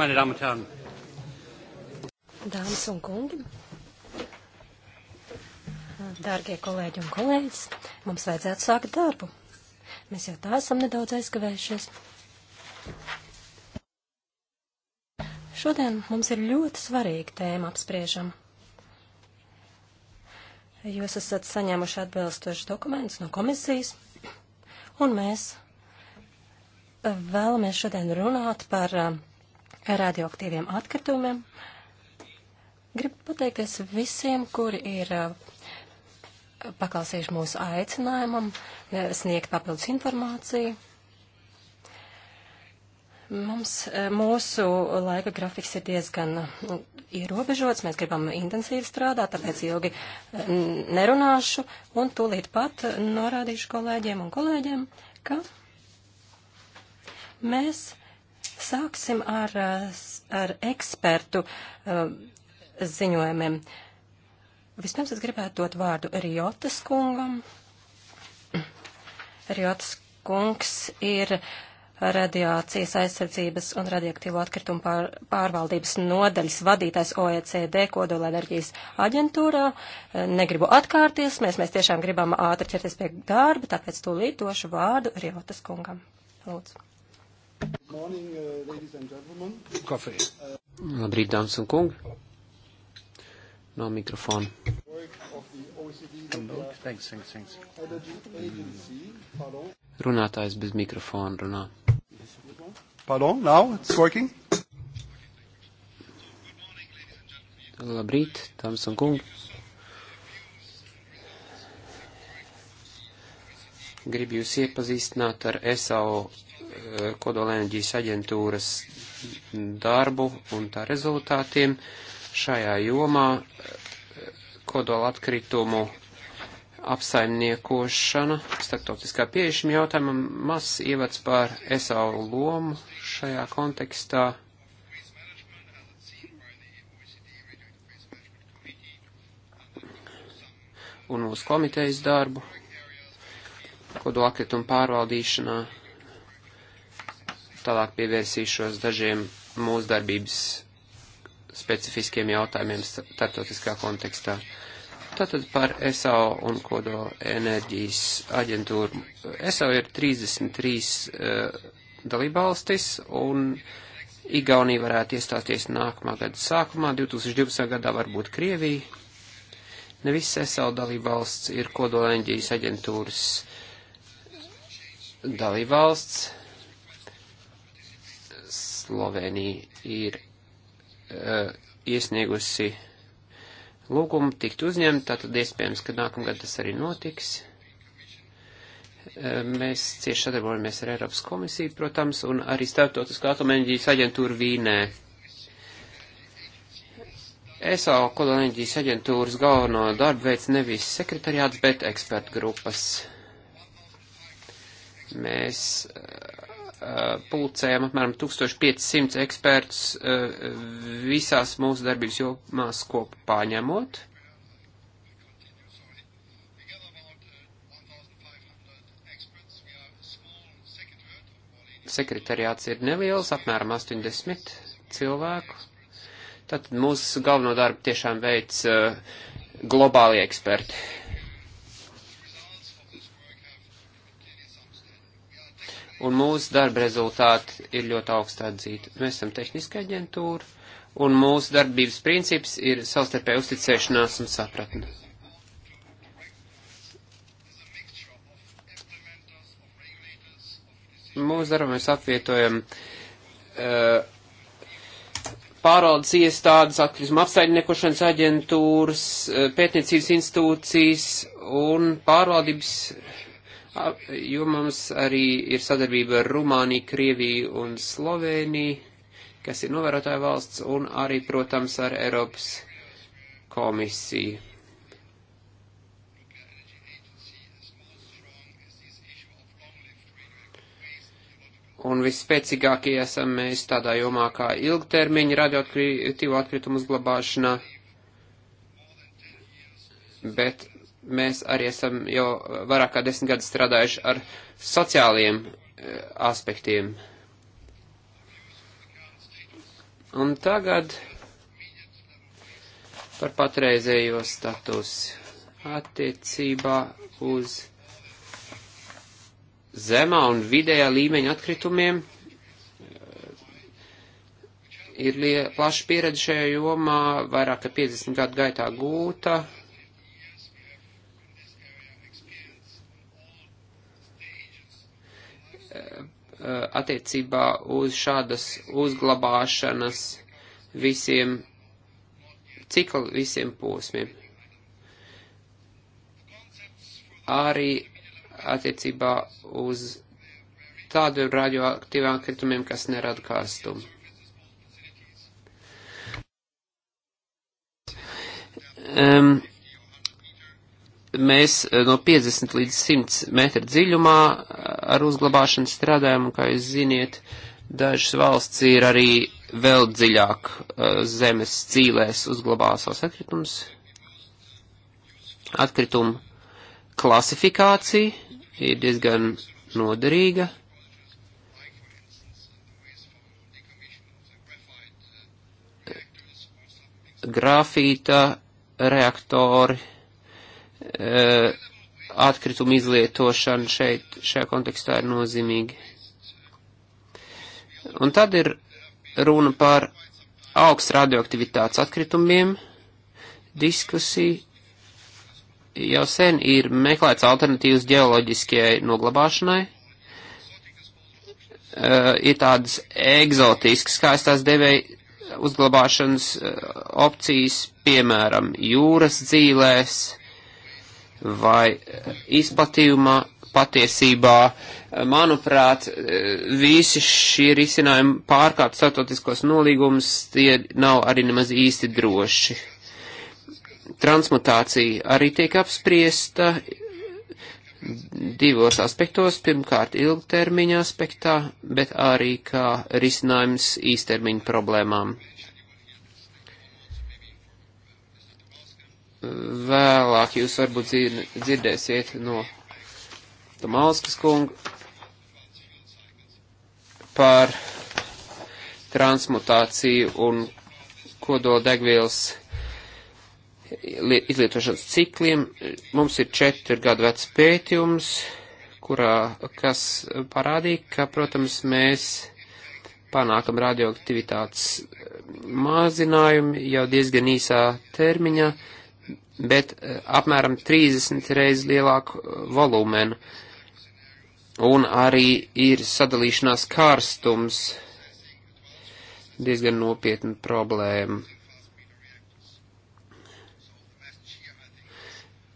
meine Damen und Herren. Dāmas un kungi, dārgie kolēģi un kolēģis, mums vajadzētu sākt darbu. Mēs jau tā esam nedaudz aizkavējušies. Šodien mums ir ļoti svarīga tēma apspriežama. Jūs esat saņēmuši atbilstošas dokumentus no komisijas, un mēs vēlamies šodien runāt par um, radioaktīviem atkritumiem. Gribu pateikties visiem, kuri ir eh, paklausījuši mūsu aicinājumam, eh, sniegt papildus informāciju. Mums, eh, mūsu laika grafiks ir diezgan mm, ierobežots, mēs gribam intensīvi strādāt, tāpēc ilgi nerunāšu un tūlīt pat norādīšu kolēģiem un kolēģiem, ka mēs Sāksim ar, ar ekspertu eh, ziņojumiem. Vispirms es gribētu dot vārdu Riotas kungam. Riotas kungs ir radiācijas aizsardzības un radioaktīvo atkritumu pār, pārvaldības nodaļas vadītājs OECD kodolenerģijas aģentūrā. Eh, negribu atkārties, mēs, mēs tiešām gribam ātri ķerties pie darba, tāpēc tūlīt došu vārdu Riotas kungam. Lūdzu. Morning, uh, uh, Labrīt, dāmas un kungi. No mikrofona. E thanks, thanks, thanks. Runātājs bez mikrofona runā. Pardon, now it's working. Labrīt, dāmas un kungi. Gribu jūs iepazīstināt ar SAO kodolēģijas aģentūras darbu un tā rezultātiem šajā jomā eh, kodola atkritumu apsaimniekošana, starptautiskā pieeja šim jautājumam, mazs ievads par ESAU lomu šajā kontekstā. un mūsu komitejas darbu, kodola atkrituma pārvaldīšanā Tālāk pievērsīšos dažiem mūsu darbības specifiskiem jautājumiem starptautiskā kontekstā. Tātad par SAO un kodo enerģijas aģentūru. SAO ir 33 uh, eh, dalībvalstis un Igaunija varētu iestāties nākamā gada sākumā, 2020. gadā varbūt Krievija. Ne visas SAO dalībvalsts ir kodola enerģijas aģentūras dalībvalsts Slovenija ir uh, iesniegusi lūgumu tikt uzņemta, tad iespējams, ka nākamgad tas arī notiks. Uh, mēs cieši sadarbojamies ar Eiropas komisiju, protams, un arī Startautiskā atomenerģijas aģentūra Vīnē. ESO kolonģijas aģentūras galveno darbu veids nevis sekretariāts, bet ekspertu grupas. Mēs e, Eh, pulcējam apmēram 1500 ekspertus eh, visās mūsu darbības jomās kopā ņemot. Sekretariāts ir neliels, apmēram 80 cilvēku. Tātad mūsu galveno darbu tiešām veids eh, globāli eksperti. un mūsu darba rezultāti ir ļoti augstā atzīti. Mēs esam tehniska aģentūra, un mūsu darbības princips ir savstarpēja uzticēšanās un sapratne. Mūsu darbu mēs apvietojam uh, eh, pārvaldes iestādes, atkrituma apsaimniekošanas aģentūras, eh, pētniecības institūcijas un pārvaldības uh, jo mums arī ir sadarbība ar Rumāniju, Krieviju un Sloveniju, kas ir novērotāja valsts, un arī, protams, ar Eiropas komisiju. Un visspēcīgākie esam mēs tādā jomā kā ilgtermiņa radioaktīvo atkritumu uzglabāšanā, bet Mēs arī esam jau vairāk kā desmit gadus strādājuši ar sociāliem eh, aspektiem. Un tagad par patreizējo status attiecībā uz zemā un vidējā līmeņa atkritumiem ir plaša pieredze šajā jomā, vairāk kā 50 gadu gaitā gūta. Eh, attiecībā uz šādas uzglabāšanas visiem cikla visiem posmiem. Arī attiecībā uz tādiem radioaktīvām kritumiem, kas nerada karstumu. Um, mēs eh, no 50 līdz 100 metru dziļumā eh, ar uzglabāšanu strādājam, un, kā jūs ziniet, dažas valsts ir arī vēl dziļāk eh, zemes cīlēs uzglabā savus atkritumus. Atkritumu klasifikācija ir diezgan noderīga. Grafīta reaktori Eh, atkritumu izlietošana šeit, šajā kontekstā ir nozīmīga. Un tad ir runa par augsts radioaktivitātes atkritumiem. Diskusija jau sen ir meklēts alternatīvas geoloģiskajai noglabāšanai. Uh, ir tādas egzotiskas, kā es tās devēju, uzglabāšanas uh, opcijas, piemēram, jūras dzīlēs, vai izplatījumā patiesībā, manuprāt, visi šie risinājumi pārkāpt statotiskos nolīgumus, tie nav arī nemaz īsti droši. Transmutācija arī tiek apspriesta divos aspektos, pirmkārt ilgtermiņa aspektā, bet arī kā risinājums īstermiņa problēmām. vēlāk jūs varbūt dzirdēsiet no Tomalskas kunga par transmutāciju un kodoldegvielas izlietošanas cikliem. Mums ir četri gadu vecs pētījums, kurā, kas parādīja, ka, protams, mēs panākam radioaktivitātes mazinājumu jau diezgan īsā termiņā. Uh, bet eh, apmēram 30 reizes lielāku eh, volumenu. Un arī ir sadalīšanās karstums diezgan nopietna problēma.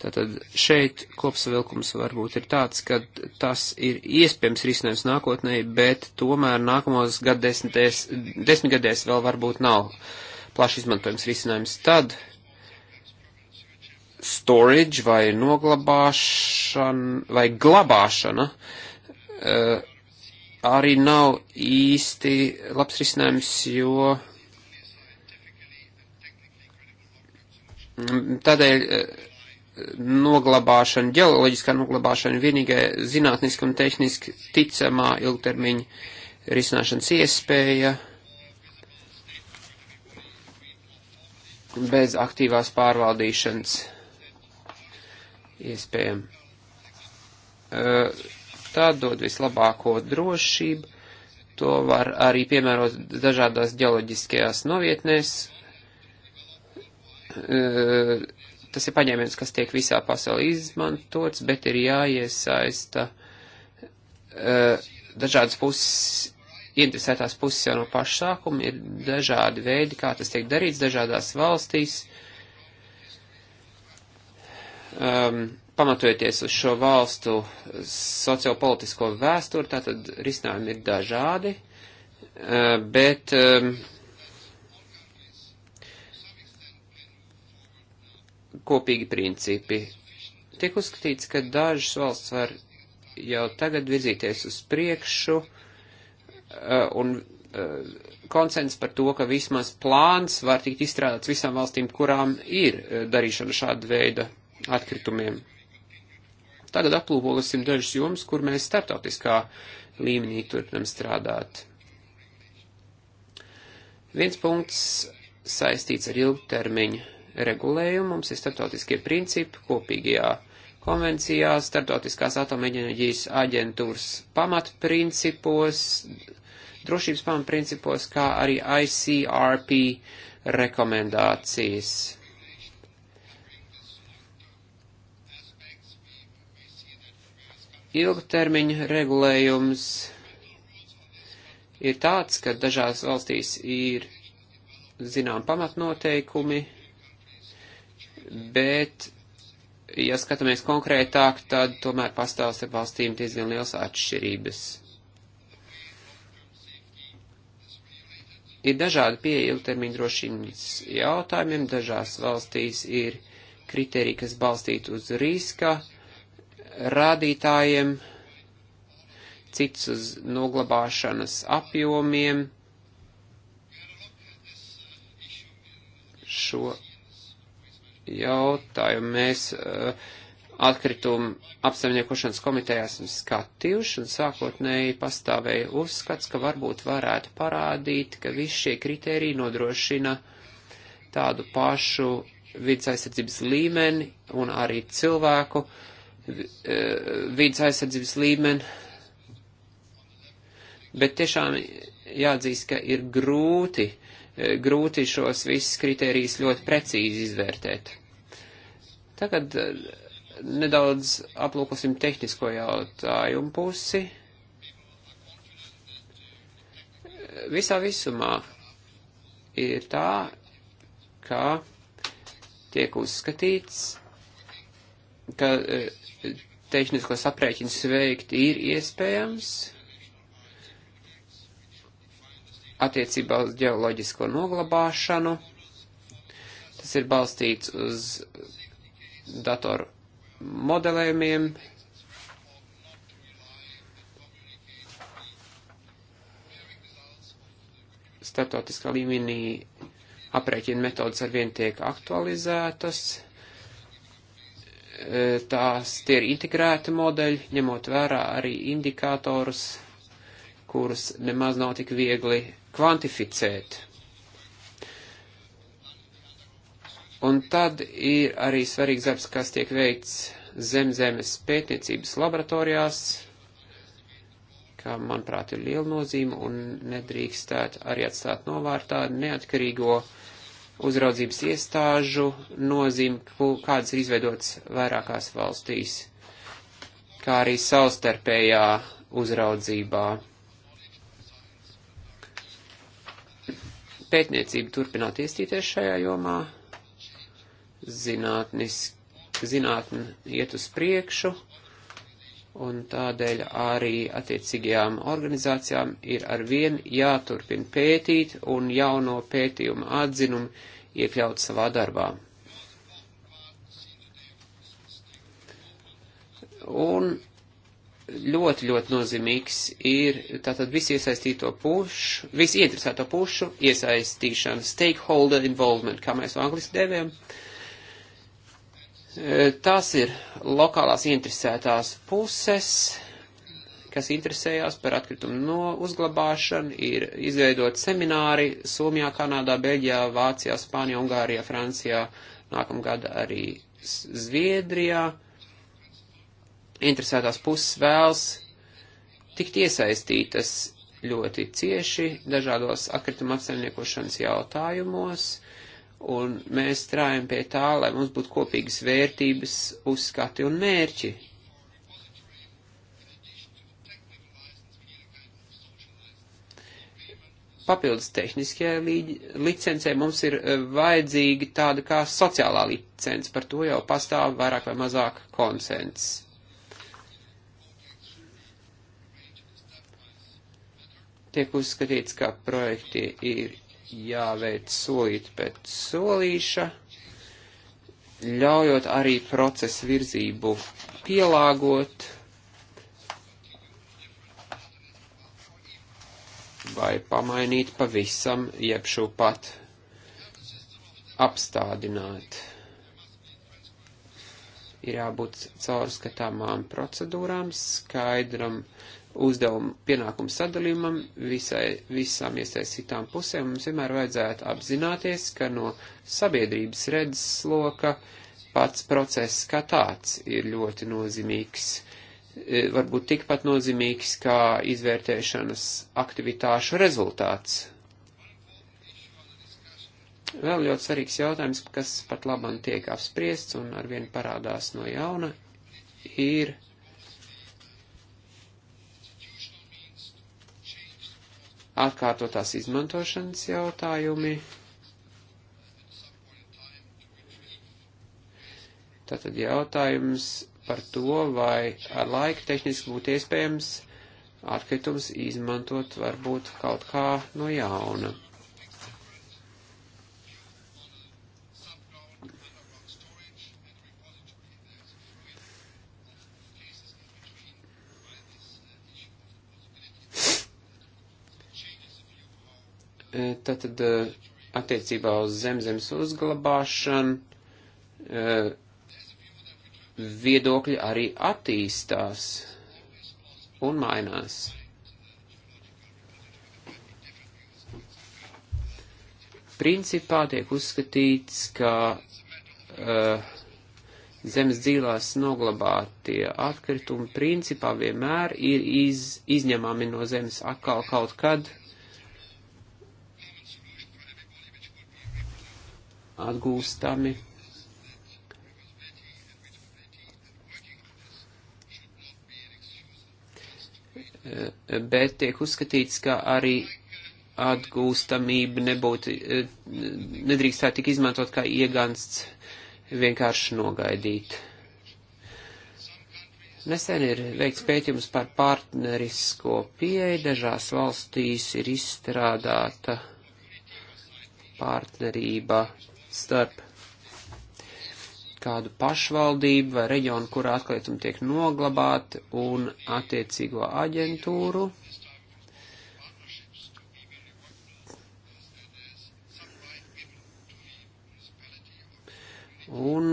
Tātad šeit kopsavilkums varbūt ir tāds, ka tas ir iespējams risinājums nākotnē, bet tomēr nākamos gadsimtgadēs vēl varbūt nav plaši izmantojams risinājums. Tad storage vai noglabāšana vai glabāšana uh, arī nav īsti labs risinājums, jo tādēļ uh, noglabāšana, ģeoloģiskā noglabāšana vienīgai zinātniski un tehniski ticamā ilgtermiņa risināšanas iespēja. bez aktīvās pārvaldīšanas iespējami. Eh, Tā dod vislabāko drošību, to var arī piemērot dažādās ģeoloģiskajās novietnēs. Eh, tas ir paņēmiens, kas tiek visā pasaulē izmantots, bet ir jāiesaista eh, dažādas puses, interesētās puses jau no paša sākuma, ir dažādi veidi, kā tas tiek darīts dažādās valstīs um, pamatojoties uz šo valstu sociopolitisko vēsturi, tātad risinājumi ir dažādi, uh, bet um, kopīgi principi. Tiek uzskatīts, ka dažas valsts var jau tagad virzīties uz priekšu uh, un uh, konsens par to, ka vismaz plāns var tikt izstrādāts visām valstīm, kurām ir uh, darīšana šāda veida atkritumiem. Tagad aplūkosim dažas jomas, kur mēs starptautiskā līmenī turpinam strādāt. Viens punkts saistīts ar ilgtermiņu regulējumu. Mums ir starptautiskie principi kopīgajā konvencijā, starptautiskās atomeģenerģijas aģentūras pamatprincipos, drošības pamatprincipos, kā arī ICRP rekomendācijas. Ilgtermiņa regulējums ir tāds, ka dažās valstīs ir zinām pamatnoteikumi, bet, ja skatāmies konkrētāk, tad tomēr pastāv starp valstīm diezgan liels atšķirības. ir dažādi pieeja ilgtermiņa drošības jautājumiem. Dažās valstīs ir kriteriji, kas balstīti uz riska rādītājiem, cits uz noglabāšanas apjomiem. Šo jautājumu mēs uh, atkritumu apsaimniekošanas komitejā esam skatījuši un sākotnēji pastāvēja uzskats, ka varbūt varētu parādīt, ka visi šie kriteriji nodrošina tādu pašu vidas aizsardzības līmeni un arī cilvēku uh, E, vidas aizsardzības līmeni, bet tiešām jāatzīst, ka ir grūti, e, grūti šos visus kritērijus ļoti precīzi izvērtēt. Tagad e, nedaudz aplūkosim tehnisko jautājumu pusi. Visā visumā ir tā, ka tiek uzskatīts, ka tehniskos aprēķinus veikt ir iespējams attiecībā uz ģeoloģisko noglabāšanu. Tas ir balstīts uz datoru modelējumiem. Startautiskā līmenī aprēķina metodas arvien tiek aktualizētas. E, tās tie ir integrēti modeļi, ņemot vērā arī indikātorus, kurus nemaz nav tik viegli kvantificēt. Un tad ir arī svarīgs darbs, kas tiek veikts zemzemes pētniecības laboratorijās, kā, manuprāt, ir liela nozīme un nedrīkstētu arī atstāt novārtā neatkarīgo uh, uzraudzības iestāžu nozīme, kādas ir izveidotas vairākās valstīs, kā arī savstarpējā uzraudzībā. Pētniecība turpināt iestīties šajā jomā, zinātnis, zinātne iet uz priekšu, un tādēļ arī attiecīgajām organizācijām ir arvien jāturpina pētīt un jauno pētījumu atzinumu iekļaut savā darbā. Un ļoti, ļoti nozīmīgs ir tātad visi iesaistīto pušu, visi ieinteresēto pušu iesaistīšana, stakeholder involvement, kā mēs to angliski devējam. Uh, Eh, tās ir lokālās interesētās puses, kas interesējās par atkritumu no uzglabāšanu, ir izveidot semināri Somijā, Kanādā, Beļģijā, Vācijā, Spānijā, Ungārijā, Francijā, nākamgad arī Zviedrijā. Interesētās puses vēlas tikt iesaistītas ļoti cieši dažādos atkrituma apsaimniekošanas jautājumos un mēs strājam pie tā, lai mums būtu kopīgas vērtības, uzskati un mērķi. Papildus tehniskajai licencē mums ir eh, vajadzīga tāda kā sociālā licence, par to jau pastāv vairāk vai mazāk konsens. Tiek uzskatīts, ka projekti ir jāveic solīt pēc solīša, ļaujot arī procesu virzību pielāgot vai pamainīt pavisam, jeb šo pat apstādināt. Ir jābūt caurskatāmām procedūrām, skaidram uzdevumu pienākumu sadalījumam visai, visām iesaistītām pusēm, mums vienmēr vajadzētu apzināties, ka no sabiedrības redzes loka pats process kā tāds ir ļoti nozīmīgs, e, varbūt tikpat nozīmīgs kā izvērtēšanas aktivitāšu rezultāts. Vēl ļoti svarīgs jautājums, kas pat labam tiek apspriests un arvien parādās no jauna, ir atkārtotās izmantošanas jautājumi. Tātad jautājums par to, vai ar laiku tehniski būtu iespējams atkritums izmantot varbūt kaut kā no jauna. Tātad e, e, attiecībā uz zemzemes uzglabāšanu e, viedokļi arī attīstās un mainās. Principā tiek uzskatīts, ka uh, zemes dzīvās noglabātie atkritumi principā vienmēr ir iz, izņemami no zemes atkal kaut kad. Uh, atgūstami. Bet tiek uzskatīts, ka arī atgūstamība nebūtu, nedrīkst tā tik izmantot kā iegansts vienkārši nogaidīt. Nesen ir veikts pētījums par partnerisko pieeju, dažās valstīs ir izstrādāta partnerība starp kādu pašvaldību vai reģionu, kurā atklātumi tiek noglabāti, un attiecīgo aģentūru. Un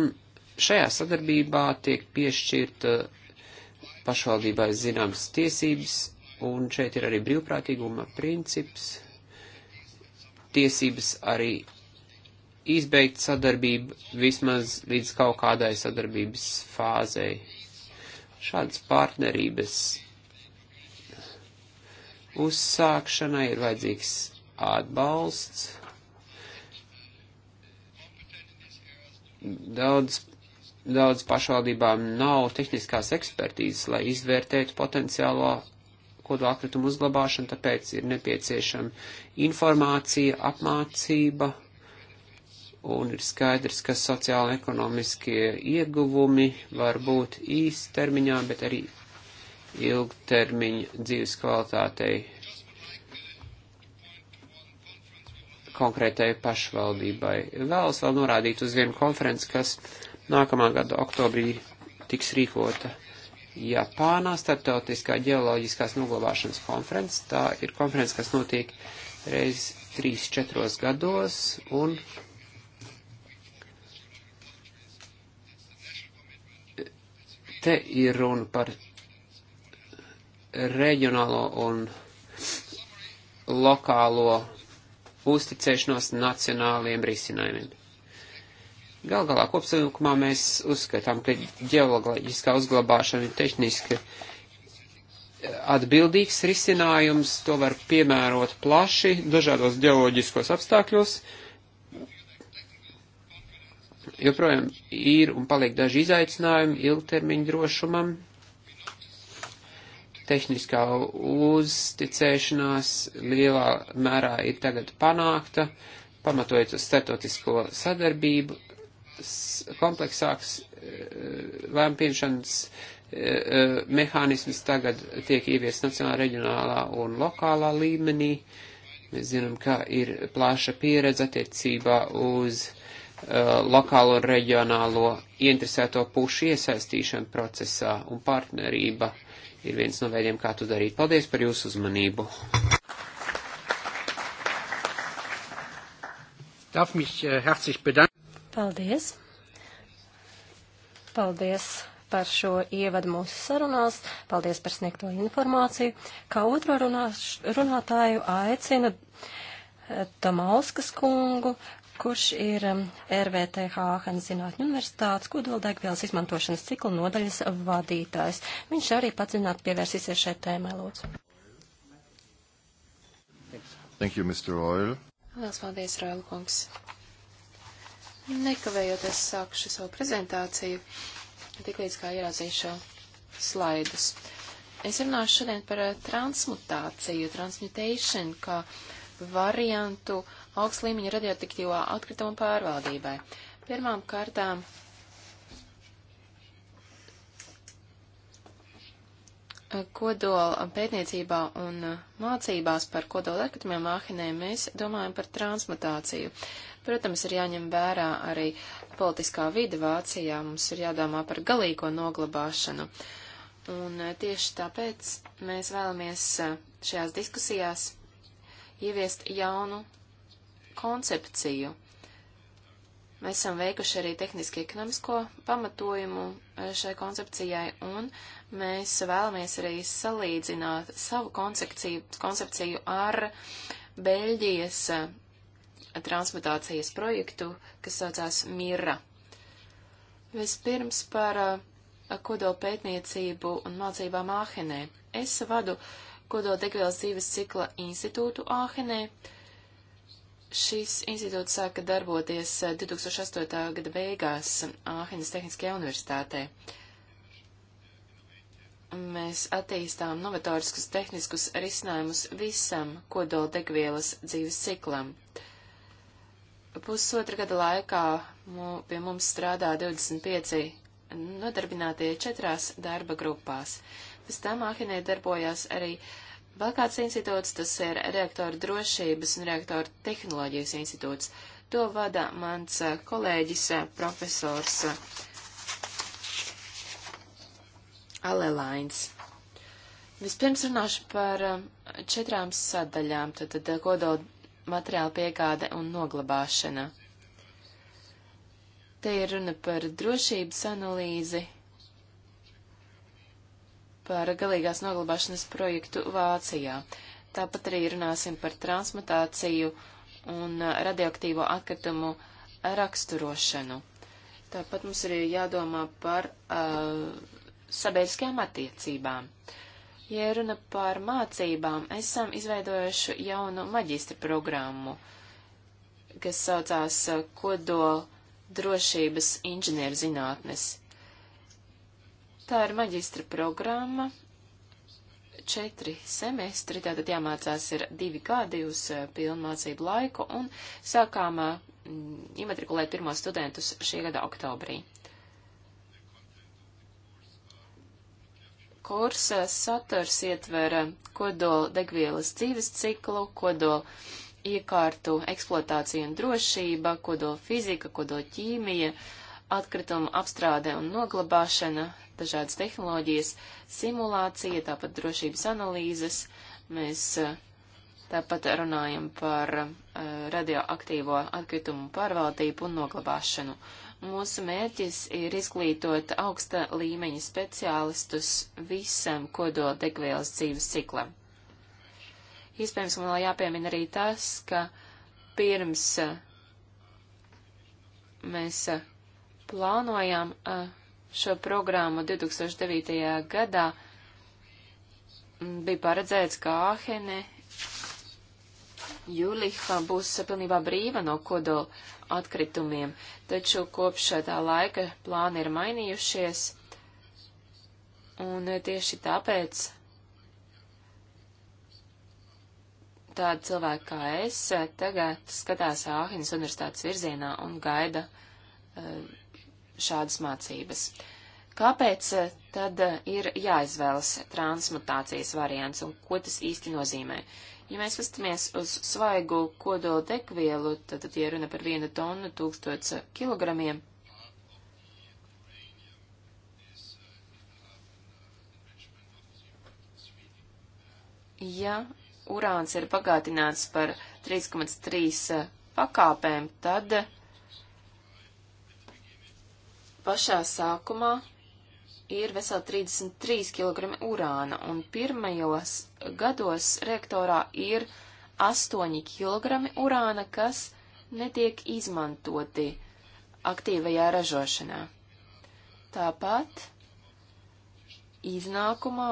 šajā sadarbībā tiek piešķirta pašvaldībai zināmas tiesības, un šeit ir arī brīvprātīguma princips. Tiesības arī izbeigt sadarbību vismaz līdz kaut kādai sadarbības fāzei. Šādas partnerības uzsākšanai ir vajadzīgs atbalsts. Daudz, daudz pašvaldībām nav tehniskās ekspertīzes, lai izvērtētu potenciālo kodola atkritumu uzglabāšanu, tāpēc ir nepieciešama informācija, apmācība un ir skaidrs, ka sociāli ekonomiskie ieguvumi var būt īstermiņā, bet arī ilgtermiņa dzīves kvalitātei konkrētai pašvaldībai. Vēlos vēl norādīt uz vienu konferenci, kas nākamā gada oktobrī tiks rīkota Japānā, starptautiskā ģeoloģiskās noglabāšanas konferences. Tā ir konferences, kas notiek reiz 3-4 gados, un Te ir runa par reģionālo un lokālo uzticēšanos nacionāliem risinājumiem. Gal galā kopsavilkumā mēs uzskatām, ka ģeoloģiskā uzglabāšana ir tehniski atbildīgs risinājums, to var piemērot plaši dažādos ģeoloģiskos apstākļos. Uh, joprojām ir un paliek daži izaicinājumi ilgtermiņa drošumam, tehniskā uzticēšanās lielā mērā ir tagad panākta, pamatojot uz startotisko sadarbību, kompleksāks eh, lēmpieņšanas eh, eh, mehānisms tagad tiek ievies nacionālā, reģionālā un lokālā līmenī. Mēs zinām, ka ir plāša pieredze attiecībā uz uh, Uh, lokālo un reģionālo interesēto pušu iesaistīšana procesā un partnerība ir viens no veidiem, kā to darīt. Paldies par jūsu uzmanību. Äh, Paldies. Paldies par šo ievadu mūsu sarunās. Paldies par sniegto informāciju. Kā otro runāš, runātāju aicina äh, Tamauskas kungu, kurš ir um, RVT Hāhenas Zinātņu universitātes kodoldegvielas izmantošanas cikla nodaļas vadītājs. Viņš arī padziļināti pievērsīsies šai tēmai, lūdzu. Thank you, Mr. Royal. Lielas paldies, Royal kungs. Nekavējoties sākušu savu prezentāciju, tiklīdz kā ieraudzīšu slaidus. Es runāšu šodien par eh, transmutāciju, transmutation, kā variantu uh, augsts līmeņa radioaktīvo atkritumu pārvaldībai. Pirmām kārtām kodola pētniecībā un mācībās par kodola atkritumiem Āhenē mēs domājam par transmutāciju. Protams, ir jāņem vērā arī politiskā vide Vācijā, mums ir jādomā par galīgo noglabāšanu. Un tieši tāpēc mēs vēlamies šajās diskusijās ieviest jaunu koncepciju. Mēs esam veikuši arī tehniski ekonomisko pamatojumu e, šai koncepcijai, un mēs vēlamies arī salīdzināt savu koncepciju, koncepciju ar Beļģijas e, transmutācijas projektu, kas saucās Mira. Vispirms par e, kodola pētniecību un mācībām Āhenē. Es vadu kodola degvielas dzīves cikla institūtu Āhenē. Uh, Šis institūts sāka darboties 2008. Eh, gada beigās Āhenes Tehniskajā universitātē. Mēs attīstām novatoriskus tehniskus risinājumus visam kodola degvielas dzīves ciklam. Pusotra gada laikā mū, pie mums strādā 25 nodarbinātie četrās darba grupās. Pēc tam Āhenē darbojās arī uh, Vēl kāds institūts, tas ir reaktoru drošības un reaktoru tehnoloģijas institūts. To vada mans eh, kolēģis eh, profesors eh, Alelains. Vispirms runāšu par četrām sadaļām, tad, tad kodol materiāla piegāde un noglabāšana. Te ir runa par drošības analīzi, par galīgās noglabāšanas projektu Vācijā. Tāpat arī runāsim par transmutāciju un uh, radioaktīvo atkritumu raksturošanu. Tāpat mums ir jādomā par uh, sabiedriskajām attiecībām. Ja runa par mācībām, esam izveidojuši jaunu maģistra programmu, kas saucās uh, Kodola drošības inženierzinātnes. Tā ir maģistra programma, četri semestri, tātad jāmācās ir divi gadi uz eh, pilnmācību laiku, un sākām eh, mm, imatrikulēt pirmos studentus šī gada oktobrī. Kursa eh, saturs ietver kodola degvielas dzīves ciklu, kodola iekārtu eksploatācija un drošība, kodola fizika, kodola ķīmija, atkrituma apstrāde un noglabāšana, dažādas tehnoloģijas, simulācija, tāpat drošības analīzes. Mēs eh, tāpat runājam par eh, radioaktīvo atkritumu pārvaldību un noglabāšanu. Mūsu mērķis ir izglītot augsta līmeņa speciālistus visam kodola degvielas dzīves ciklam. Iespējams, man vēl jāpiemina arī tas, ka pirms eh, mēs plānojām uh, šo programmu 2009. gadā mm, bija paredzēts, ka Āhene Juliha būs pilnībā brīva no kodola atkritumiem, taču kopš tā laika plāni ir mainījušies, un tieši tāpēc tāda cilvēka kā es tagad skatās Āhenes universitātes virzienā un gaida uh, šādas mācības. Kāpēc eh, tad eh, ir jāizvēlas transmutācijas variants un ko tas īsti nozīmē? Ja mēs pastamies uz svaigu kodolu degvielu, tad, ja runa par vienu tonu tūkstots eh, kilogramiem, ja urāns ir pagātināts par 3,3 pakāpēm, tad uh, pašā sākumā ir veseli 33 kg urāna, un pirmajos gados reaktorā ir 8 kg urāna, kas netiek izmantoti aktīvajā ražošanā. Tāpat iznākumā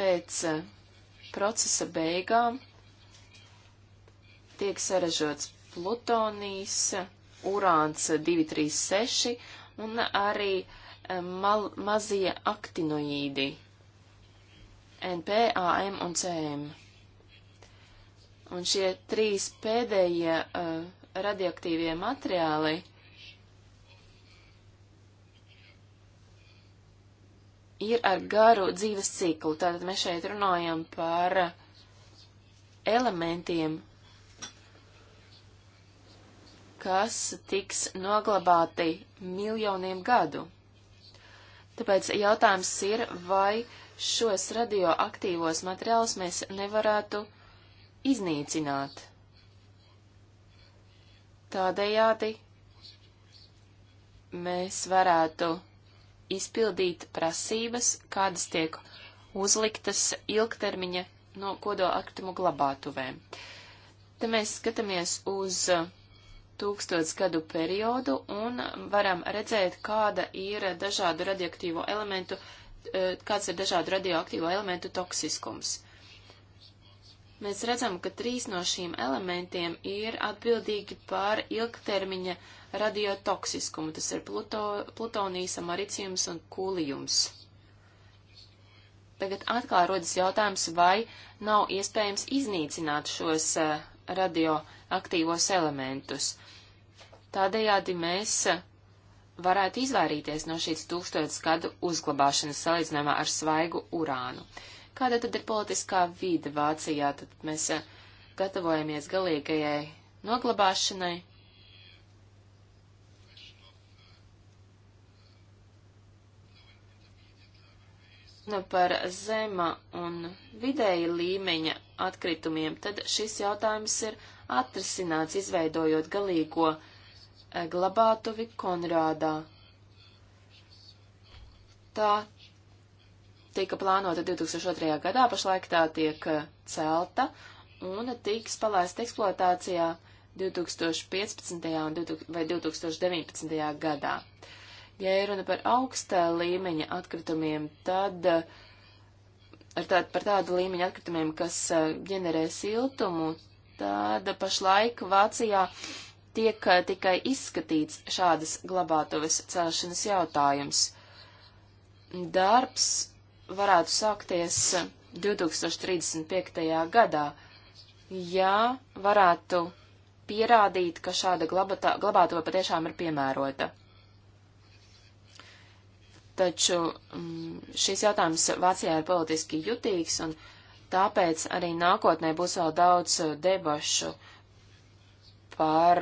pēc eh, procesa beigām tiek saražots plutonijs, urāns 236 eh, un arī eh, mal, mazie aktinoīdi NP, AM un CM. Un šie trīs pēdējie uh, radioaktīvie materiāli ir ar garu dzīves ciklu. Tātad mēs šeit runājam par eh, elementiem, kas tiks noglabāti miljoniem gadu. Tāpēc jautājums ir, vai šos radioaktīvos materiālus mēs nevarētu iznīcināt. Tādējādi mēs varētu izpildīt prasības, kādas tiek uzliktas ilgtermiņa no kodola atkritumu glabātuvēm. Te mēs skatāmies uz uh, tūkstots gadu periodu un varam redzēt, kāda ir dažādu radioaktīvo elementu, e, kāds ir dažādu radioaktīvo elementu toksiskums. Mēs redzam, ka trīs no šīm elementiem ir atbildīgi par ilgtermiņa radiotoksiskumu. Tas ir pluto, plutonijas, amaricijums un kūlijums. Tagad atkal rodas jautājums, vai nav iespējams iznīcināt šos e, radio aktīvos elementus. Tādējādi mēs varētu izvairīties no šīs tūkstotis gadu uzglabāšanas salīdzinājumā ar svaigu urānu. Kāda tad ir politiskā vīde Vācijā? Tad mēs eh, gatavojamies galīgajai noglabāšanai. Nu, par zema un vidēja līmeņa atkritumiem, tad šis jautājums ir atrisināts, izveidojot galīgo e, glabātuvi Konrādā. Tā tika plānota 2002. gadā, pašlaik tā tiek e, celta un tiks palaista eksploatācijā 2015. Un, vai 2019. gadā. Ja ir runa par augstā līmeņa atkritumiem, tad e, ar tādu, par tādu līmeņa atkritumiem, kas ģenerē siltumu, tad pašlaik Vācijā tiek eh, tikai izskatīts šādas glabātuves celšanas jautājums. Darbs varētu sākties 2035. Eh, gadā, ja varētu pierādīt, ka šāda glabata, glabātuve patiešām ir piemērota. Taču mm, šis jautājums Vācijā ir politiski jutīgs, un Tāpēc arī nākotnē būs vēl daudz uh, debašu par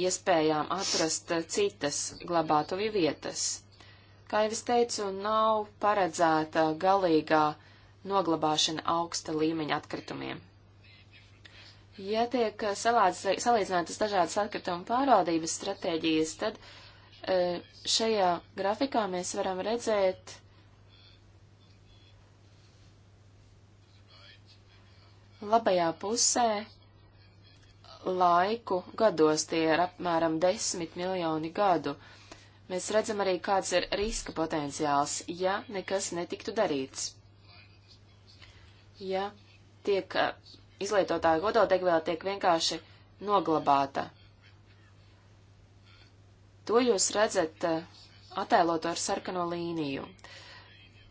iespējām atrast uh, citas glabātuvju vietas. Kā jau es teicu, nav paredzēta galīgā noglabāšana augsta līmeņa atkritumiem. Ja tiek uh, salīdzinātas dažādas atkrituma pārvaldības stratēģijas, tad E, šajā grafikā mēs varam redzēt, labajā pusē laiku gados tie ir apmēram 10 miljoni gadu. Mēs redzam arī, kāds ir riska potenciāls, ja nekas netiktu darīts. Ja tiek e, izlietotāja kododegviela tiek vienkārši noglabāta. To jūs redzat eh, attēloto ar sarkano līniju.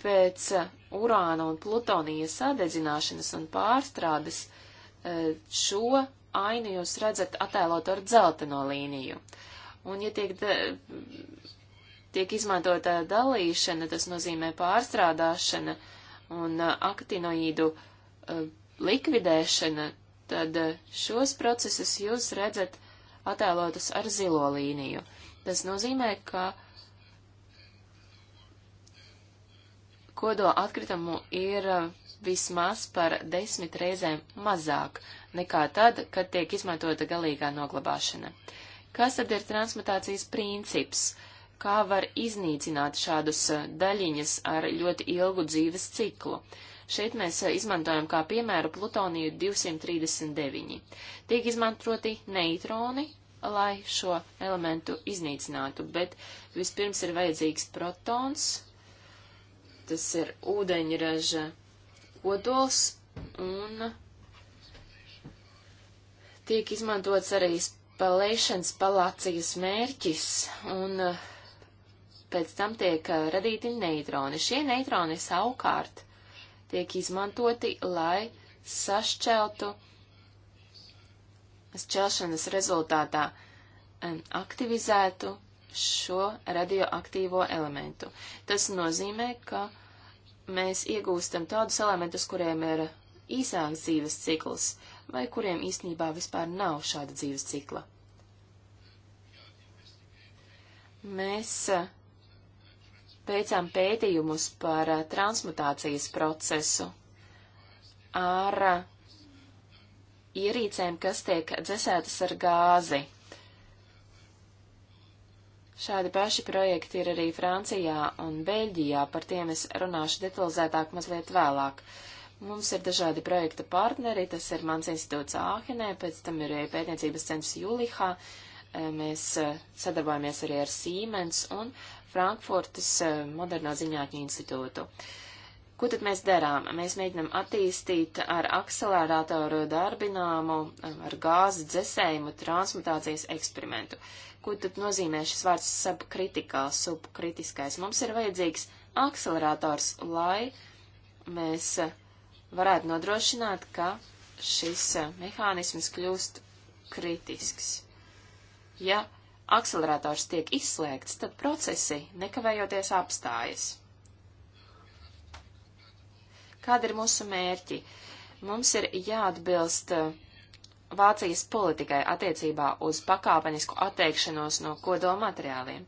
Pēc eh, urāna un plutonija sadedzināšanas un pārstrādes eh, šo ainu jūs redzat attēlot ar dzelteno līniju. Un, ja tiek, da, tiek izmantota dalīšana, tas nozīmē pārstrādāšana un aktinoīdu likvidēšana, tad šos procesus jūs redzat attēlotus ar zilo līniju. Tas nozīmē, ka kodola atkritumu ir uh, vismaz par desmit reizēm mazāk nekā tad, kad tiek izmantota galīgā noglabāšana. Kas tad ir transmutācijas princips? Kā var iznīcināt šādus uh, daļiņas ar ļoti ilgu dzīves ciklu? Šeit mēs uh, izmantojam kā piemēru plutoniju 239. Tiek izmantoti neitroni, lai šo elementu iznīcinātu, bet vispirms ir vajadzīgs protons, tas ir ūdeņraža kodols, un tiek izmantots arī spalēšanas palācijas mērķis, un uh, pēc tam tiek uh, radīti neitroni. Šie neitroni savukārt tiek izmantoti, lai sašķeltu šķelšanas rezultātā aktivizētu šo radioaktīvo elementu. Tas nozīmē, ka mēs iegūstam tādus elementus, kuriem ir īsāks dzīves cikls, vai kuriem īstenībā vispār nav šāda dzīves cikla. Mēs eh, veicām pētījumus par eh, transmutācijas procesu ar eh, ierīcēm, kas tiek dzesētas ar gāzi. Šādi paši projekti ir arī Francijā un Beļģijā, par tiem es runāšu detalizētāk mazliet vēlāk. Mums ir dažādi projekta partneri, tas ir mans institūts Āhenē, pēc tam ir pētniecības centrs Julihā, eh, mēs eh, sadarbojamies arī ar Siemens un Frankfurtas eh, Moderno ziņātņu institūtu. Uh, Ko tad mēs darām? Mēs mēģinam attīstīt ar akceleratoru darbināmu, ar gāzi dzesējumu transmutācijas eksperimentu. Ko tad nozīmē šis vārds subkritikā, subkritiskais? Mums ir vajadzīgs akcelerators, lai mēs varētu nodrošināt, ka šis mehānisms kļūst kritisks. Ja akcelerators tiek izslēgts, tad procesi nekavējoties apstājas. Kāda ir mūsu mērķi? Mums ir jāatbilst eh, Vācijas politikai attiecībā uz pakāpenisku atteikšanos no kodola materiāliem.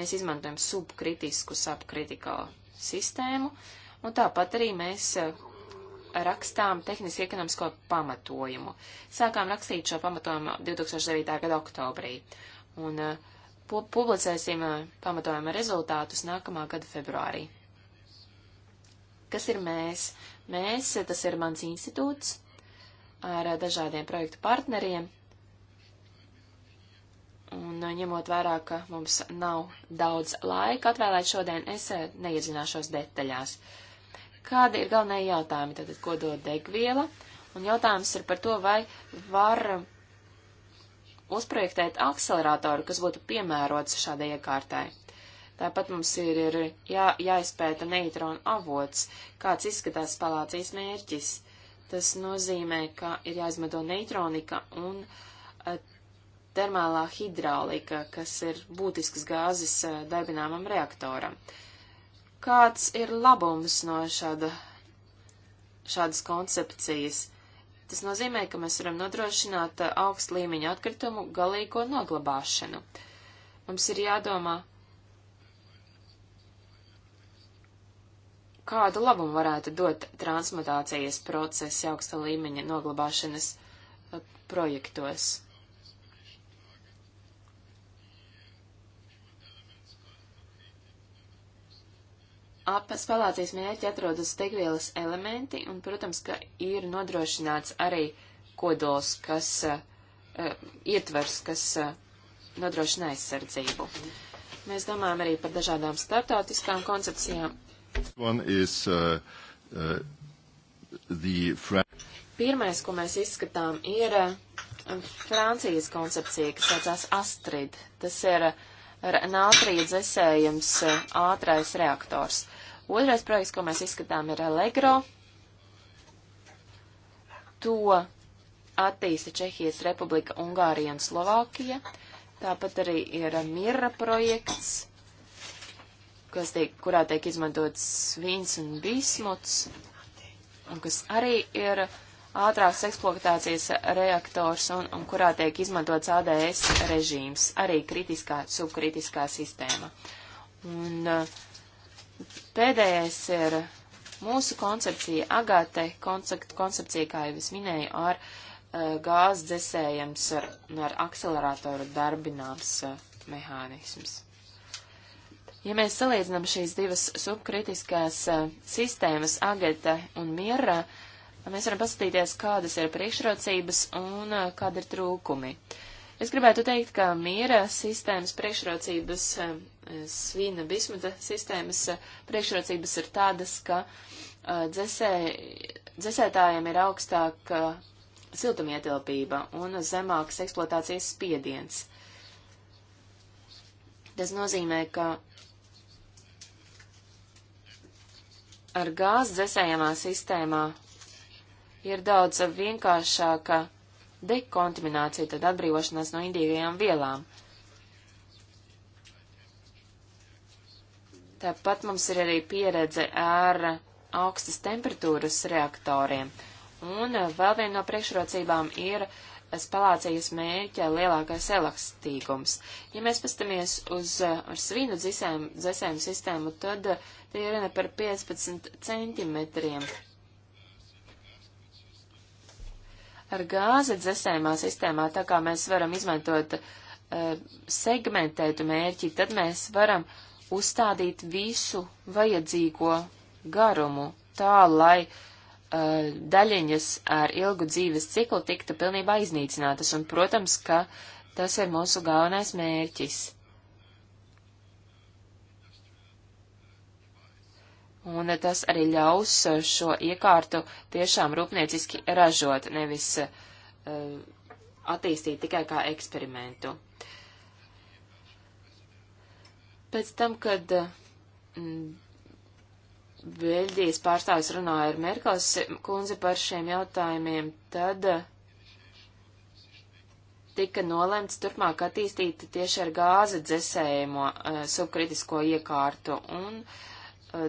Mēs izmantojam subkritisku subkritikālu sistēmu, un tāpat arī mēs eh, rakstām tehniski ekonomisko pamatojumu. Sākām rakstīt šo pamatojumu 2009. gada oktobrī, un eh, pu publicēsim pamatājuma rezultātus nākamā gada februārī. Kas ir mēs? Mēs, tas ir mans institūts ar dažādiem projektu partneriem. Un uh, ņemot vērā, ka mums nav daudz laika atvēlēt šodien, es uh, neiedzināšos detaļās. Kādi ir galvenie jautājumi? Tātad, ko dod degviela? Un jautājums ir par to, vai var uzprojektēt akceleratoru, kas būtu piemērots šādai iekārtai. Tāpat mums ir, ir jā, jāizpēta neitrona avots, kāds izskatās spalācijas mērķis. Tas nozīmē, ka ir jāizmanto neitronika un termālā hidrālika, kas ir būtisks gāzes darbināmam reaktoram. Kāds ir labums no šāda, šādas koncepcijas? Tas nozīmē, ka mēs varam nodrošināt augstu līmeņu atkritumu galīgo noglabāšanu. Mums ir jādomā kādu labumu varētu dot transmutācijas procesi augsta līmeņa noglabāšanas eh, projektos? Apspēlācijas mērķi atrodas degvielas elementi, un, protams, ka ir nodrošināts arī kodols, kas uh, ietvers, kas uh, nodrošina aizsardzību. Mēs domājam arī par dažādām startautiskām koncepcijām, Is, uh, uh, the... Pirmais, ko mēs izskatām, ir uh, Francijas koncepcija, kas saucās Astrid. Tas ir uh, nātrija dzēsējums uh, ātrais reaktors. Otrais projekts, ko mēs izskatām, ir Allegro. To attīsta Čehijas Republika, Ungārija un Slovākija. Tāpat arī ir Mira projekts, kas tiek, kurā tiek izmantots vīns un bismuts, un kas arī ir ātrās eksploatācijas reaktors, un, un kurā tiek izmantots ADS režīms, arī kritiskā, subkritiskā sistēma. Un uh, pēdējais ir mūsu koncepcija, Agate koncept, koncepcija, kā jau es minēju, ar uh, gāzes dzesējams, ar, ar akceleratoru darbināms uh, mehānisms. Ja mēs salīdzinām šīs divas subkritiskās uh, sistēmas, Agata un Miera, mēs varam paskatīties, kādas ir priekšrocības un uh, eh, kāda ir trūkumi. Es gribētu teikt, ka Miera sistēmas priekšrocības, uh, Svina Bismuta sistēmas priekšrocības ir tādas, ka dzesē, dzesētājiem ir augstāka siltumietilpība un zemāks eksploatācijas spiediens. Tas nozīmē, ka ar gāzes dzēsējamā sistēmā ir daudz vienkāršāka dekontaminācija, tad atbrīvošanās no indīgajām vielām. Tāpat mums ir arī pieredze ar augstas temperatūras reaktoriem. Un vēl viena no priekšrocībām ir spalācijas mērķa lielākais elastīgums. Ja mēs pastamies uz svinu dzisēm, dzesēm sistēmu, tad uh, Te ir runa par 15 centimetriem. Ar gāzi dzesējumā sistēmā, tā kā mēs varam izmantot uh, segmentētu mērķi, tad mēs varam uzstādīt visu vajadzīgo garumu tā, lai uh, daļiņas ar ilgu dzīves ciklu tiktu pilnībā iznīcinātas, un, protams, ka tas ir mūsu galvenais mērķis. un tas arī ļaus uh, šo iekārtu tiešām rūpnieciski ražot, nevis uh, attīstīt tikai kā eksperimentu. Pēc tam, kad mm, Beļģijas pārstāvis runāja ar Merkels kundzi par šiem jautājumiem, tad uh, tika nolemts turpmāk attīstīt tieši ar gāzi dzesējumu uh, subkritisko iekārtu, un uh,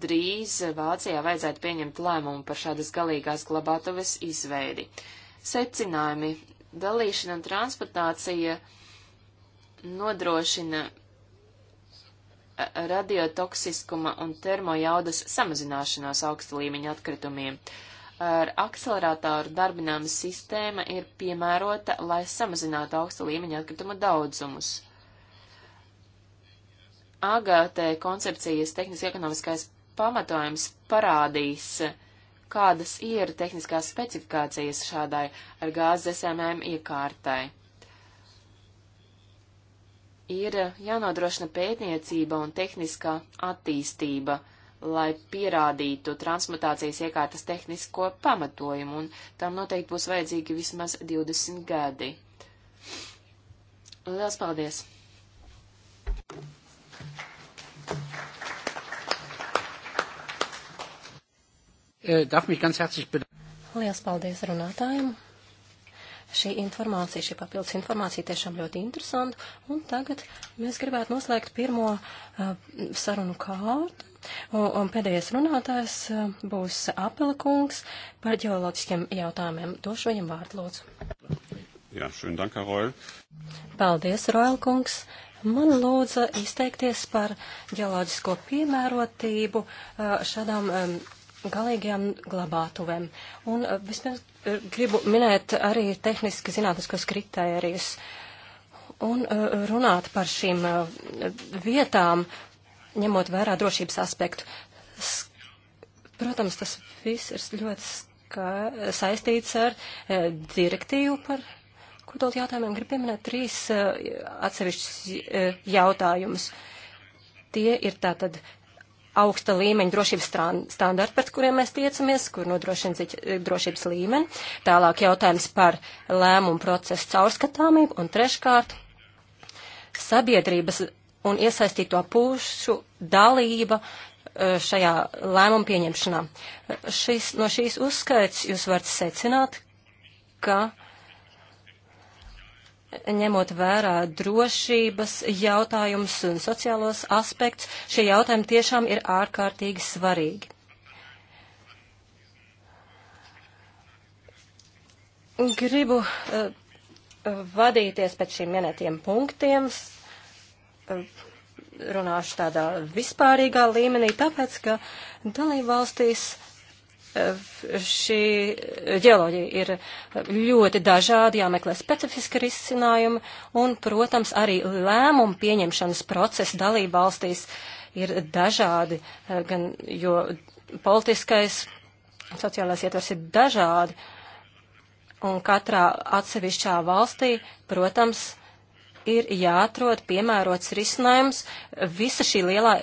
drīz Vācijā vajadzētu pieņemt lēmumu par šādas galīgās glabātuves izveidi. Secinājumi - dalīšana un transportācija nodrošina radiotoksiskuma un termojaudas samazināšanos augsta līmeņa atkritumiem. Ar akceleratoru darbināma sistēma ir piemērota, lai samazinātu augsta līmeņa atkrituma daudzumus. AGT koncepcijas tehniski ekonomiskais pamatojums parādīs, kādas ir tehniskās specifikācijas šādai ar gāzes SMM iekārtai. Ir jānodrošina pētniecība un tehniskā attīstība, lai pierādītu transmutācijas iekārtas tehnisko pamatojumu, un tam noteikti būs vajadzīgi vismaz 20 gadi. Lielas paldies! Äh, Lielas paldies runātājiem! Šī informācija, šī papildus informācija tiešām ļoti interesanta, un tagad mēs gribētu noslēgt pirmo uh, sarunu kārtu. Un, un pēdējais runātājs uh, būs Apela kungs par ģeoloģiskiem jautājumiem. Došu viņam vārdu, lūdzu. Jā, šodien dankā, Roil. Paldies, Roil kungs. Man lūdza izteikties par ģeoloģisko piemērotību šādām um, galīgajām glabātuvēm. Un eh, vispirms eh, gribu minēt arī tehniski zinātniskos kritērijus un eh, runāt par šīm vietām, ņemot vērā drošības aspektu. Protams, tas viss ir ļoti ska, saistīts ar direktīvu par kodola jautājumiem. Gribu pieminēt trīs atsevišķus jautājumus. Tie ir tātad augsta līmeņa drošības standarti, pret kuriem mēs tiecamies, kur nodrošina eh, drošības līmeni. Tālāk jautājums par lēmumu procesu caurskatāmību un treškārt sabiedrības un iesaistīto pušu dalība eh, šajā lēmumu pieņemšanā. Eh, šis, no šīs uzskaits jūs varat secināt, ka uh, ņemot vērā drošības jautājumus un sociālos aspektus, šie jautājumi tiešām ir ārkārtīgi svarīgi. Gribu uh, vadīties pēc šiem minētiem punktiem. Uh, runāšu tādā vispārīgā līmenī, tāpēc, ka dalībvalstīs šī ģeoloģija ir ļoti dažāda, jāmeklē specifiski risinājumi, un, protams, arī lēmumu pieņemšanas procesa dalība valstīs ir dažādi, gan, jo politiskais, sociālais ietvers ir dažādi, un katrā atsevišķā valstī, protams, ir jāatrod piemērots risinājums visa šī lielā,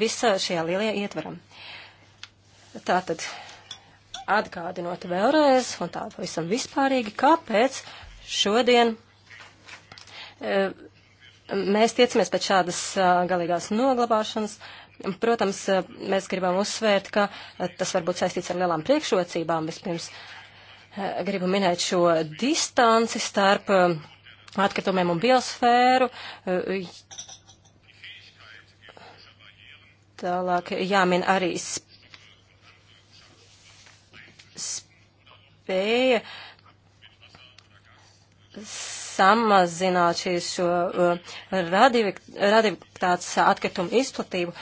visa šajā lielajā ietveram. Tātad atgādinot vēlreiz, un tā pavisam vispārīgi, kāpēc šodien e, mēs tiecamies pēc šādas e, galīgās noglabāšanas. Protams, e, mēs gribam uzsvērt, ka tas var būt saistīts ar lielām priekšrocībām. Vispirms gribu minēt šo distanci starp atkritumiem un biosfēru. Tālāk jāmin arī spēju spēja samazināt šīs šo uh, radioaktivitātes atkritumu izplatību,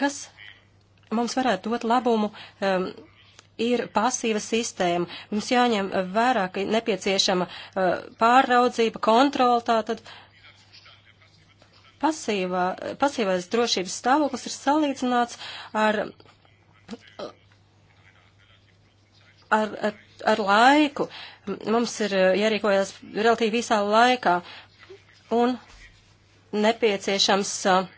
kas mums varētu dot labumu, um, ir pasīva sistēma. Mums jāņem vērā, ka nepieciešama uh, pārraudzība, kontrola tātad. Pasīvā, pasīvais drošības stāvoklis ir salīdzināts ar uh, ar, ar, ar laiku. Mums ir eh, jārīkojas relatīvi īsā laikā un nepieciešams uh,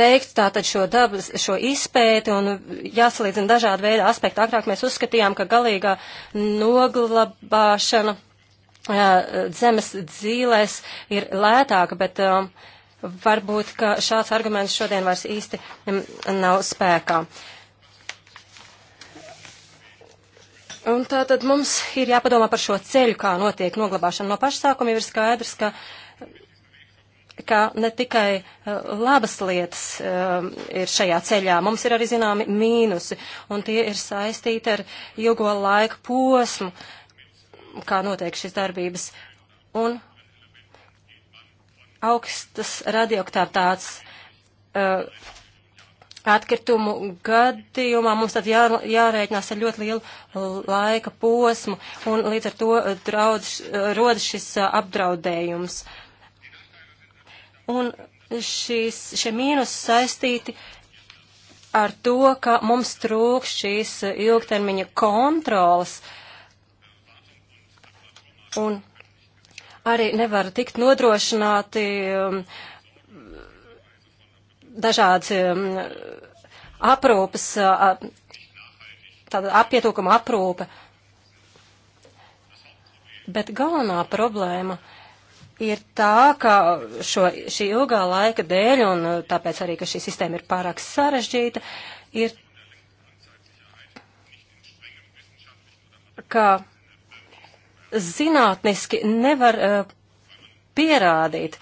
veikt tātad šo dabas, šo izpēti un jāsalīdzina dažādi veidi aspekti. Agrāk mēs uzskatījām, ka galīgā noglabāšana zemes dzīlēs ir lētāka, bet um, varbūt, ka šāds arguments šodien vairs īsti mm, nav spēkā. Un tātad mums ir jāpadomā par šo ceļu, kā notiek noglabāšana. No paša sākuma jau ir skaidrs, ka, ka ne tikai labas lietas um, ir šajā ceļā, mums ir arī zināmi mīnusi, un tie ir saistīti ar ilgo laiku posmu. Uh, kā notiek šīs darbības, un augstas radioaktātāts uh, atkritumu gadījumā mums tad jā, jārēķinās ar ļoti lielu laika posmu, un līdz ar to uh, draudz, uh, rodas šis uh, apdraudējums. Un šīs, šie mīnus saistīti ar to, ka mums trūks šīs uh, ilgtermiņa kontrolas uh, Un arī nevar tikt nodrošināti um, dažādi um, aprūpes, uh, tāda apietūkuma aprūpe. Bet galvenā problēma ir tā, ka šo, šī ilgā laika dēļ, un uh, tāpēc arī, ka šī sistēma ir pārāk sarežģīta, ir, ka zinātniski nevar uh, pierādīt,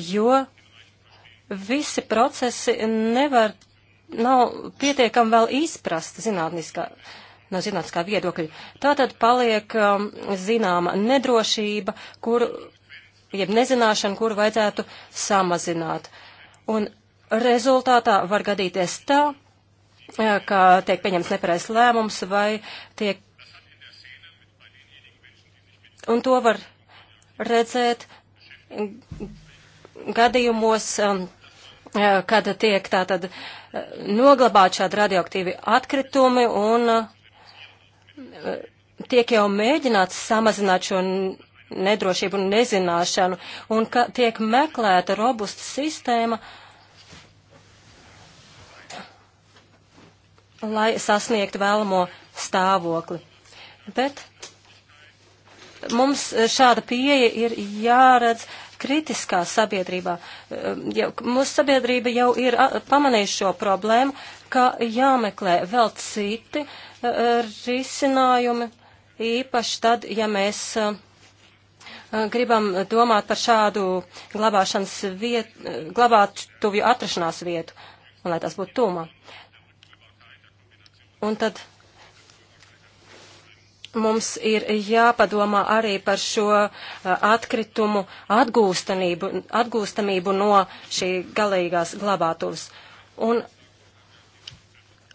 jo visi procesi nevar, nav pietiekami vēl izprast zinātniskā, no zinātniskā viedokļa. Tātad paliek um, zināma nedrošība, kuru, jeb nezināšana, kuru vajadzētu samazināt. Un rezultātā var gadīties tā, eh, ka tiek pieņemts nepareizs lēmums vai tiek un to var redzēt gadījumos, um, uh, kad tiek tātad uh, noglabāt šādi radioaktīvi atkritumi un uh, tiek jau mēģināts samazināt šo nedrošību un nezināšanu, un ka tiek meklēta robusta sistēma, lai sasniegtu vēlamo stāvokli. Bet mums šāda pieeja ir jāredz kritiskā sabiedrībā. Ehm, jau, mūsu sabiedrība jau ir pamanījusi šo problēmu, ka jāmeklē vēl citi e, e, risinājumi, īpaši tad, ja mēs e, gribam domāt par šādu glabāšanas vietu, glabātuvju atrašanās vietu, un lai tas būtu tūmā. Un tad mums ir jāpadomā arī par šo uh, atkritumu atgūstamību, atgūstamību no šī galīgās glabātuvas. Un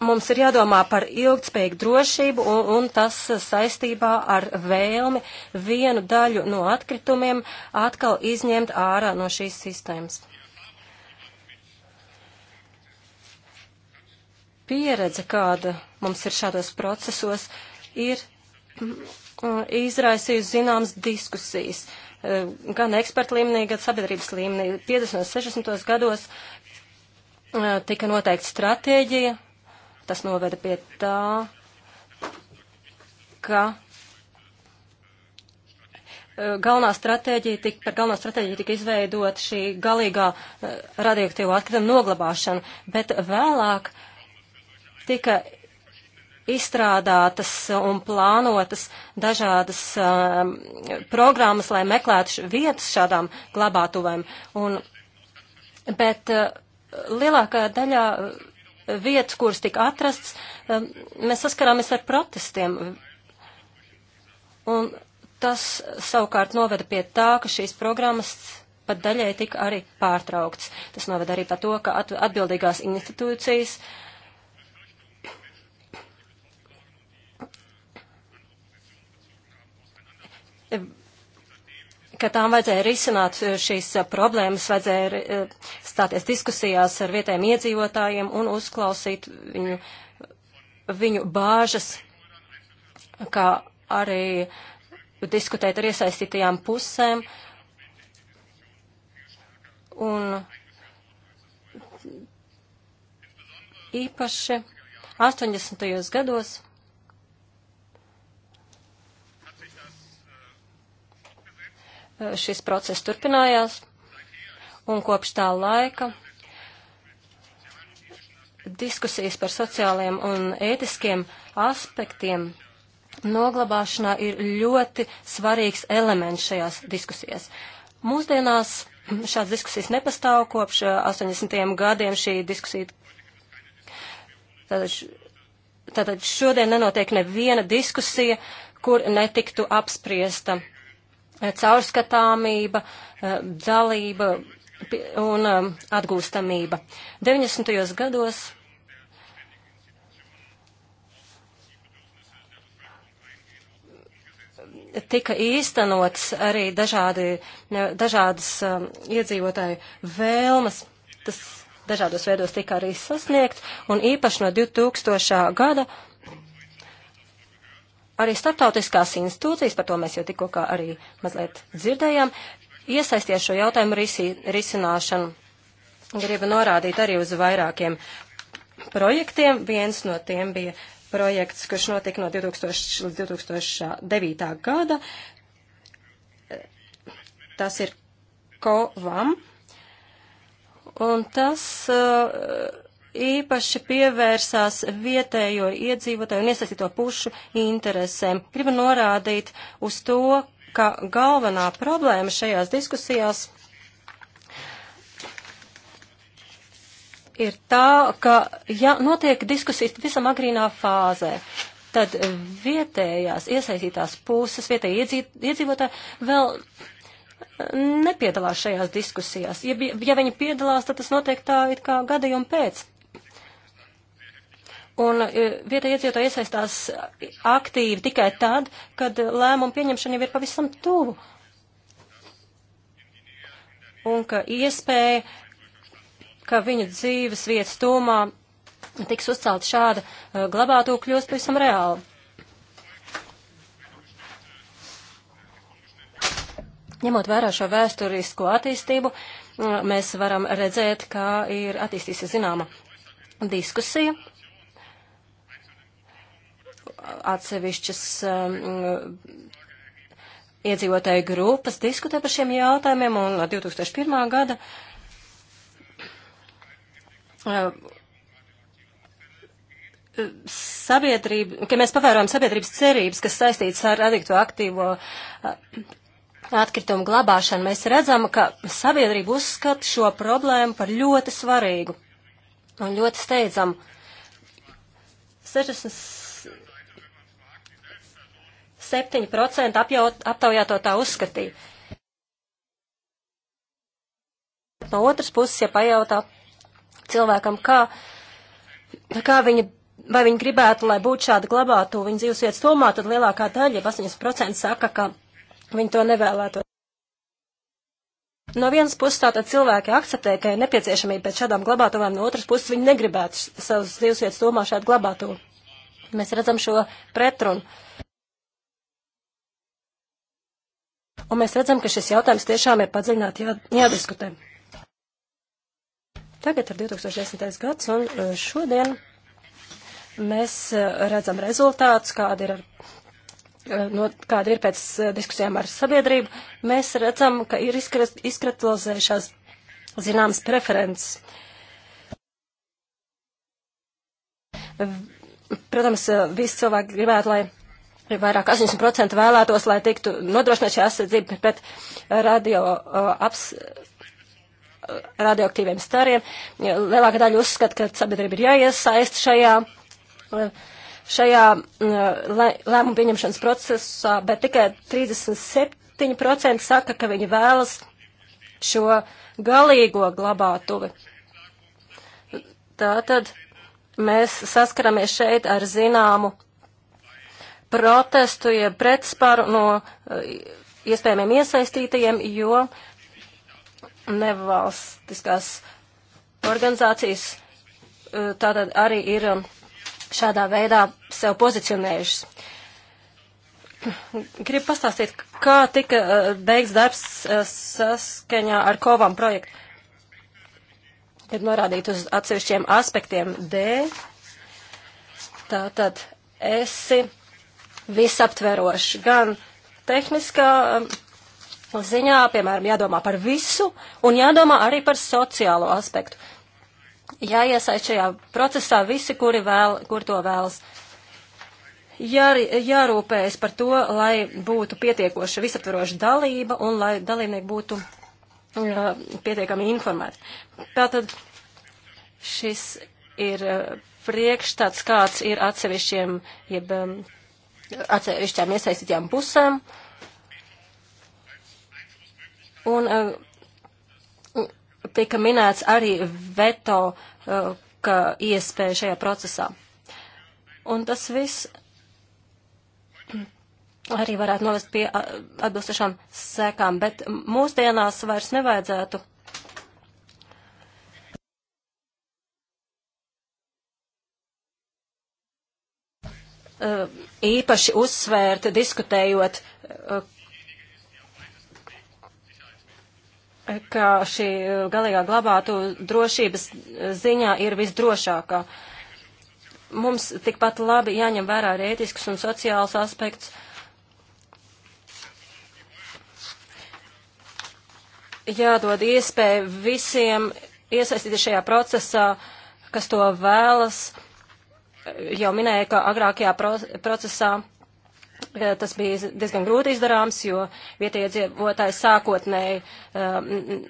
mums ir jādomā par ilgtspējīgu drošību un, un tas saistībā ar vēlmi vienu daļu no atkritumiem atkal izņemt ārā no šīs sistēmas. Pieredze, kāda mums ir šādos procesos, ir Uh, izraisījusi zināmas diskusijas uh, gan eksperta līmenī, gan sabiedrības līmenī. 50. un 60. gados uh, tika noteikta stratēģija, tas noveda pie tā, ka galvenā stratēģija tika, par galvenā stratēģiju tika izveidot šī galīgā radioaktīvo atkritumu noglabāšana, bet vēlāk tika izstrādātas un plānotas dažādas um, programmas, lai meklētu vietas šādām glabātuvēm. Un, bet uh, lielākā daļā uh, vietas, kuras tika atrasts, um, mēs saskarāmies ar protestiem. Un tas savukārt noveda pie tā, ka šīs programmas pat daļai tika arī pārtraukts. Tas noveda arī pie tā, ka atbildīgās institūcijas uh, ka tām vajadzēja risināt eh, šīs eh, problēmas, vajadzēja eh, stāties diskusijās ar vietējiem iedzīvotājiem un uzklausīt viņu, viņu bāžas, kā arī diskutēt ar iesaistītajām pusēm. Un īpaši 80. gados Eh, šis process turpinājās, un kopš tā laika diskusijas par sociālajiem un ētiskiem aspektiem noglabāšanā ir ļoti svarīgs elements šajās diskusijās. Mūsdienās šādas diskusijas nepastāv kopš 80. Eh, gadiem šī diskusija. Tātad, tātad šodien nenotiek neviena diskusija, kur netiktu apspriesta caurskatāmība, eh, dalība un eh, atgūstamība. 90. gados tika īstenots arī dažādi, dažādas um, iedzīvotāju vēlmes. Tas dažādos veidos tika arī sasniegts, un īpaši no 2000. gada uh, arī starptautiskās institūcijas, par to mēs jau tikko arī mazliet dzirdējām, iesaisties šo jautājumu risi, risināšanu. Gribu norādīt arī uz vairākiem projektiem. Viens no tiem bija projekts, kurš notika no 2000 līdz 2009. gada. Tas ir COVAM. Un tas uh, īpaši pievērsās vietējo iedzīvotāju un iesaistīto pušu interesēm. Gribu norādīt uz to, ka galvenā problēma šajās diskusijās ir tā, ka, ja notiek diskusijas visam agrīnā fāzē, tad vietējās iesaistītās puses, vietēji iedzīvotāji vēl nepiedalās šajās diskusijās. Ja, ja viņi piedalās, tad tas notiek tā it kā gadījuma pēc. Un e, vietējie iedzīvotāji iesaistās aktīvi tikai tad, kad lēmumu pieņemšana jau ir pavisam tuvu. Un ka iespēja, ka viņa dzīves vietas tūmā tiks uzcelt šāda e, glabāto kļūst pavisam reāli. Ņemot vērā šo vēsturisko attīstību, mēs varam redzēt, kā ir attīstīsies zināma diskusija atsevišķas um, iedzīvotāju grupas diskutē par šiem jautājumiem, un no 2001. gada um, sabiedrība, ka mēs pavērojam sabiedrības cerības, kas saistītas ar adiktu aktīvo uh, atkritumu glabāšanu, mēs redzam, ka sabiedrība uzskata šo problēmu par ļoti svarīgu un ļoti steidzamu. 60 7% apjaut, aptaujāto tā uzskatīja. No otras puses, ja pajautā cilvēkam, kā, kā viņa, vai viņi gribētu, lai būtu šāda glabātu viņa dzīves vietas tomā, tad lielākā daļa, 80% saka, ka viņi to nevēlētos. No vienas puses tātad cilvēki akceptē, ka ir nepieciešamība pēc šādām glabātuvēm, no otras puses viņi negribētu savus dzīves vietas domā šādu glabātuvu. Mēs redzam šo pretrunu. Un mēs redzam, ka šis jautājums tiešām ir padziļināti jā, jādiskutē. Tagad ir 2010. gads, un e, šodien mēs e, redzam rezultātus, kāda ir, ar, e, no, kāda ir pēc diskusijām ar sabiedrību. Mēs redzam, ka ir izkristalizējušās zināmas preferences. Protams, visi cilvēki gribētu, lai vairāk 80% vēlētos, lai tiktu nodrošināt šī aizsardzība pret radio, uh, aps, uh, radioaktīviem stariem. Lielākā daļa uzskata, ka sabiedrība ir jāiesaist šajā, uh, šajā uh, lēmumu pieņemšanas procesā, bet tikai 37% saka, ka viņi vēlas šo galīgo glabātuvi. Tātad mēs saskaramies šeit ar zināmu protestu, jeb pretsparu no eh, iespējamiem iesaistītajiem, jo nevalstiskās organizācijas eh, tātad arī ir eh, šādā veidā sev pozicionējušas. Gribu pastāstīt, kā tika beigts darbs saskaņā ar Kovam projektu. Ir norādīt uz atsevišķiem aspektiem D. Tātad esi visaptveroši, gan tehniskā um, ziņā, piemēram, jādomā par visu un jādomā arī par sociālo aspektu. Jāiesaist šajā procesā visi, kuri, vēl, kur to vēlas. Jā, jārūpējas par to, lai būtu pietiekoša visaptveroša dalība un lai dalībnieki būtu jā, um, pietiekami informēti. Tātad šis ir uh, priekšstats, kāds ir atsevišķiem, jeb um, atsevišķām iesaistītām pusēm. Un eh, tika minēts arī veto, eh, ka iespēja šajā procesā. Un tas viss arī varētu novest pie eh, atbilstošām sēkām, bet mūsdienās vairs nevajadzētu Uh, īpaši uzsvērta diskutējot, uh, ka šī uh, galīgā glabātu drošības ziņā ir visdrošākā. Mums tikpat labi jāņem vērā arī ētiskus un sociālus aspektus. Jādod iespēju visiem iesaistīties šajā procesā, kas to vēlas. Uh, jau minēja, ka agrākajā procesā e, tas bija diezgan grūti izdarāms, jo vietējie dzīvotāji sākotnēji um, e,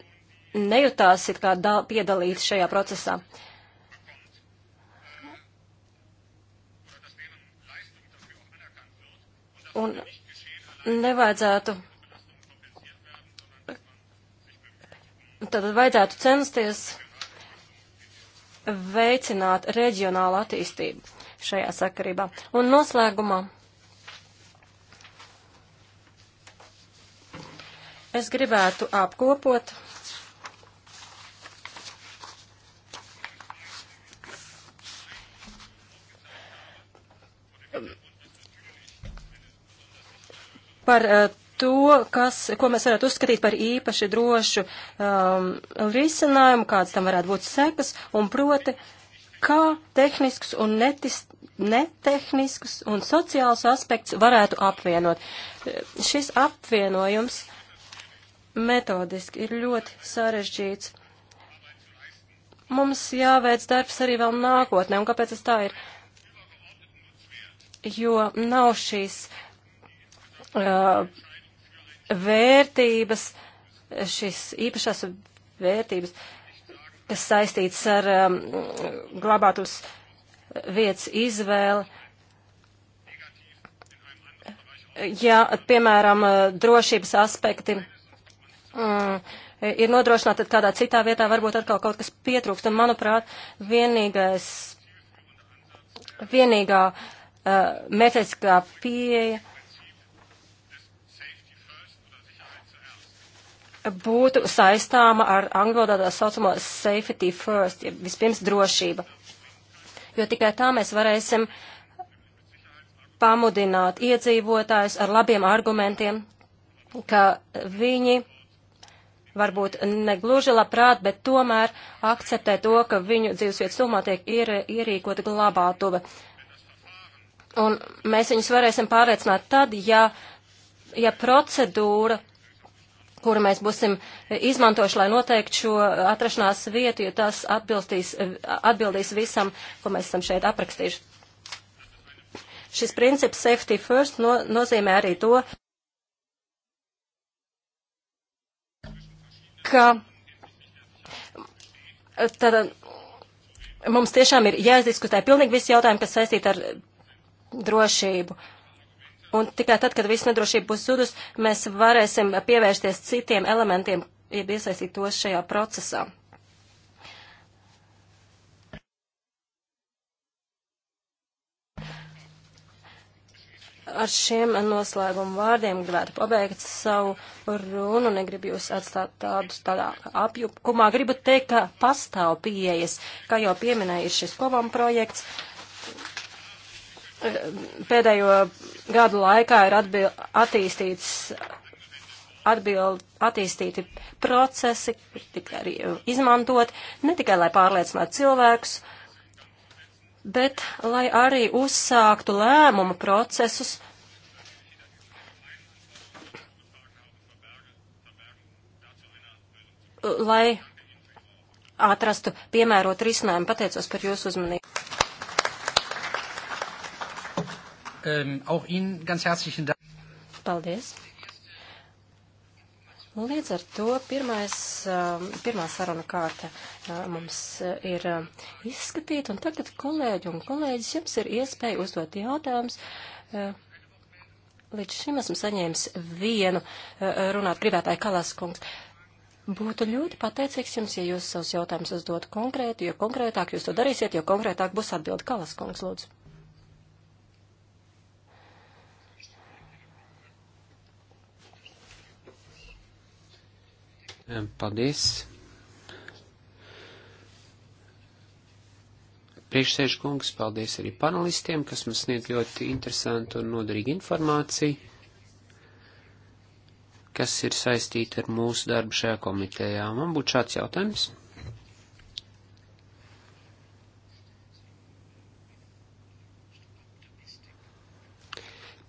nejutās it kā da, piedalīt šajā procesā. Un nevajadzētu. Tad vajadzētu censties veicināt reģionālu attīstību šajā sakarībā. Un noslēgumā es gribētu apkopot par uh, to, kas, ko mēs varētu uzskatīt par īpaši drošu um, risinājumu, kāds tam varētu būt sekas, un proti, kā tehnisks un netis, netehnisks un sociāls aspekts varētu apvienot. Šis apvienojums metodiski ir ļoti sarežģīts. Mums jāveic darbs arī vēl nākotnē, un kāpēc tas tā ir? Jo nav šīs uh, vērtības, šīs īpašās vērtības, kas saistīts ar um, glabātus vietas izvēli. Ja, piemēram, drošības aspekti mm, ir nodrošināti, tad kādā citā vietā varbūt atkal kaut kas pietrūkst. Un, manuprāt, vienīgais, vienīgā uh, mērķiskā pieeja uh, būtu saistāma ar angļu valodā tā saucamo safety first, ja vispirms drošība. Jo tikai tā mēs varēsim pamudināt iedzīvotājus ar labiem argumentiem, ka viņi varbūt negluži labprāt, bet tomēr akceptē to, ka viņu dzīvesvietas tūmā tiek ir, ierīkota glabātuve. Un mēs viņus varēsim pārliecināt tad, ja, ja procedūra kuru mēs būsim izmantojuši, lai noteiktu šo atrašanās vietu, jo tas atbildīs visam, ko mēs esam šeit aprakstījuši. Šis princips safety first no, nozīmē arī to, ka tad, mums tiešām ir jāizdiskutē pilnīgi visi jautājumi, kas saistīti ar drošību. Uh, Un tikai tad, kad viss nedrošība būs zudus, mēs varēsim pievērsties citiem elementiem, jeb iesaistīt tos šajā procesā. Ar šiem noslēgumu vārdiem gribētu pabeigt savu runu, negribu jūs atstāt tādus tādā apjukumā. Gribu teikt, ka pastāv pieejas, kā jau pieminēja, ir šis kovam projekts pēdējo gadu laikā ir atbil, attīstīts, atbild, attīstīti procesi, tika arī izmantot, ne tikai lai pārliecinātu cilvēkus, bet lai arī uzsāktu lēmumu procesus. lai atrastu piemērotu risinājumu. Pateicos par jūsu uzmanību. ähm, auch Ihnen ganz herzlichen Dank. Paldies. Līdz ar to pirmais, um, pirmā saruna kārta uh, mums uh, ir uh, izskatīta, un tagad kolēģi un kolēģis jums ir iespēja uzdot jautājumus. Līdz šim esmu saņēmis vienu runāt gribētāju Kalaskungs. Būtu ļoti pateicīgs jums, ja jūs savus jautājumus uzdotu konkrēti, jo konkrētāk jūs to darīsiet, jo konkrētāk būs atbildi Kalaskungs, lūdzu. Paldies. Priekšsēžkungs, paldies arī panelistiem, kas mums sniedz ļoti interesantu un noderīgu informāciju kas ir saistīti ar mūsu darbu šajā komitejā. Man būtu šāds jautājums.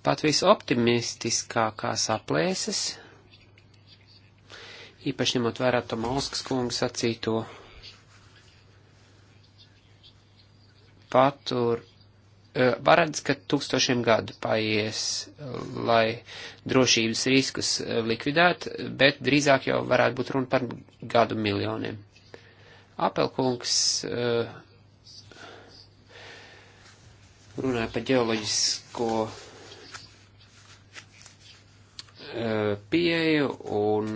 Pat visoptimistiskākās aplēses īpaši ņemot vērā Tomalskas kungu sacīto, patur, varēdz, e, ka tūkstošiem gadu paies, e, lai drošības riskus e, likvidētu, bet drīzāk jau varētu būt runa par gadu miljoniem. Apelkungs runāja par ģeoloģisko pieeju un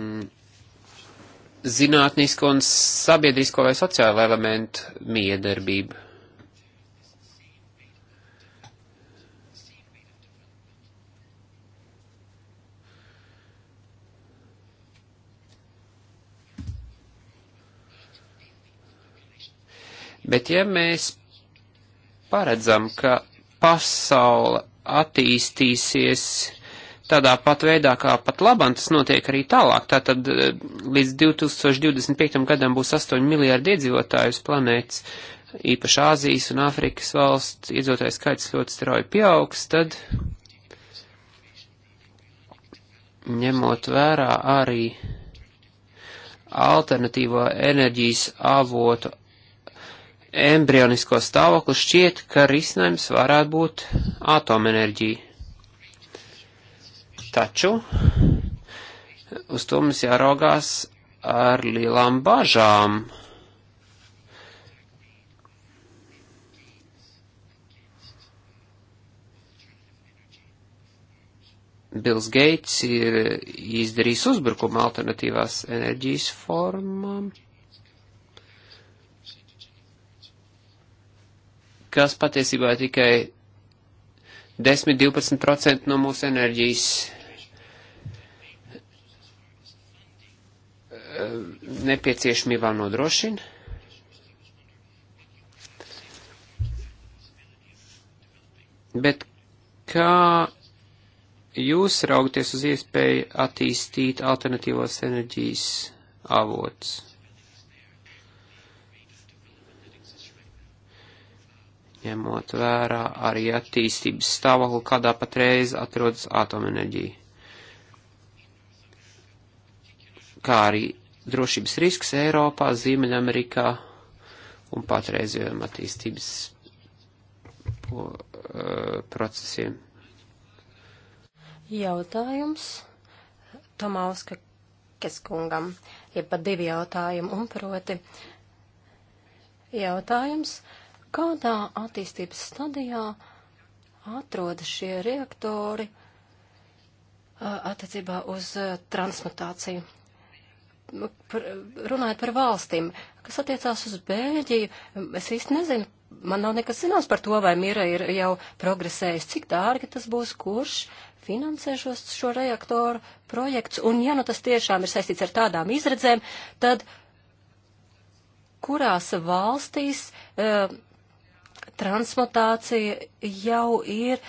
zinātnisko un sabiedrisko vai sociālo elementu miedarbību. Bet ja mēs paredzam, ka pasaule attīstīsies, tādā pat veidā, kā pat labam tas notiek arī tālāk. Tātad eh, līdz 2025. gadam būs 8 miljārdi iedzīvotāju uz planētas, īpaši Āzijas un Āfrikas valsts iedzīvotāju skaits ļoti strauji pieaugs, tad ņemot vērā arī alternatīvo enerģijas avotu embrionisko stāvokli, šķiet, ka risinājums varētu būt atomenerģija. Taču uz to mums jāraugās ar lielām bažām. Bils Geits ir izdarījis uzbrukumu alternatīvās enerģijas formām, kas patiesībā tikai 10-12% no mūsu enerģijas nepieciešamībām nodrošina. Bet kā jūs raugties uz iespēju attīstīt alternatīvos enerģijas avots? ņemot vērā arī attīstības stāvokli, kādā patreiz atrodas atomenerģija. Kā arī drošības risks Eiropā, Ziemeļamerikā un patreizējiem attīstības po, uh, procesiem. Jautājums Tomauska Keskungam, jeb pat divi jautājumi, un proti jautājums, kādā attīstības stadijā atrodas šie reaktori uh, attiecībā uz uh, transmutāciju? Nu, par, runājot par valstīm, kas attiecās uz Bēļģiju, es īsti nezinu, man nav nekas zināms par to, vai mira ir jau progresējis, cik dārgi tas būs, kurš finansē šos, šo reaktoru projekts, un ja nu tas tiešām ir saistīts ar tādām izredzēm, tad kurās valstīs uh, transmutācija jau ir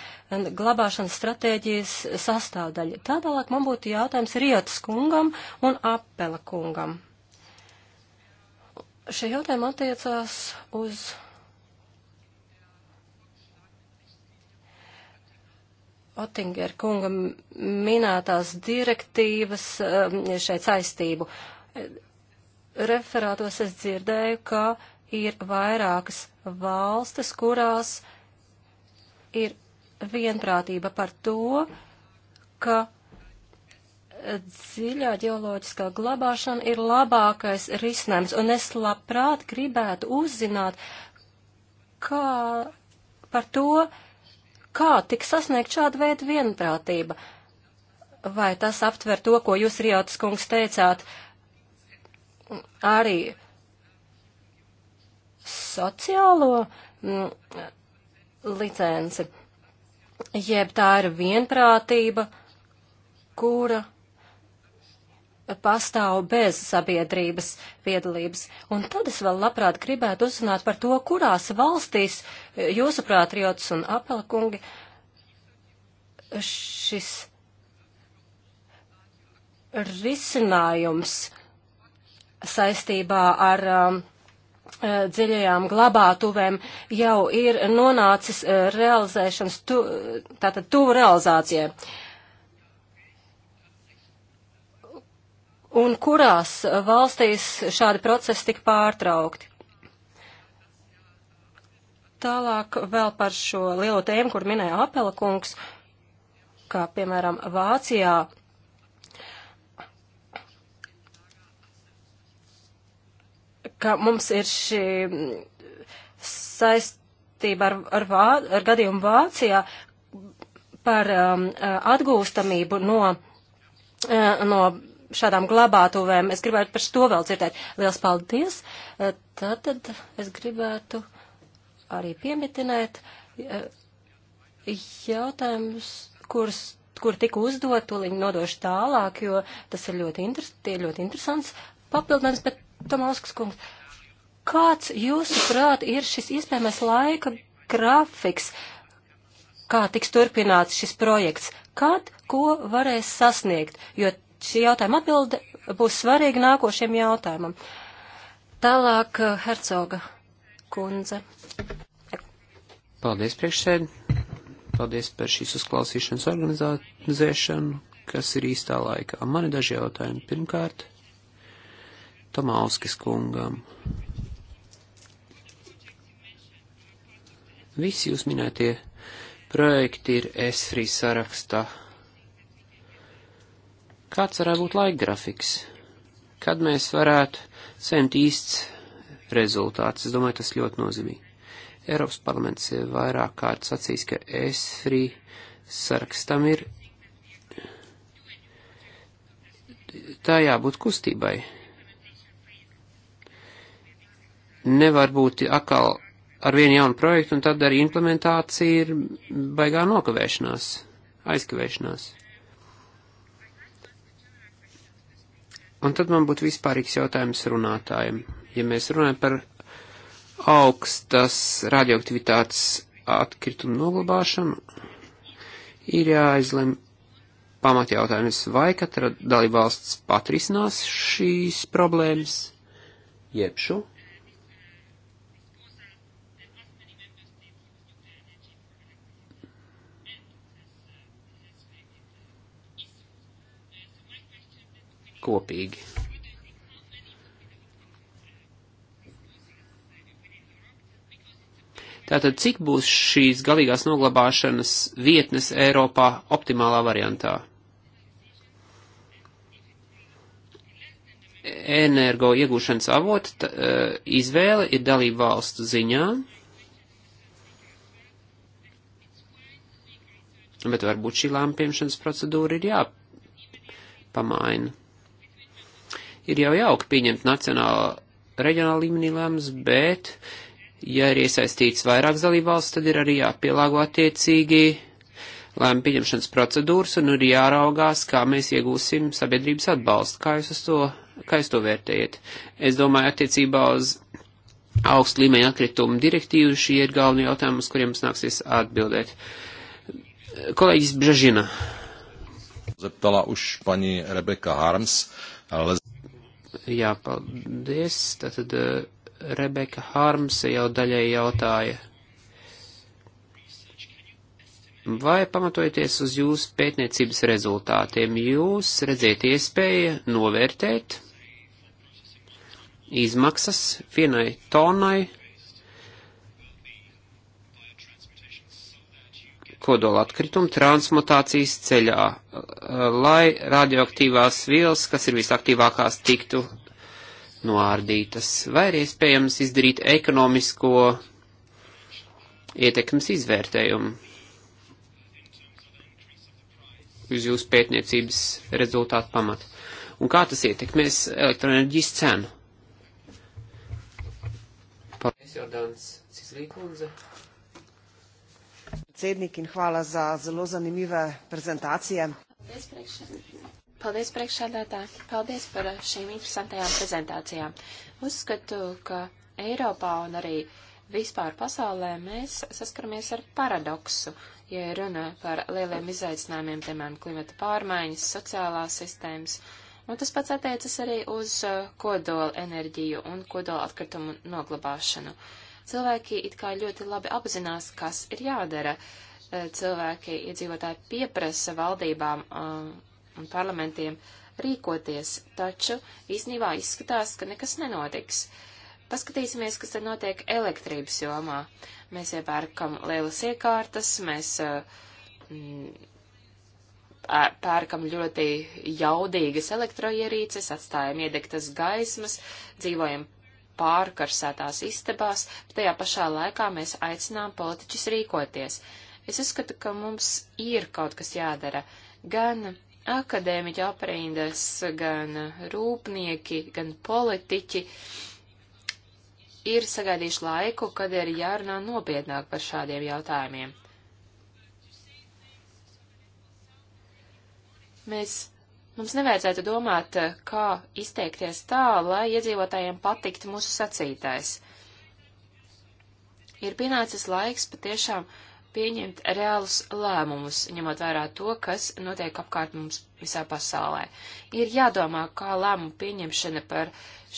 glabāšanas stratēģijas sastāvdaļa. Tādēļ man būtu jautājums Rietas kungam un Apela kungam. Šie jautājumi attiecās uz. Otinger kunga minētās direktīvas um, šeit saistību. Referātos es dzirdēju, ka ir vairākas valstis, kurās ir vienprātība par to, ka dziļā ģeoloģiskā glabāšana ir labākais risinājums, un es labprāt gribētu uzzināt, kā par to, kā tik sasniegt šādu veidu vienprātība. Vai tas aptver to, ko jūs, Riotas kungs, teicāt, arī sociālo mm, licenci, jeb tā ir vienprātība, kura pastāv bez sabiedrības piedalības. Un tad es vēl labprāt gribētu uzzināt par to, kurās valstīs jūsuprāt, Riots un Apelkungi, šis risinājums saistībā ar um, Eh, dziļajām glabātuvēm jau ir nonācis eh, realizēšanas, tu, tātad tuvu realizācijai. Un kurās valstīs šādi procesi tika pārtraukti? Tālāk vēl par šo lielo tēmu, kur minēja Apela kungs, kā piemēram Vācijā ka mums ir šī saistība ar, ar, vā, ar gadījumu Vācijā par um, atgūstamību no, uh, no šādām glabātuvēm. Es gribētu par to vēl dzirdēt. Liels paldies! Uh, tad, tad es gribētu arī piemitinēt uh, jautājumus, kurus kur tika uzdot, to viņi nodošu tālāk, jo tas ir ļoti, inter, ļoti interesants papildinājums, bet Tomauskas kungs, kāds jūsuprāt ir šis iespējamais laika grafiks, kā tiks turpināts šis projekts, kad ko varēs sasniegt, jo šī jautājuma atbilde būs svarīga nākošiem jautājumam. Tālāk eh, Hercoga kundze. Paldies priekšsēd, paldies par šīs uzklausīšanas organizēšanu, kas ir īstā laikā. Man ir daži jautājumi. Pirmkārt, Tomauskis kungam. Visi jūs minētie projekti ir S3 sarakstā. Kāds varētu būt laikgrafiks? Kad mēs varētu saņemt īsts rezultāts? Es domāju, tas ļoti nozīmīgi. Eiropas parlaments vairāk kārt sacīs, ka S3 sarakstam ir tā jābūt kustībai. nevar būt atkal ar vienu jaunu projektu, un tad arī implementācija ir baigā nokavēšanās, aizkavēšanās. Un tad man būtu vispārīgs jautājums runātājiem. Ja mēs runājam par augstas radioaktivitātes atkritumu noglabāšanu, ir jāizlem pamatjautājums, vai katra dalībvalsts patrisinās šīs problēmas, jeb šo kopīgi. Tātad, cik būs šīs galīgās noglabāšanas vietnes Eiropā optimālā variantā? Energo iegūšanas avota e, izvēle ir dalība valstu ziņā, bet varbūt šī lēma pieņemšanas procedūra ir jāpamaina ir jau jauki pieņemt nacionālā, reģionāla līmenī lēmums, bet, ja ir iesaistīts vairākas dalībvalsts, tad ir arī jāpielāgo attiecīgi lēmumu pieņemšanas procedūras un ir jāraugās, kā mēs iegūsim sabiedrības atbalstu. Kā jūs to, kā jūs to vērtējat? Es domāju, attiecībā uz augstu līmeņa atkritumu direktīvu šie ir galvenie jautājumi, uz kuriem mums nāksies atbildēt. Kolēģis Brežina. Zeptala už paní Rebeka Harms, ale... Jā, paldies. Tātad eh, Rebeka Harms jau daļai jautāja. Vai pamatojoties uz jūsu pētniecības rezultātiem, jūs redzēt iespēju novērtēt izmaksas vienai tonai kodola atkritumu transmutācijas ceļā, eh, lai radioaktīvās vielas, kas ir visaktīvākās, tiktu noārdītas, vai ir iespējams izdarīt ekonomisko ietekmes izvērtējumu uz jūsu pētniecības rezultātu pamatu. Un kā tas ietekmēs elektroenerģijas cenu? Paldies, Jordāns Cislīkundze predsednik, in hvala za zelo zanimive prezentacije. Paldies, priekšsēdētāji! Paldies par šīm interesantajām prezentācijām. Uzskatu, ka Eiropā un arī vispār pasaulē mēs saskaramies ar paradoksu, ja runa par lieliem izaicinājumiem, piemēram, klimata pārmaiņas, sociālās sistēmas. Un tas pats attiecas arī uz uh, kodola enerģiju un kodola atkritumu noglabāšanu. Uh, Cilvēki it kā ļoti labi apzinās, kas ir jādara. Eh, cilvēki, iedzīvotāji pieprasa valdībām eh, un parlamentiem rīkoties, taču īsnībā izskatās, ka nekas nenotiks. Paskatīsimies, kas te notiek elektrības jomā. Mēs iepērkam lielas iekārtas, mēs mm, pērkam ļoti jaudīgas elektroierīces, atstājam iedegtas gaismas, dzīvojam pārkarsētās istabās, bet tajā pašā laikā mēs aicinām politiķus rīkoties. Es uzskatu, ka mums ir kaut kas jādara. Gan akadēmiķi aprindas, gan rūpnieki, gan politiķi ir sagaidījuši laiku, kad ir jārunā nopietnāk par šādiem jautājumiem. Mēs Mums nevajadzētu domāt, eh, kā izteikties tā, lai iedzīvotājiem patikt mūsu sacītais. Ir pienācis laiks patiešām pieņemt reālus lēmumus, ņemot vērā to, kas notiek apkārt mums visā pasaulē. Ir jādomā, kā lēmumu pieņemšana par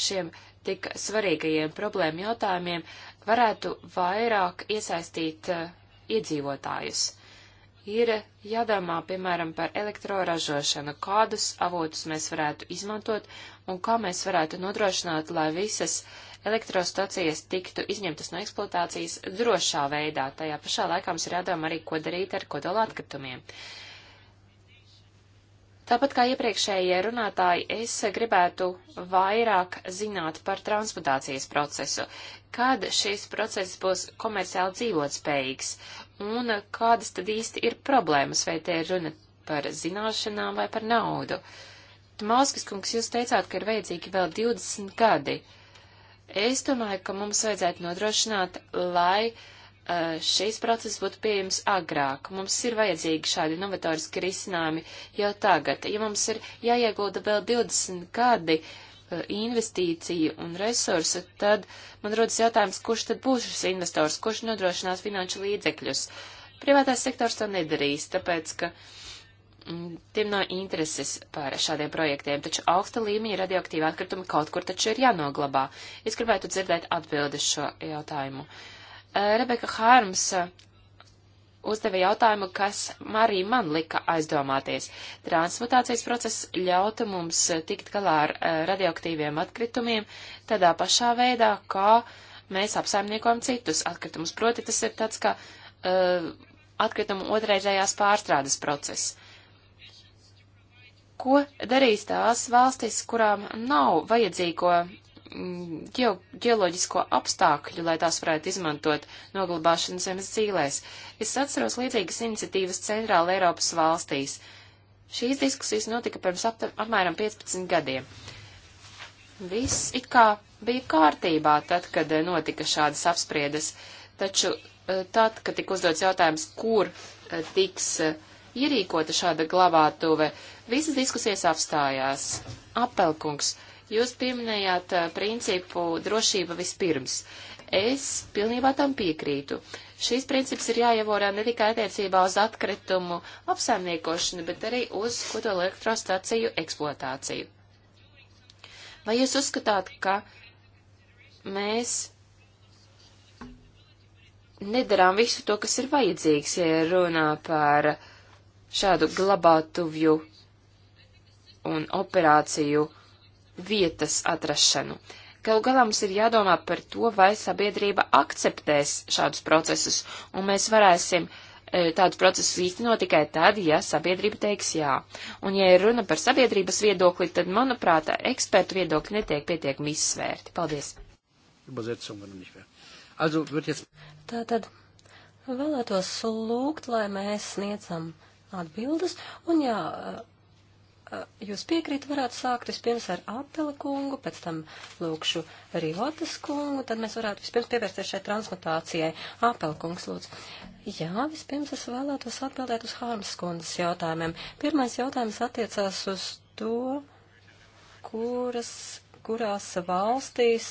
šiem tik svarīgajiem problēmu jautājumiem varētu vairāk iesaistīt uh, iedzīvotājus ir jādomā, piemēram, par elektroražošanu, kādus avotus mēs varētu izmantot un kā mēs varētu nodrošināt, lai visas elektrostacijas tiktu izņemtas no eksploatācijas drošā veidā. Tajā pašā laikā mums ir jādomā arī, ko darīt ar kodola atkritumiem. Tāpat kā iepriekšējie runātāji, es gribētu vairāk zināt par transmutācijas procesu, kad šīs process būs komerciāli dzīvotspējīgs Un eh, kādas tad īsti ir problēmas, vai te ir runa par zināšanām vai par naudu? Mauskas kungs, jūs teicāt, ka ir vajadzīgi vēl 20 gadi. Es domāju, ka mums vajadzētu nodrošināt, lai eh, šīs procesas būtu pieejams agrāk. Mums ir vajadzīgi šādi novatoriski risinājumi jau tagad. Ja mums ir jāiegulda vēl 20 gadi, uh, E, investīciju un resursu, tad man rodas jautājums, kurš tad būs šis investors, kurš nodrošinās finanšu līdzekļus. Privātais sektors to nedarīs, tāpēc, ka mm, tiem nav intereses par šādiem projektiem, taču augsta līmeņa radioaktīva atkritumi kaut kur taču ir jānoglabā. Es gribētu dzirdēt atbildes šo jautājumu. E, Rebeka Hārms uzdeva jautājumu, kas arī man lika aizdomāties. Transmutācijas process ļautu mums tikt galā ar eh, radioaktīviem atkritumiem tādā pašā veidā, kā mēs apsaimniekojam citus atkritumus. Proti, tas ir tāds kā uh, atkritumu otrreizējās pārstrādes process. Ko darīs tās valstis, kurām nav vajadzīgo ģeo, ģeoloģisko apstākļu, lai tās varētu izmantot noglabāšanas zemes dzīvēs. Es atceros līdzīgas iniciatīvas Centrāla Eiropas valstīs. Šīs diskusijas notika pirms ap, apmēram 15 gadiem. Viss it kā bija kārtībā tad, kad eh, notika šādas apspriedes, taču eh, tad, kad tika uzdots jautājums, kur eh, tiks ierīkota šāda glabātuve, visas diskusijas apstājās. Apelkungs Jūs pieminējāt principu drošība vispirms. Es pilnībā tam piekrītu. Šīs princips ir jāievorā ne tikai attiecībā uz atkritumu apsaimniekošanu, bet arī uz kodoelektrostaciju eksploatāciju. Vai jūs uzskatāt, ka mēs nedarām visu to, kas ir vajadzīgs, ja runā par šādu glabātuvju un operāciju vietas atrašanu. Galu galā mums ir jādomā par to, vai sabiedrība akceptēs šādus procesus, un mēs varēsim e, tādus procesus īstenot tikai tad, ja sabiedrība teiks jā. Un, ja ir runa par sabiedrības viedokli, tad, manuprāt, ekspertu viedokļi netiek pietiekami izsvērti. Paldies! Tātad vēlētos lūgt, lai mēs sniedzam atbildes, un jā, jūs piekrīt, varētu sākt vispirms ar Attila kungu, pēc tam lūkšu Riotas kungu, tad mēs varētu vispirms pievērsties šai transmutācijai. Apel kungs, lūdzu. Jā, vispirms es vēlētos atbildēt uz Hārmas kundas jautājumiem. Pirmais jautājums attiecās uz to, kuras, kurās valstīs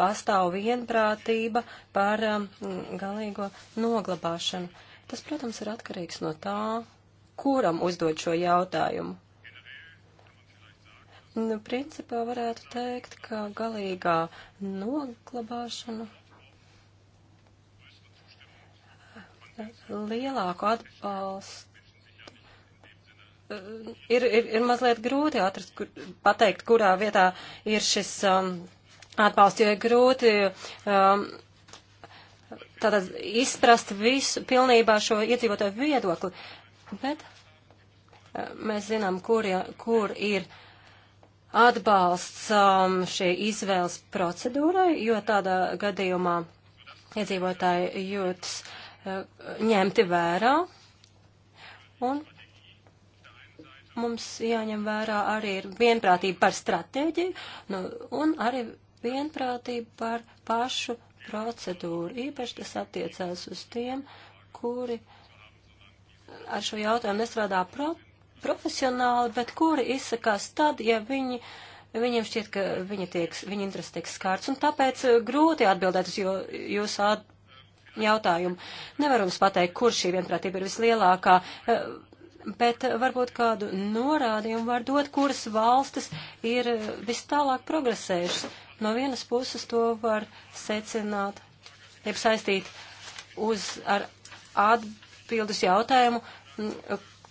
pastāv vienprātība par um, galīgo noglabāšanu. Tas, protams, ir atkarīgs no tā, kuram uzdod šo jautājumu. Nu, principā varētu teikt, ka galīgā noglabāšana lielāku atbalstu eh, ir, ir, ir mazliet grūti atrast, kur, pateikt, kurā vietā ir šis um, atbalsts, jo ir grūti. Um, Tātad izprast visu pilnībā šo iedzīvotāju viedokli, bet eh, mēs zinām, kur, kur ir uh, atbalsts um, šī izvēles procedūrai, jo tādā gadījumā iedzīvotāji jūtas uh, ņemti vērā. Un mums jāņem vērā arī ir vienprātība par stratēģiju nu, un arī vienprātība par pašu procedūru. Īpaši tas attiecās uz tiem, kuri ar šo jautājumu nestrādā prot profesionāli, bet kuri izsakās tad, ja viņi, viņiem šķiet, ka viņi tiek, viņa interesi tiek skārts, un tāpēc eh, grūti atbildēt uz jo, jūsu jautājumu. Nevar jums pateikt, kur šī vienprātība ir vislielākā, eh, bet varbūt kādu norādījumu var dot, kuras valstis ir eh, vis tālāk progresējušas. No vienas puses to var secināt, jeb saistīt uz ar atbildus jautājumu,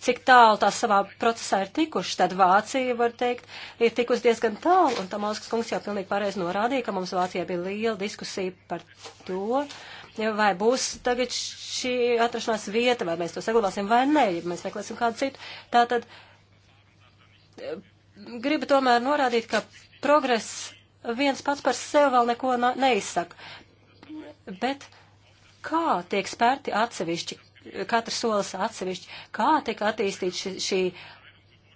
cik tālu tās savā procesā ir tikušas, tad Vācija, var teikt, ir tikusi diezgan tālu, un Tamauskas kungs jau pilnīgi pareizi norādīja, ka mums Vācijā bija liela diskusija par to, vai būs tagad šī atrašanās vieta, vai mēs to saglabāsim vai nē, ja mēs meklēsim kādu citu. Tātad gribu tomēr norādīt, ka progress viens pats par sevi vēl neko neizsaka. Bet kā tiek spērti atsevišķi katrs solis atsevišķi. Kā tika attīstīt ši, šī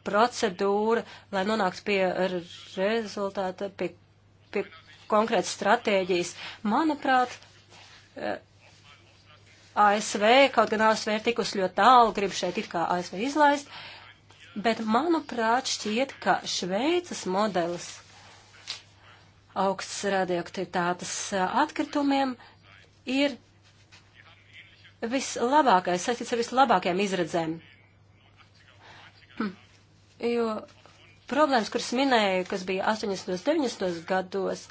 procedūra, lai nonāktu pie rezultāta, pie, pie konkrētas stratēģijas? Manuprāt, e, ASV, kaut gan ASV ir tikus ļoti tālu, grib šeit it kā ASV izlaist, bet manuprāt šķiet, ka Šveicas modelis augsts radioaktivitātes e, atkritumiem ir vislabākais, saistīts ar vislabākajām izredzēm. Hm. Jo problēmas, kuras minēju, kas bija 80. un 90. gados,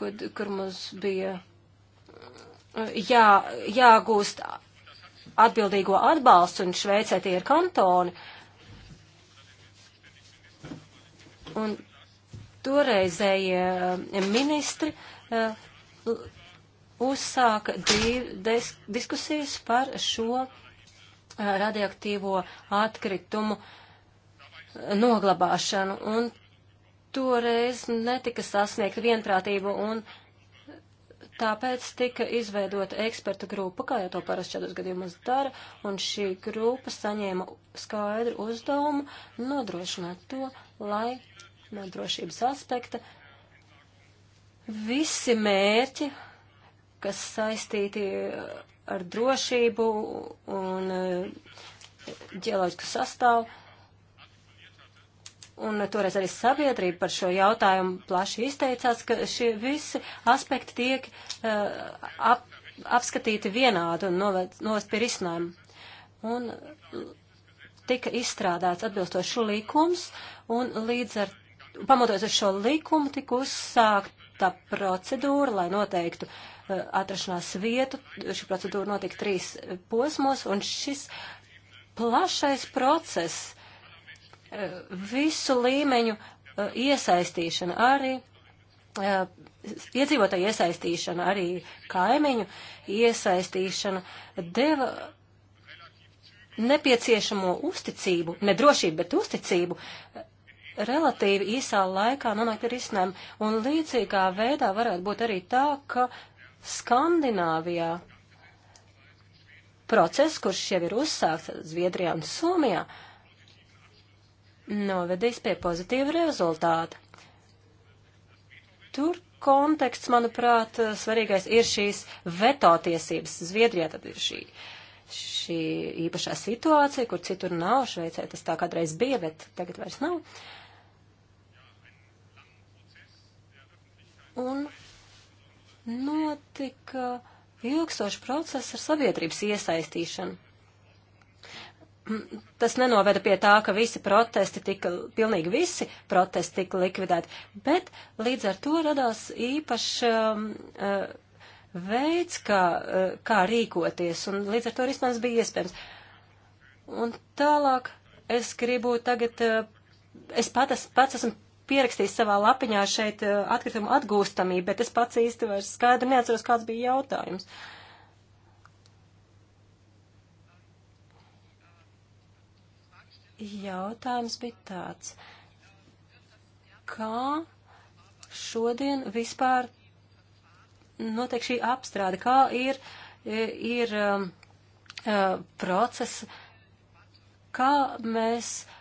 kur, kur mums bija hm, jā, jāgūst atbildīgo atbalstu, un Šveicē tie ir kantoni. Un toreizējie hm, ministri hm, uzsāka diskusijas par šo uh, radioaktīvo atkritumu noglabāšanu, un toreiz netika sasniegta vienprātība, un tāpēc tika izveidota ekspertu grupa, kā jau to parasti šādos gadījumos dara, un šī grupa saņēma skaidru uzdevumu nodrošināt to, lai no drošības aspekta visi mērķi kas saistīti ar drošību un eh, ģeoloģisku sastāvu. Un toreiz arī sabiedrība par šo jautājumu plaši izteicās, ka šie visi aspekti tiek uh, ap, apskatīti vienādi un novest pie risinājumu. Un tika izstrādāts atbilstošs likums, un līdz ar, pamatoties uz šo likumu, tika uzsākta procedūra, lai noteiktu uh, atrašanās vietu. Šī procedūra notika trīs posmos, un šis plašais process, e, visu līmeņu e, iesaistīšana arī, e, iedzīvotāju iesaistīšana arī kaimiņu iesaistīšana deva nepieciešamo uzticību, nedrošību, bet uzticību relatīvi īsā laikā nonākt ar izsnēm. Un līdzīgā veidā varētu būt arī tā, ka Skandināvijā process, kurš jau ir uzsākts Zviedrijā un Somijā, novedīs pie pozitīva rezultāta. Tur konteksts, manuprāt, svarīgais ir šīs veto tiesības. Zviedrijā tad ir šī, šī īpašā situācija, kur citur nav. Šveicē tas tā kādreiz bija, bet tagad vairs nav. Un notika ilgstošs process ar sabiedrības iesaistīšanu. Tas nenoveda pie tā, ka visi protesti tika, pilnīgi visi protesti tika likvidēti, bet līdz ar to radās īpašs um, uh, veids, kā, uh, kā rīkoties, un līdz ar to risinājums bija iespējams. Un tālāk es gribu tagad, uh, es pat, es, pats esmu pierakstījis savā lapiņā šeit eh, atkritumu atgūstamību, bet es pats īsti vairs skaidri neatceros, kāds bija jautājums. Jautājums bija tāds, kā šodien vispār notiek šī apstrāde, kā ir, ir um, uh, process, kā mēs uh,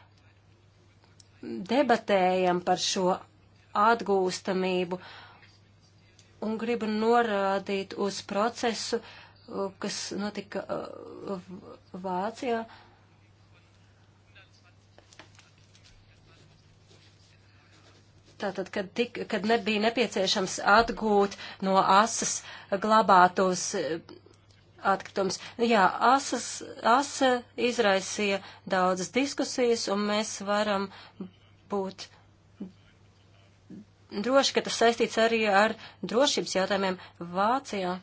debatējam par šo atgūstamību un gribu norādīt uz procesu, uh, kas notika uh, Vācijā. Tātad, kad, tik, kad nebija nepieciešams atgūt no asas glabātos atkritums. Nu jā, asas, asa izraisīja daudzas diskusijas, un mēs varam būt droši, ka tas saistīts arī ar drošības jautājumiem Vācijā.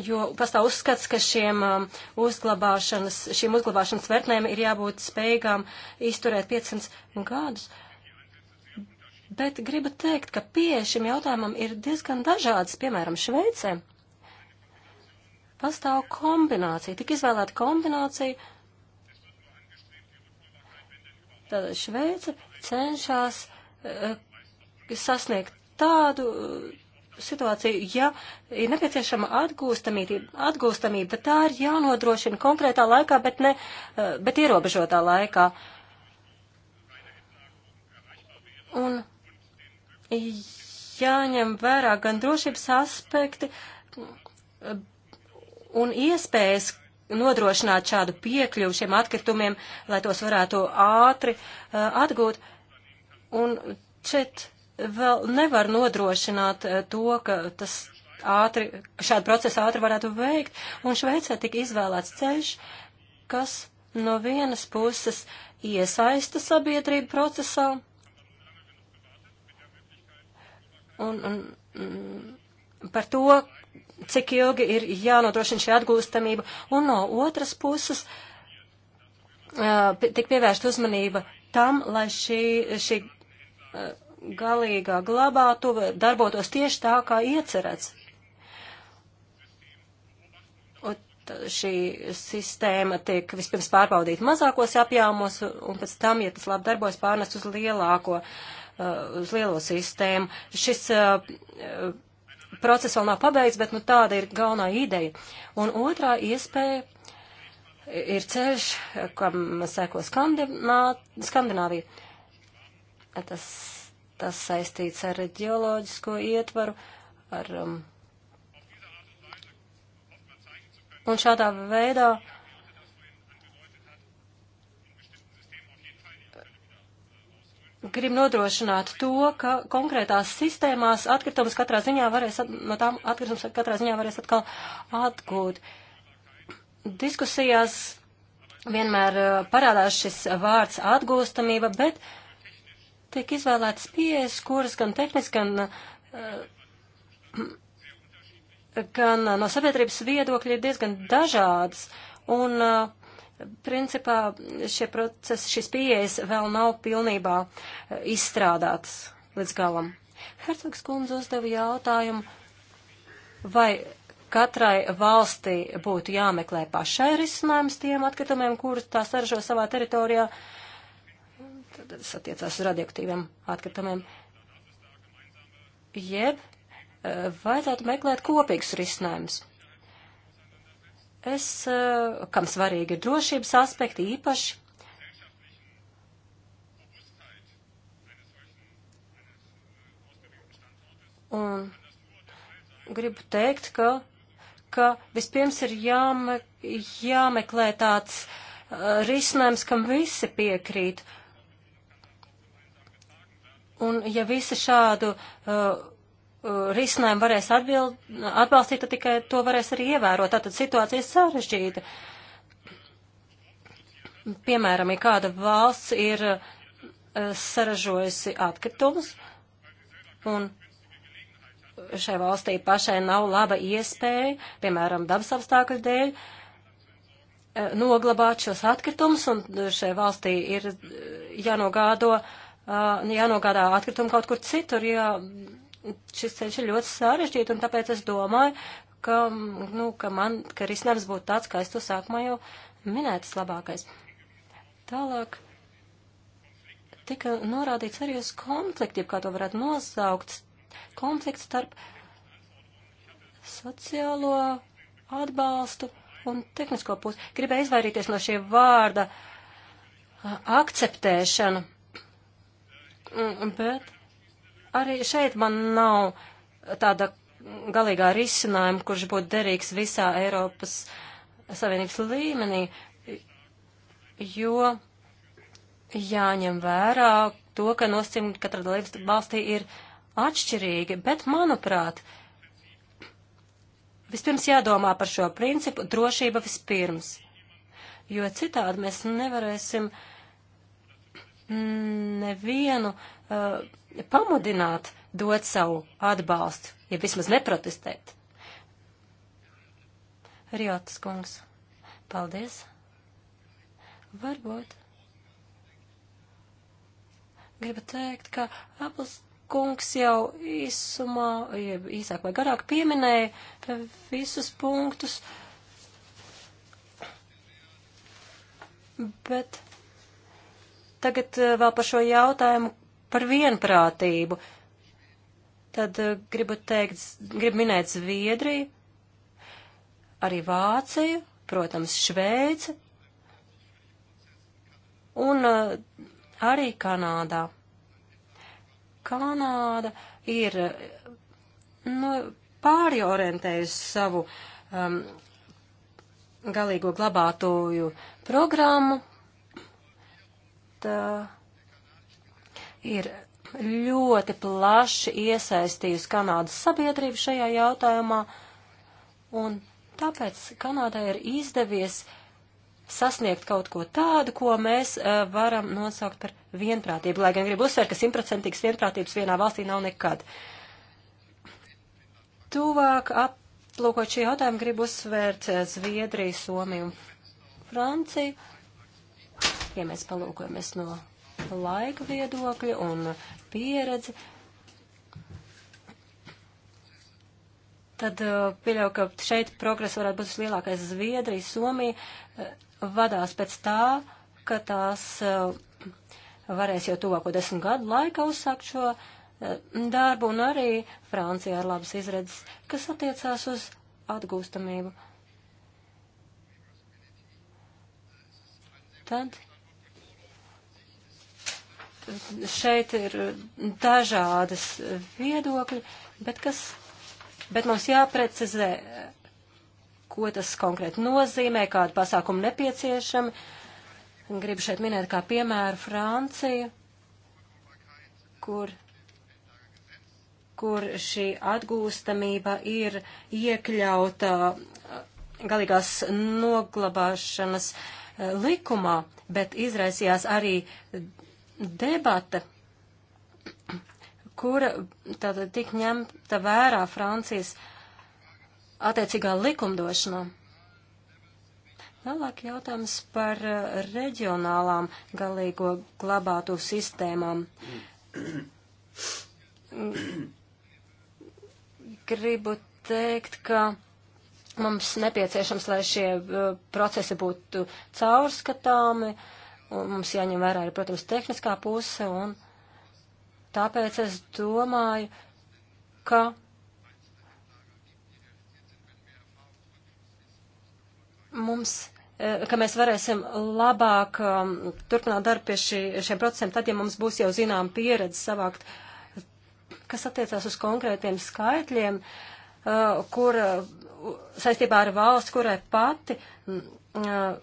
Jo pastāv uzskats, ka šiem um, uzglabāšanas, šīm uzglabāšanas vērtnēm ir jābūt spējīgām izturēt 500 gadus. Uh, bet gribu teikt, ka pieeja šim jautājumam ir diezgan dažādas, piemēram, Šveicē. Pastāv kombinācija, tik izvēlēta kombinācija. Tad Šveice cenšas uh, sasniegt tādu eh, situāciju, ja ir nepieciešama atgūstamība, atgūstamība, tad tā ir jānodrošina konkrētā laikā, bet ne, uh, bet ierobežotā laikā. Un jāņem vērā gan drošības aspekti un iespējas nodrošināt šādu piekļuvu šiem atkritumiem, lai tos varētu ātri eh, atgūt. Un šeit vēl nevar nodrošināt eh, to, ka tas ātri, ka šādu procesu ātri varētu veikt, un Šveicē tika izvēlēts ceļš, kas no vienas puses iesaista sabiedrību procesā, un, un, un mm, par to, cik ilgi ir jānodrošina šī atgūstamība, un no otras puses uh, tik pievērst uzmanība tam, lai šī, šī uh, galīgā glabātuva darbotos tieši tā, kā iecerēts. Šī sistēma tiek vispirms pārbaudīta mazākos apjāmos, un pēc tam, ja tas labi darbojas, pārnest uz lielāko. Uh, Uh, uz lielo sistēmu. Šis uh, process vēl nav pabeigts, bet nu, tāda ir galvenā ideja. Un otrā iespēja ir ceļš, kam seko Skandinā, Skandināvija. Tas, tas saistīts ar ģeoloģisko ietvaru, ar. Um, un šādā veidā uh, grib nodrošināt to, ka konkrētās sistēmās atkritumus katrā ziņā varēs, no tām atkritumus katrā ziņā varēs atkal atgūt. Diskusijās vienmēr eh, parādās šis vārds atgūstamība, bet tiek izvēlētas pieejas, kuras gan tehniski, gan, eh, gan no sabiedrības viedokļa ir diezgan dažādas. Un uh, Principā šie procesi, šīs pieejas vēl nav pilnībā e, izstrādātas līdz galam. Hercogs kundze uzdeva jautājumu, vai katrai valstī būtu jāmeklē pašai risinājums tiem atkritumiem, kurus tā saražo savā teritorijā, tad tas attiecās uz radioaktīviem atkritumiem, jeb e, vajadzētu meklēt kopīgus risinājumus es, eh, kam svarīgi ir drošības aspekti īpaši. Un gribu teikt, ka, ka vispirms ir jāme, jāmeklē tāds uh, risinājums, kam visi piekrīt. Un ja visi šādu uh, Eh, risinājumu varēs atbild, atbalstīt, tad tikai to varēs arī ievērot. Tātad situācija ir sarežģīta. Piemēram, ja kāda valsts ir eh, saražojusi atkritumus, un šai valstī pašai nav laba iespēja, piemēram, dabas apstākļu dēļ, eh, noglabāt šos atkritumus, un šai valstī ir jānogādo, jānogādā atkritumi kaut kur citur, jā, šis ceļš ir ļoti sarežģīts, un tāpēc es domāju, ka, nu, ka man, ka risinājums būtu tāds, kā es to sākumā jau minēju, tas labākais. Tālāk tika norādīts arī uz konfliktu, kā to varētu nosaukt, konflikts starp sociālo atbalstu un tehnisko pusi. Gribēju izvairīties no šie vārda akceptēšana, mm, bet Arī šeit man nav tāda galīgā risinājuma, kurš būtu derīgs visā Eiropas Savienības līmenī, jo jāņem vērā to, ka nosacījumi katrā dalības valstī ir atšķirīgi, bet, manuprāt, vispirms jādomā par šo principu drošība vispirms, jo citādi mēs nevarēsim nevienu uh, pamudināt dot savu atbalstu, ja vismaz neprotestēt. Riotas kungs, paldies. Varbūt. Gribu teikt, ka Apels kungs jau īsumā, jeb īsāk vai garāk pieminēja visus punktus, bet tagad eh, vēl par šo jautājumu, Par vienprātību. Tad eh, gribu teikt, gribu minēt Zviedriju, arī Vāciju, protams, Šveici un eh, arī Kanādā. Kanāda ir eh, nu, pāriorientējusi savu um, galīgo glabātoju programmu. Tā, ir ļoti plaši iesaistījusi Kanādas sabiedrību šajā jautājumā, un tāpēc Kanādai ir izdevies sasniegt kaut ko tādu, ko mēs uh, varam nosaukt par vienprātību, lai gan gribu uzsvērt, ka simtprocentīgas vienprātības vienā valstī nav nekad. Tuvāk aplūkot šī jautājuma, gribu uzsvērt uh, Zviedriju, Somiju un Franciju. Ja mēs palūkojamies no laika viedokļa un pieredzi, tad eh, pieļauju, ka šeit progress varētu būt vislielākais. Zviedrija, Somija eh, vadās pēc tā, ka tās eh, varēs jau tuvāko desmit gadu laikā uzsākt šo darbu, un arī Francijā ir labas izredzes, kas attiecās uz atgūstamību. Tad šeit ir dažādas viedokļi, bet, kas, bet mums jāprecizē, ko tas konkrēti nozīmē, kādu pasākumu nepieciešami. Gribu šeit minēt kā piemēru Franciju, kur, kur šī atgūstamība ir iekļauta uh, galīgās noglabāšanas uh, likumā, bet izraisījās arī debata, kura tātad tik ņemta vērā Francijas attiecīgā likumdošanā. Vēlāk jautājums par eh, reģionālām galīgo glabātu sistēmām. Gribu teikt, ka mums nepieciešams, lai šie eh, procesi būtu caurskatāmi. Uh, Un mums jāņem vērā arī, protams, tehniskā puse, un tāpēc es domāju, ka mums e, ka mēs varēsim labāk um, turpināt darbu pie šī, šiem procesiem, tad, ja mums būs jau zinām pieredze savākt, kas attiecās uz konkrētiem skaitļiem, uh, kur uh, saistībā ar valsts, kurai pati, uh,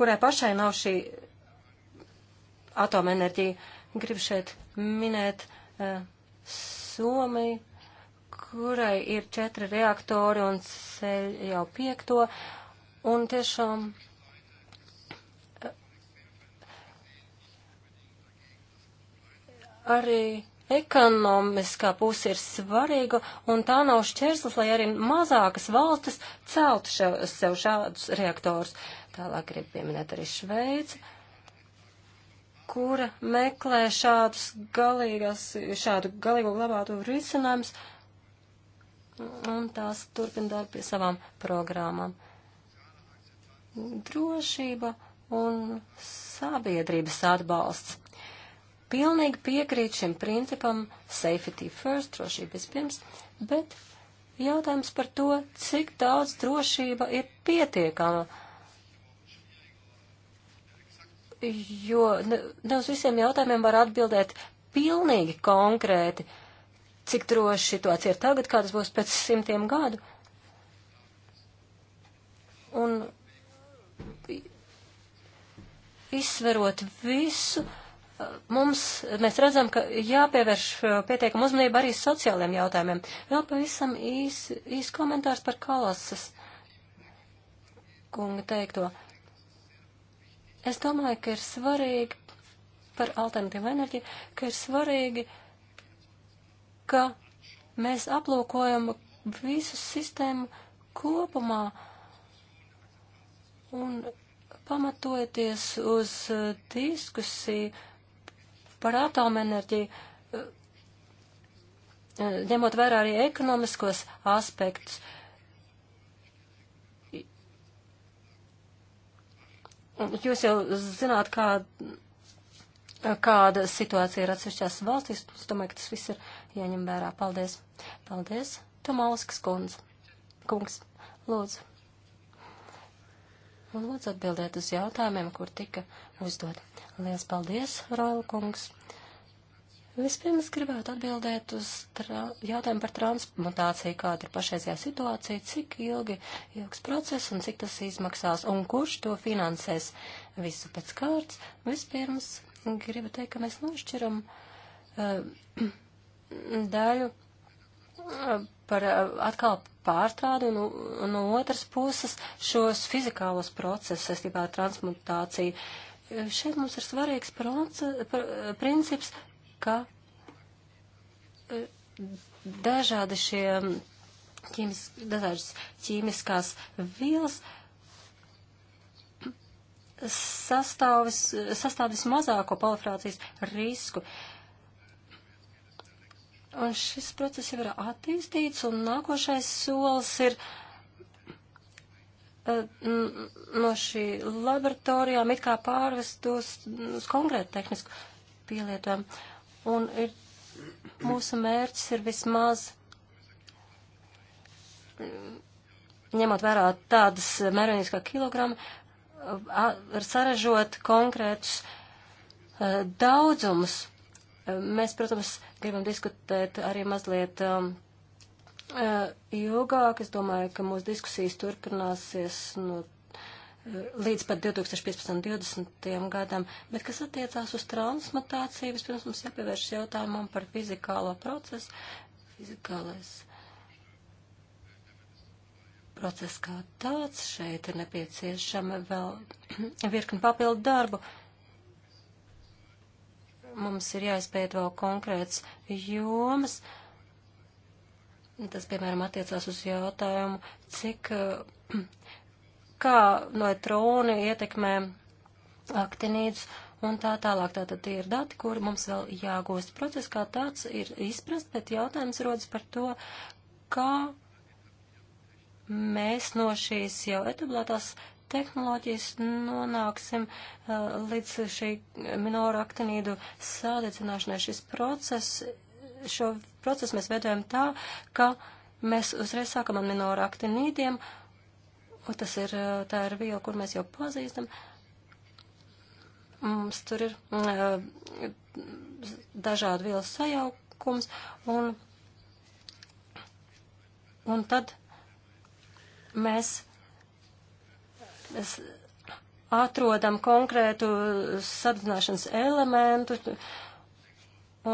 kurai pašai nav šī atomenerģiju. Gribu šeit minēt uh, eh, Somiju, kurai ir četri reaktori un ceļ jau piekto. Un tiešām eh, arī ekonomiskā puse ir svarīga, un tā nav šķērslis, lai arī mazākas valstis celtu sev šādus reaktorus. Tālāk grib pieminēt arī Šveici. Uh, kura meklē šādus galīgas, šādu galīgo glabātu risinājumus, un tās turpina darbu pie savām programmām. Drošība un sabiedrības atbalsts. Pilnīgi piekrīt šim principam safety first, drošība vispirms, bet jautājums par to, cik daudz drošība ir pietiekama jo ne uz visiem jautājumiem var atbildēt pilnīgi konkrēti, cik droši situācija ir tagad, kādas būs pēc simtiem gadu. Un izsverot visu, mums, mēs redzam, ka jāpievērš pietiekam uzmanību arī sociāliem jautājumiem. Vēl pavisam īs, īs komentārs par kalasas kunga teikto. Uh, Es domāju, ka ir svarīgi par alternatīvu enerģiju, ka ir svarīgi, ka mēs aplūkojam visu sistēmu kopumā un pamatojoties uz eh, diskusiju par atomenerģiju, eh, ņemot vērā arī ekonomiskos aspektus. Uh, Jūs jau zināt, kā, kāda situācija ir atsevišķās valstīs. Es domāju, ka tas viss ir jāņem vērā. Paldies. Paldies. Tomauskas kundz. Kungs, lūdzu. Lūdzu atbildēt uz jautājumiem, kur tika uzdot. Lielas paldies, Roila kungs. Uh, Vispirms gribētu atbildēt uz jautājumu par transplantāciju, kāda ir pašreizajā situācija, cik ilgi ilgs process un cik tas izmaksās un kurš to finansēs visu pēc kārtas. Vispirms gribu teikt, ka mēs nošķiram uh, daļu uh, par uh, atkal pārstrādi un, un no otras puses šos fizikālos procesus saistībā ar transplantāciju. Šeit mums ir svarīgs proces, pr princips ka e, dažādi šie ķīmis, dažādas ķīmiskās vielas sastāvis, sastāvis mazāko palifrācijas risku. Un šis process jau ir attīstīts, un nākošais solis ir e, no šī laboratorijām it kā pārvest uz, uz konkrētu tehnisku pielietojumu un ir, mūsu mērķis ir vismaz mm, ņemot vērā tādas mērījums kā kilogrami, saražot konkrētus e, daudzumus. E, mēs, protams, gribam diskutēt arī mazliet um, e, ilgāk. Es domāju, ka mūsu diskusijas turpināsies no līdz pat 2015-2020 gadam, bet kas attiecās uz transmutāciju, vispirms mums jāpievērš jautājumam par fizikālo procesu, fizikālais process kā tāds, šeit ir nepieciešama vēl virkni papildu darbu. Mums ir jāizpēt vēl konkrēts jomas. Tas, piemēram, attiecās uz jautājumu, cik uh, kā neutroni ietekmē aktinīdus un tā tālāk. Tātad tie ir dati, kuri mums vēl jāgūst. Process kā tāds ir izprast, bet jautājums rodas par to, kā mēs no šīs jau etablētās tehnoloģijas nonāksim uh, līdz šī minoru aktinīdu sādicināšanai. Šis process, šo procesu mēs veidojam tā, ka mēs uzreiz sākam ar minoru aktinīdiem tas ir, eh, tā ir viela, kur mēs jau pazīstam. Mums tur ir eh, dažādi vielas sajaukums, un, un tad mēs, mēs atrodam konkrētu sadedzināšanas elementu,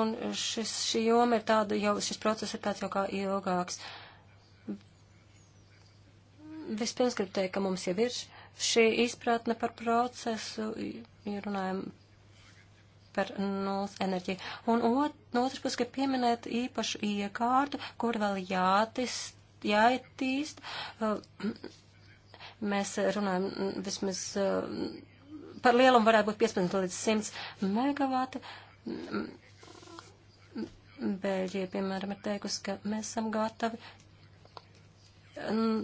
un šis, šī joma ir tāda jau, šis process ir tāds jau kā ilgāks. Uh, Vispirms gribu teikt, ka mums jau ir šī izpratne par procesu, ja runājam par nulles enerģiju. Un ot, no otras puses, ka pieminēt īpašu iekārtu, kur vēl jātist, jāitīst. Uh, mēs runājam vismaz uh, par lielumu varētu būt 15 līdz 100 megavati. Mm, Bēļģija, piemēram, ir teikusi, ka mēs esam gatavi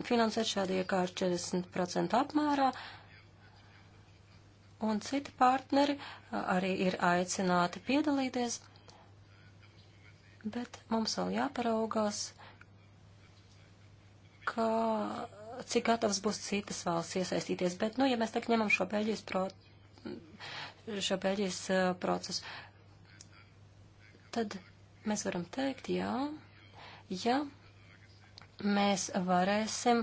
finansēt šādu iekārtu 40% apmērā, un citi partneri arī ir aicināti piedalīties, bet mums vēl jāparaugās, kā, cik gatavs būs citas valsts iesaistīties. Bet, nu, ja mēs tagad ņemam šo Beļģijas, pro, šo Beļģijas uh, procesu, tad mēs varam teikt, jā, ja mēs varēsim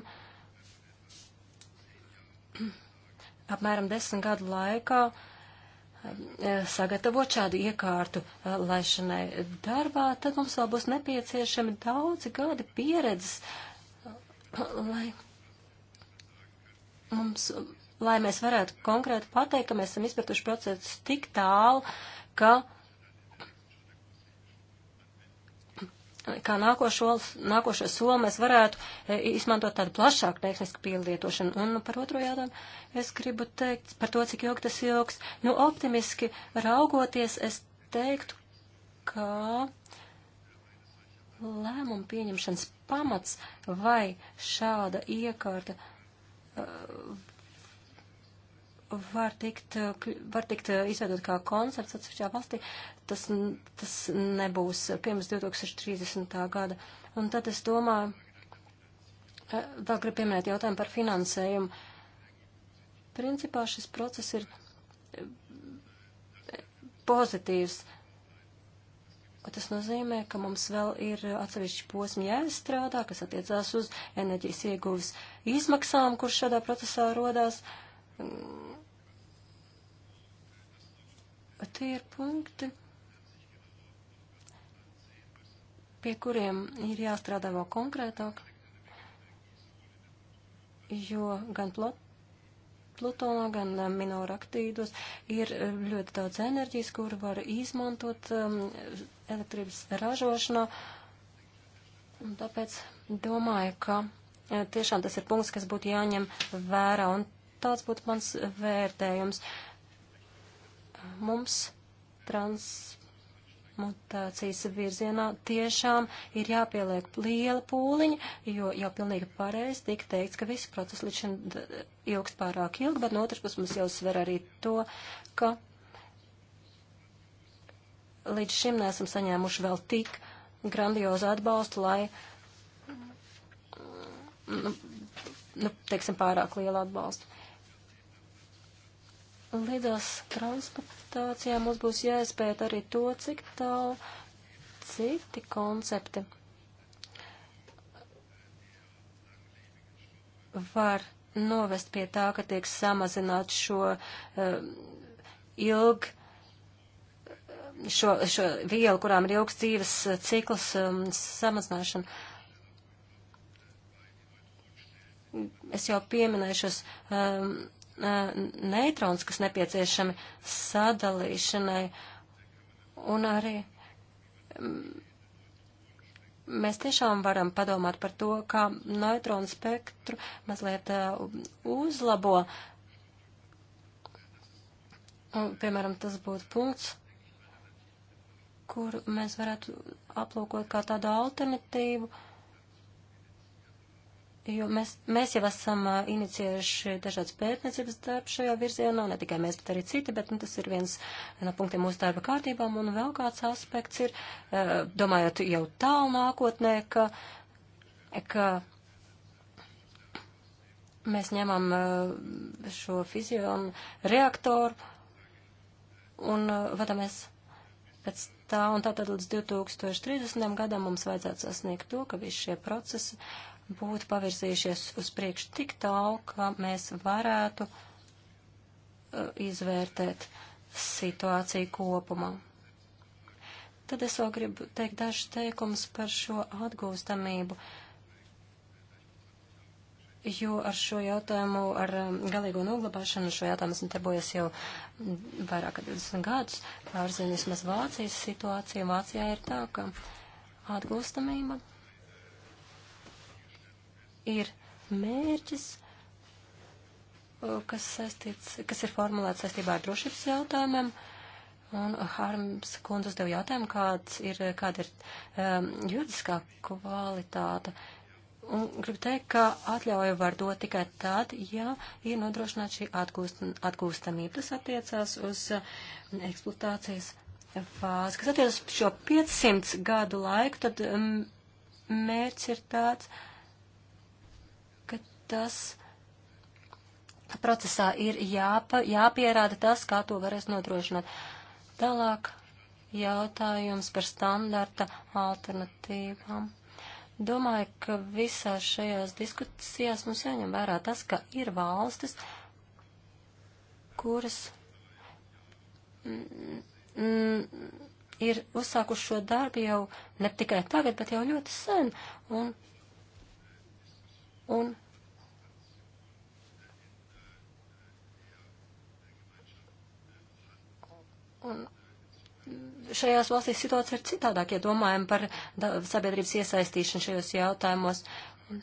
apmēram desmit gadu laikā eh, sagatavot šādu iekārtu eh, laišanai darbā, tad mums vēl būs nepieciešami daudzi gadi pieredzes, eh, lai, mums, lai mēs varētu konkrēti pateikt, ka mēs esam izpratuši procesus tik tālu, ka uh, kā nākošo, nākošo soli mēs varētu e, izmantot tādu plašāku tehnisku pielietošanu. Un nu, par otro jautājumu es gribu teikt par to, cik ilgi tas ilgs. Nu, optimiski raugoties, es teiktu, ka lēmumu pieņemšanas pamats vai šāda iekārta e, var tikt, var tikt eh, izveidot kā koncepts atsevišķā valstī, tas, tas nebūs pirms 2030. gada. Un tad es domāju, eh, vēl gribu pieminēt jautājumu par finansējumu. Principā šis process ir eh, pozitīvs. Tas nozīmē, ka mums vēl ir atsevišķi posmi jāizstrādā, kas attiecās uz enerģijas ieguves izmaksām, kur šādā procesā rodās. Tie ir punkti, pie kuriem ir jāstrādā vēl konkrētāk, jo gan plot Plutonā, gan um, minoraktīdos ir um, ļoti daudz enerģijas, kuru var izmantot um, elektrības ražošanā. Un tāpēc domāju, ka uh, tiešām tas ir punkts, kas būtu jāņem vērā, un tāds būtu mans vērtējums. Uh, mums transmutācijas virzienā tiešām ir jāpieliek liela pūliņa, jo jau pilnīgi pareizi tika teikts, ka visi procesi līdz šim ilgst pārāk ilgi, bet no otras puses mums jau sver arī to, ka līdz šim neesam saņēmuši vēl tik grandiozu atbalstu, lai, nu, nu teiksim, pārāk lielu atbalstu lidās transportācijā mums būs jāizpēt arī to, cik tālu citi koncepti var novest pie tā, ka tiek samazināt šo um, ilg, šo, šo vielu, kurām ir ilgs dzīves uh, cikls um, samazināšana. Es jau pieminēju šos um, Eh, neitrons, kas nepieciešami sadalīšanai, un arī mm, mēs tiešām varam padomāt par to, kā neutronu spektru mazliet eh, uzlabo. Un, piemēram, tas būtu punkts, kur mēs varētu aplūkot kā tādu alternatīvu. Uh, jo mēs, mēs jau esam inicijējuši dažādas pētniecības darbu šajā virzienā, ne tikai mēs, bet arī citi, bet nu, tas ir viens no punktiem mūsu darba kārtībām, un vēl kāds aspekts ir, domājot jau tālu nākotnē, ka, ka mēs ņemam šo fizionu reaktoru un vadamies pēc tā, un tātad līdz 2030. gadam mums vajadzētu sasniegt to, ka visi šie procesi uh, būtu pavirzījušies uz priekšu tik tālu, ka mēs varētu uh, izvērtēt situāciju kopumā. Tad es vēl gribu teikt dažus teikumus par šo atgūstamību, jo ar šo jautājumu, ar um, galīgo noglabāšanu, šo jautājumu esmu darbojies jau vairāk kā 20 gadus, pārzinu vismaz Vācijas situāciju. Vācijā ir tā, ka atgūstamība ir mērķis, kas, saistīts, kas ir formulēts saistībā ar drošības jautājumiem. Un Harms kundze uzdev jautājumu, kāds ir, kāda ir um, juridiskā kvalitāte. Un gribu teikt, ka atļauju var dot tikai tad, ja ir nodrošināta šī atgūst, atgūstamība. Tas attiecās uz um, eksploatācijas fāzi. Kas attiecas uz šo 500 gadu laiku, tad um, mērķis ir tāds. Uh, tas procesā ir jāpa, jāpierāda tas, kā to varēs nodrošināt. Tālāk jautājums par standarta alternatīvām. Domāju, ka visās šajās diskusijās mums jāņem vērā tas, ka ir valstis, kuras mm, mm, ir uzsākuši šo darbu jau ne tikai tagad, bet jau ļoti sen. Un, un Un šajās valstīs situācija ir citādāk, ja domājam par sabiedrības iesaistīšanu šajos jautājumos. Un,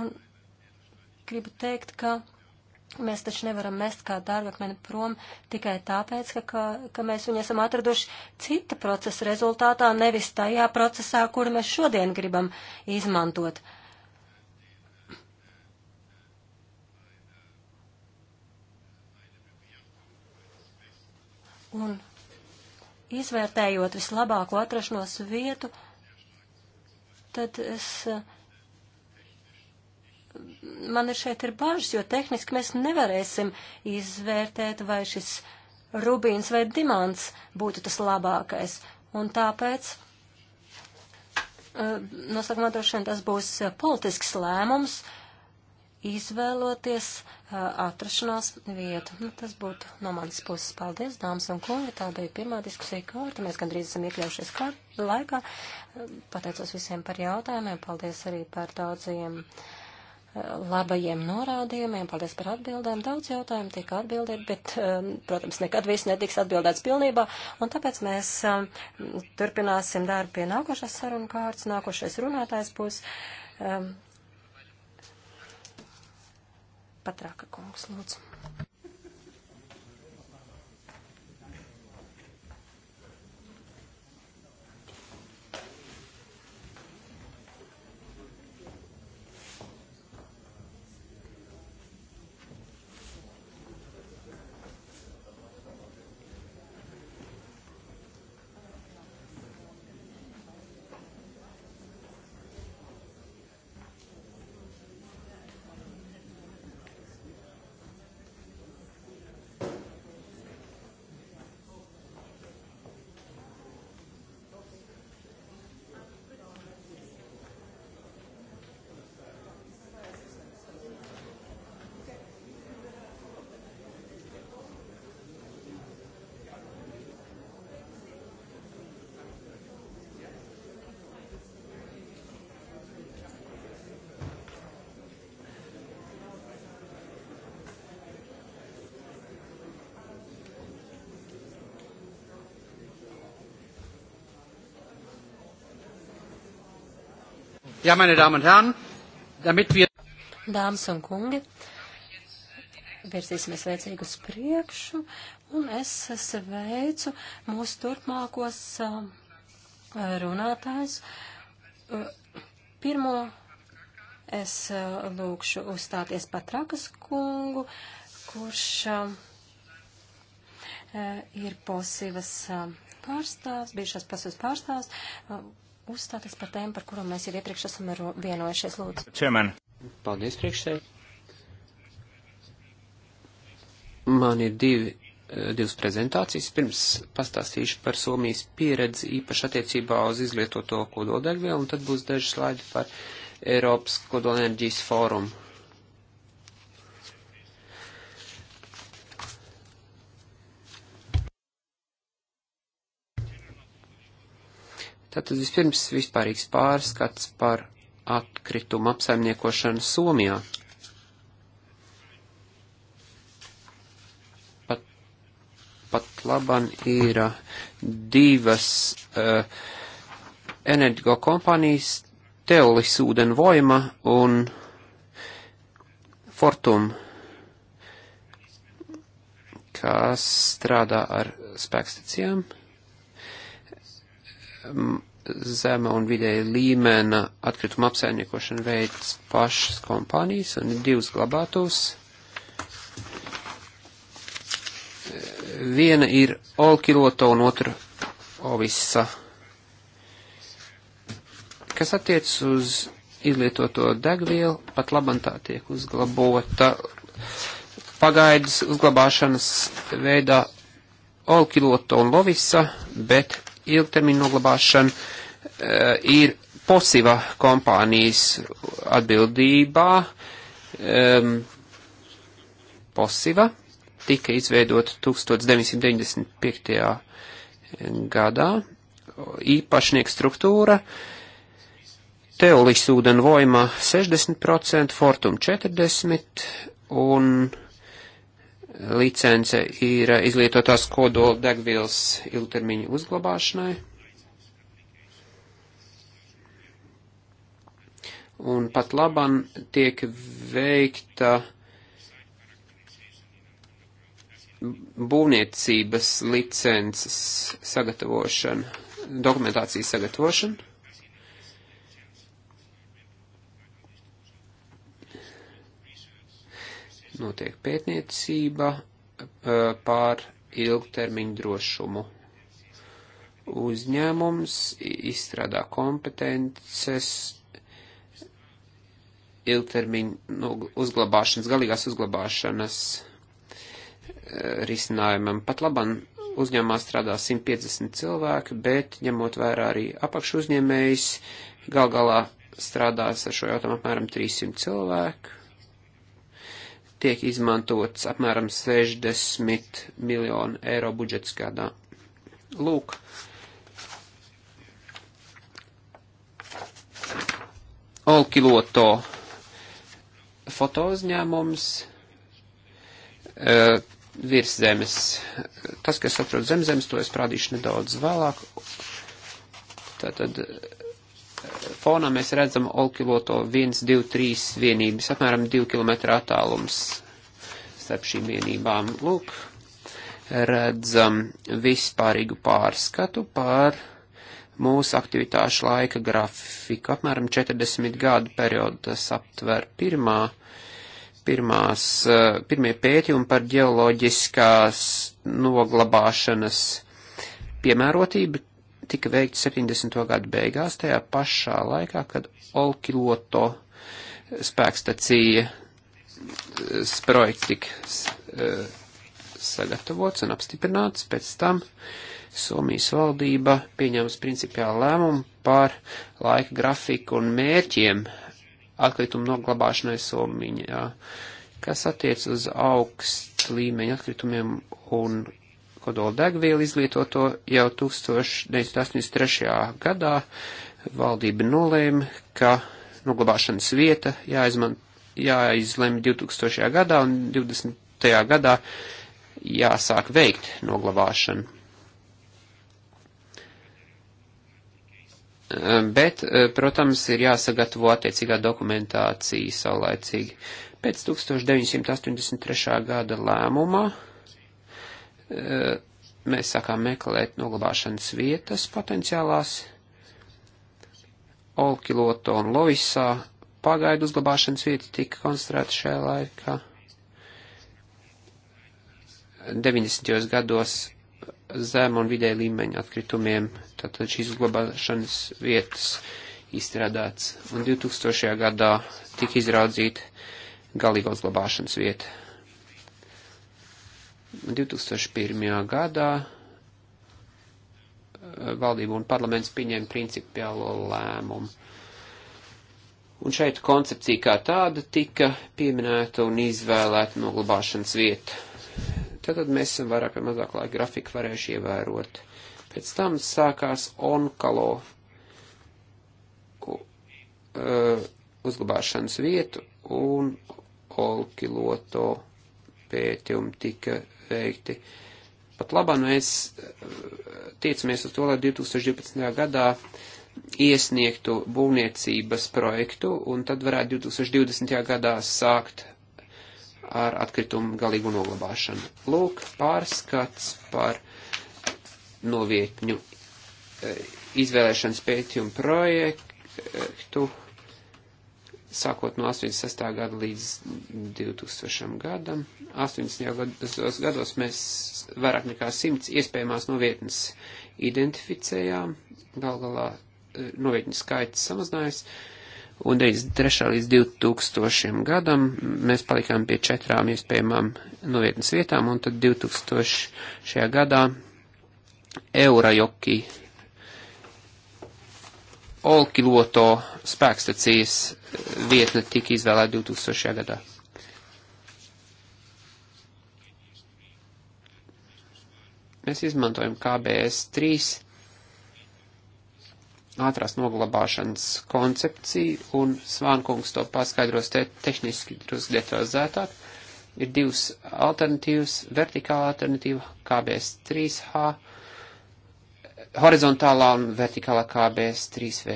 un gribu teikt, ka mēs taču nevaram mest kā dārgakmeni prom tikai tāpēc, ka, ka, ka mēs viņu esam atraduši cita procesa rezultātā, nevis tajā procesā, kuru mēs šodien gribam izmantot. Uh, un izvērtējot vislabāko atrašanos vietu, tad es, man ir šeit ir bažas, jo tehniski mēs nevarēsim izvērtēt, vai šis rubīns vai dimants būtu tas labākais. Un tāpēc, eh, nosakumā droši vien tas būs politisks lēmums, uh, izvēloties atrašanās vietu. Nu, tas būtu no manas puses. Paldies, dāmas un kungi. Tā bija pirmā diskusija kārta. Mēs gandrīz esam iekļaujušies laikā. Pateicos visiem par jautājumiem. Paldies arī par daudziem labajiem norādījumiem. Paldies par atbildēm. Daudz jautājumu tika atbildēt, bet, protams, nekad viss netiks atbildēts pilnībā. Un tāpēc mēs turpināsim darbu pie nākošās sarunu kārtas. Nākošais runātājs būs. Um, Patrāka kungs, lūdzu. Ja, meine Damen und Herren, damit wir. Dāmas un kungi, virzīsimies veicīgi uz priekšu, un es sveicu mūsu turpmākos runātājs. Pirmo es lūkšu uzstāties Patrakas kungu, kurš ir posīvas pārstāvs, bijušās pasaules pārstāvs, uzstāties par tēmu, par kurām mēs jau iepriekš esam vienojušies, lūdzu. Čemen. Paldies priekšsēd. Man ir divi, eh, divas prezentācijas. Pirms pastāstīšu par Somijas pieredzi īpaši attiecībā uz izlietoto kododegvielu, un tad būs daži slaidi par Eiropas kodolenerģijas fórumu. Tātad vispirms vispārīgs pārskats par atkritumu apsaimniekošanu Somijā. Pat, pat laban ir uh, divas uh, energo kompānijas, Teolis ūdenvojuma un Fortum, kas strādā ar spēkstacijām zema un vidēja līmena atkrituma apsaimniekošana veids pašas kompānijas un divas glabātos. Viena ir olkiloto un otra ovisa. Kas attiec uz izlietoto degvielu, pat labam tā tiek uzglabota pagaidas uzglabāšanas veidā olkiloto un lovisa, bet ilgtermiņa noglabāšana eh, ir posiva kompānijas atbildībā. Ehm, posiva tika izveidota 1995. gadā īpašnieku struktūra. Teolis ūdeni vojumā 60%, Fortum 40% un licence ir izlietotās kodola degvielas ilgtermiņa uzglabāšanai. Un pat laban tiek veikta būvniecības licences sagatavošana, dokumentācijas sagatavošana. notiek pētniecība eh, pār ilgtermiņu drošumu. Uzņēmums izstrādā kompetences ilgtermiņu nu, uzglabāšanas, galīgās uzglabāšanas eh, risinājumam. Pat labam uzņēmumā strādā 150 cilvēki, bet ņemot vērā arī apakšu uzņēmējs, gal galā strādās ar šo jautājumu apmēram 300 cilvēku tiek izmantots apmēram 60 miljonu eiro budžets gadā. Lūk, Olkiloto fotouzņēmums uh, e, virs zemes. Tas, kas atrod zem zemes, to es parādīšu nedaudz vēlāk. Tātad uh, fonā mēs redzam Olkiloto 1, 2, 3 vienības, apmēram 2 km attālums starp šīm vienībām. Lūk, redzam vispārīgu pārskatu par mūsu aktivitāšu laika grafiku. Apmēram 40 gadu periodu tas aptver pirmā, pirmās, pirmie pētījumi par ģeoloģiskās noglabāšanas piemērotību tika veikta 70. gadu beigās, tajā pašā laikā, kad Olkiloto spēkstacija eh, projekts tika eh, sagatavots un apstiprināts, pēc tam Somijas valdība pieņēma principiālu lēmumu par laika grafiku un mērķiem atkritumu noglabāšanai Somijā, kas attiec uz augstu līmeņa atkritumiem un kodola degvielu izlietoto jau 1983. gadā valdība nolēma, ka noglabāšanas vieta jāizman, jāizlem 2000. gadā un 20. gadā jāsāk veikt noglabāšanu. Bet, protams, ir jāsagatavo attiecīgā dokumentācija saulēcīgi. Pēc 1983. gada lēmumā mēs sākām meklēt noglabāšanas vietas potenciālās. Olkiloto un Lovisā pagaidu uzglabāšanas vieta tika konstruēta šajā laikā. 90. gados zem un vidē līmeņa atkritumiem, tātad šīs uzglabāšanas vietas izstrādāts, un 2000. gadā tika izraudzīta galīga uzglabāšanas vieta 2001. gadā eh, valdība un parlaments pieņēma principiālo lēmumu. Un šeit koncepcija kā tāda tika pieminēta un izvēlēta noglabāšanas vieta. Tad, tad mēs esam vairāk vai mazāk laika grafiku varējuši ievērot. Pēc tam sākās onkalo uh, eh, uzglabāšanas vietu un olkiloto pētījumi tika noteikti. Pat labā mēs nu, eh, tiecamies uz to, lai 2012. gadā iesniegtu būvniecības projektu, un tad varētu 2020. gadā sākt ar atkritumu galīgu noglabāšanu. Lūk, pārskats par novietņu eh, izvēlēšanas pētījumu projektu sākot no 86. gada līdz 2000. gadam. 80. gados mēs vairāk nekā 100 iespējamās novietnes identificējām, gal galā eh, novietņu skaits samazinājās, un 93. līdz 2000. gadam mēs palikām pie četrām iespējamām novietnes vietām, un tad 2000. gadā Eurajoki Olkiloto spēkstacijas vietne tika izvēlēta 2000. gadā. Mēs izmantojam KBS3 ātrās noglabāšanas koncepciju, un Svānkungs to paskaidros te tehniski drusku detalizētāk. Ir divas alternatīvas, vertikāla alternatīva KBS3H horizontālā un vertikālā KBS 3V.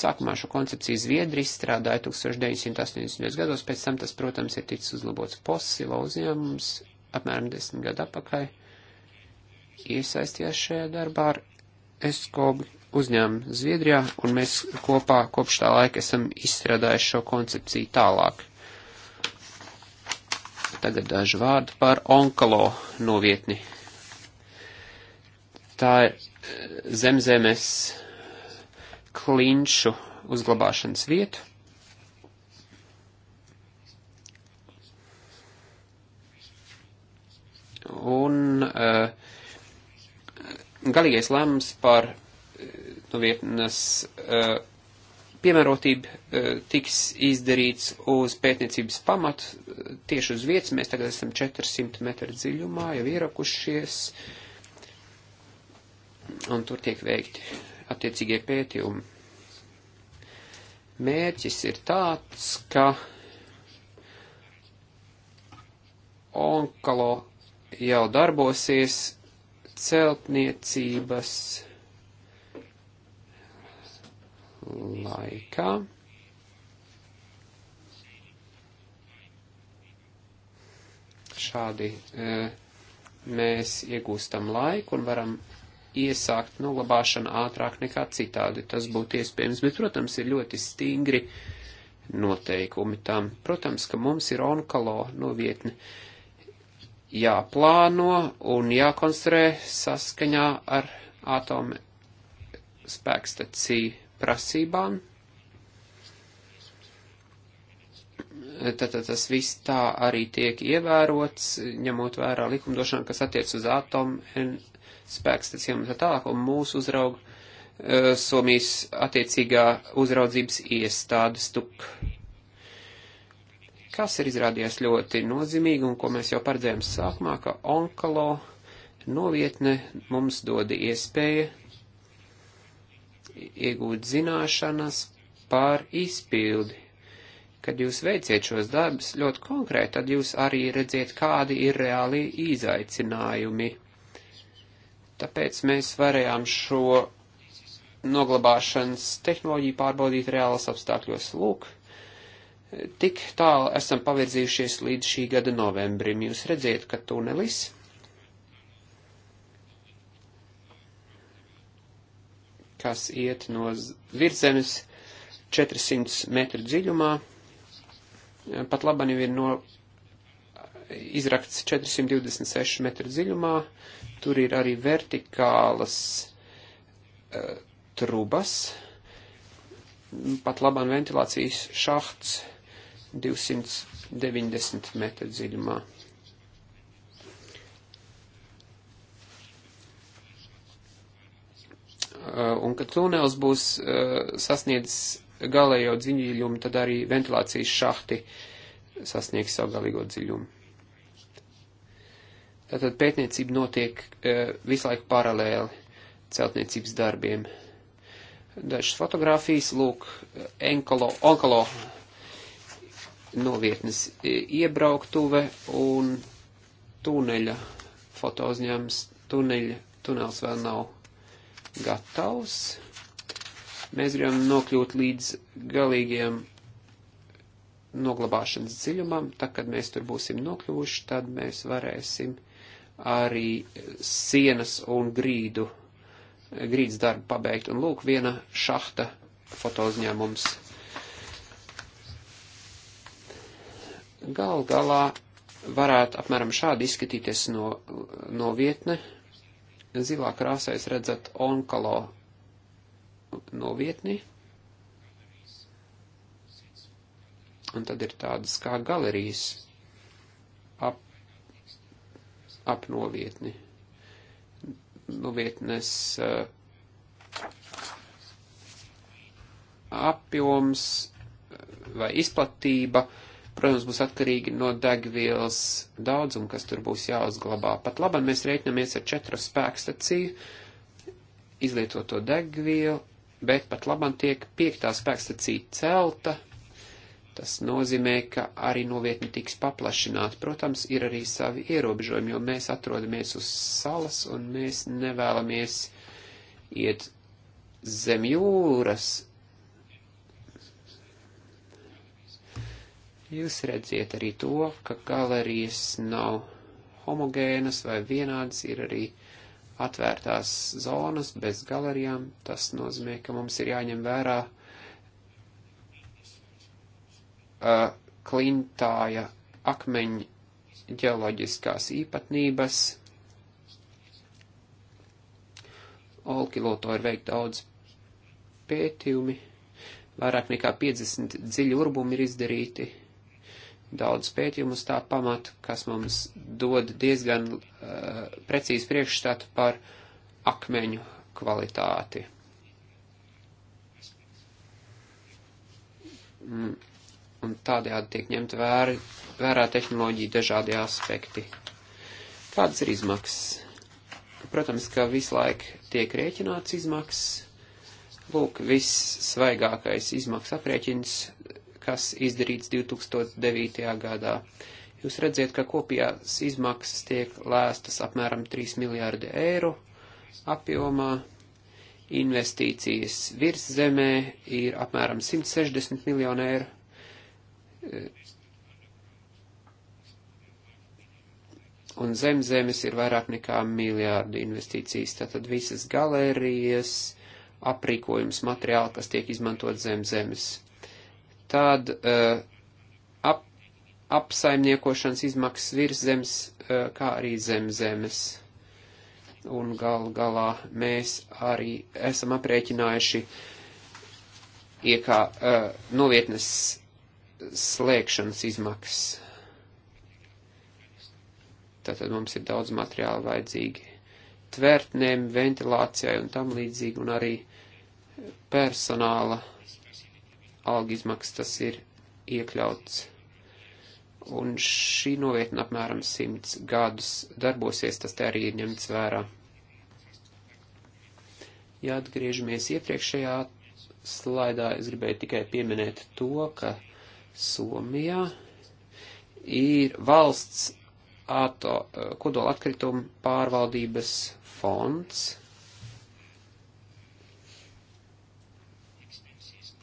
Sākumā šo koncepciju Zviedri izstrādāja 1980. gados, pēc tam tas, protams, ir ticis uzlabots posila uzņēmums apmēram desmit gadu apakaļ. Iesaistījās šajā darbā ar ESCOB uzņēmumu Zviedrijā, un mēs kopā kopš tā laika esam izstrādājuši šo koncepciju tālāk. Tagad daži vārdi par onkolo novietni tā ir eh, zemzemes klinšu uzglabāšanas vietu. Un uh, galīgais lēmums par nu, vietnes uh, piemērotība tiks izdarīts uz pētniecības pamatu. Tieši uz vietas mēs tagad esam 400 metru dziļumā, jau ierakušies. Uh, un tur tiek veikti attiecīgie pētījumi. Mērķis ir tāds, ka onkolo jau darbosies celtniecības laikā. Šādi e, mēs iegūstam laiku un varam iesākt noglabāšanu nu, ātrāk nekā citādi. Tas būtu iespējams, bet, protams, ir ļoti stingri noteikumi tam. Protams, ka mums ir onkalo novietne jāplāno un jākonstruē saskaņā ar atomu spēkstaciju prasībām. Tātad tas viss tā arī tiek ievērots, ņemot vērā likumdošanu, kas attiec uz atomu spēkstacijām un tā tālāk, un mūsu uzrauga uh, e, Somijas attiecīgā uzraudzības iestāde stuk. Kas ir izrādījies ļoti nozīmīgi un ko mēs jau paredzējām sākumā, ka onkolo novietne mums doda iespēja iegūt zināšanas pār izpildi. Kad jūs veiciet šos darbus ļoti konkrēti, tad jūs arī redziet, kādi ir reāli izaicinājumi. Tāpēc mēs varējām šo noglabāšanas tehnoloģiju pārbaudīt reālas apstākļos. Lūk, tik tālu esam pavirzījušies līdz šī gada novembrim. Jūs redziet, ka tunelis kas iet no virzemes 400 metru dziļumā. Pat labam jau ir izrakts 426 metru dziļumā, tur ir arī vertikālas uh, trubas, pat labāk ventilācijas šahts 290 metru dziļumā. Eh, un kad tunels būs uh, sasniedzis galējo dziļumu, tad arī ventilācijas šahti sasniegs savu galīgo dziļumu. Tātad pētniecība notiek e, visu laiku paralēli celtniecības darbiem. Dažas fotogrāfijas, lūk, enkolo, onkolo novietnes e, iebrauktuve un tuneļa fotouzņēmums, tuneļa, tunels vēl nav gatavs. Mēs gribam nokļūt līdz galīgiem noglabāšanas dziļumam, tā kad mēs tur būsim nokļuvuši, tad mēs varēsim arī sienas un grīdu, grīdas darbu pabeigt. Un lūk, viena šahta fotouzņēmums. Gal galā varētu apmēram šādi izskatīties no, no vietne. Zilā krāsā jūs redzat onkalo novietni. Un tad ir tādas kā galerijas ap ap novietni. Novietnes eh, apjoms eh, vai izplatība, protams, būs atkarīgi no degvielas daudzuma, kas tur būs jāuzglabā. Pat labam mēs rēķinamies ar četru spēkstaciju, izlietoto degvielu, bet pat labam tiek piektā spēkstacija celta, Tas nozīmē, ka arī novietni tiks paplašināta. Protams, ir arī savi ierobežojumi, jo mēs atrodamies uz salas un mēs nevēlamies iet zem jūras. Jūs redziet arī to, ka galerijas nav homogēnas vai vienādas, ir arī atvērtās zonas bez galerijām. Tas nozīmē, ka mums ir jāņem vērā uh, klintāja akmeņa ģeoloģiskās īpatnības. Olkiloto ir veikt daudz pētījumi, vairāk nekā 50 dziļi urbumi ir izdarīti, daudz pētījumu uz tā pamata, kas mums dod diezgan uh, precīzi priekšstatu par akmeņu kvalitāti. Mm un tādējādi tiek ņemt vēri, vērā tehnoloģija dažādi aspekti. Kādas ir izmaksas? Protams, ka visu laiku tiek rēķināts izmaksas. Lūk, viss svaigākais izmaksu aprēķins, kas izdarīts 2009. gadā. Jūs redziet, ka kopijās izmaksas tiek lēstas apmēram 3 miljārdi eiro apjomā, investīcijas virs zemē ir apmēram 160 miljonu eiro, Un zem zemes ir vairāk nekā miljārdi investīcijas, tātad visas galērijas, aprīkojums, materiāli, kas tiek izmantot zem zemes. Tād uh, eh, ap, apsaimniekošanas izmaksas virs zemes, uh, kā arī zem zemes un gal galā mēs arī esam aprēķinājuši iekā uh, novietnes slēgšanas izmaksas. Tātad mums ir daudz materiāla vajadzīgi tvertnēm, ventilācijai un tam līdzīgi, un arī personāla alga izmaksas tas ir iekļauts. Un šī novietna apmēram simts gadus darbosies, tas te arī ir ņemts vērā. Ja atgriežamies iepriekšējā slaidā, es gribēju tikai pieminēt to, ka Somijā ir valsts ato, kodola atkrituma pārvaldības fonds,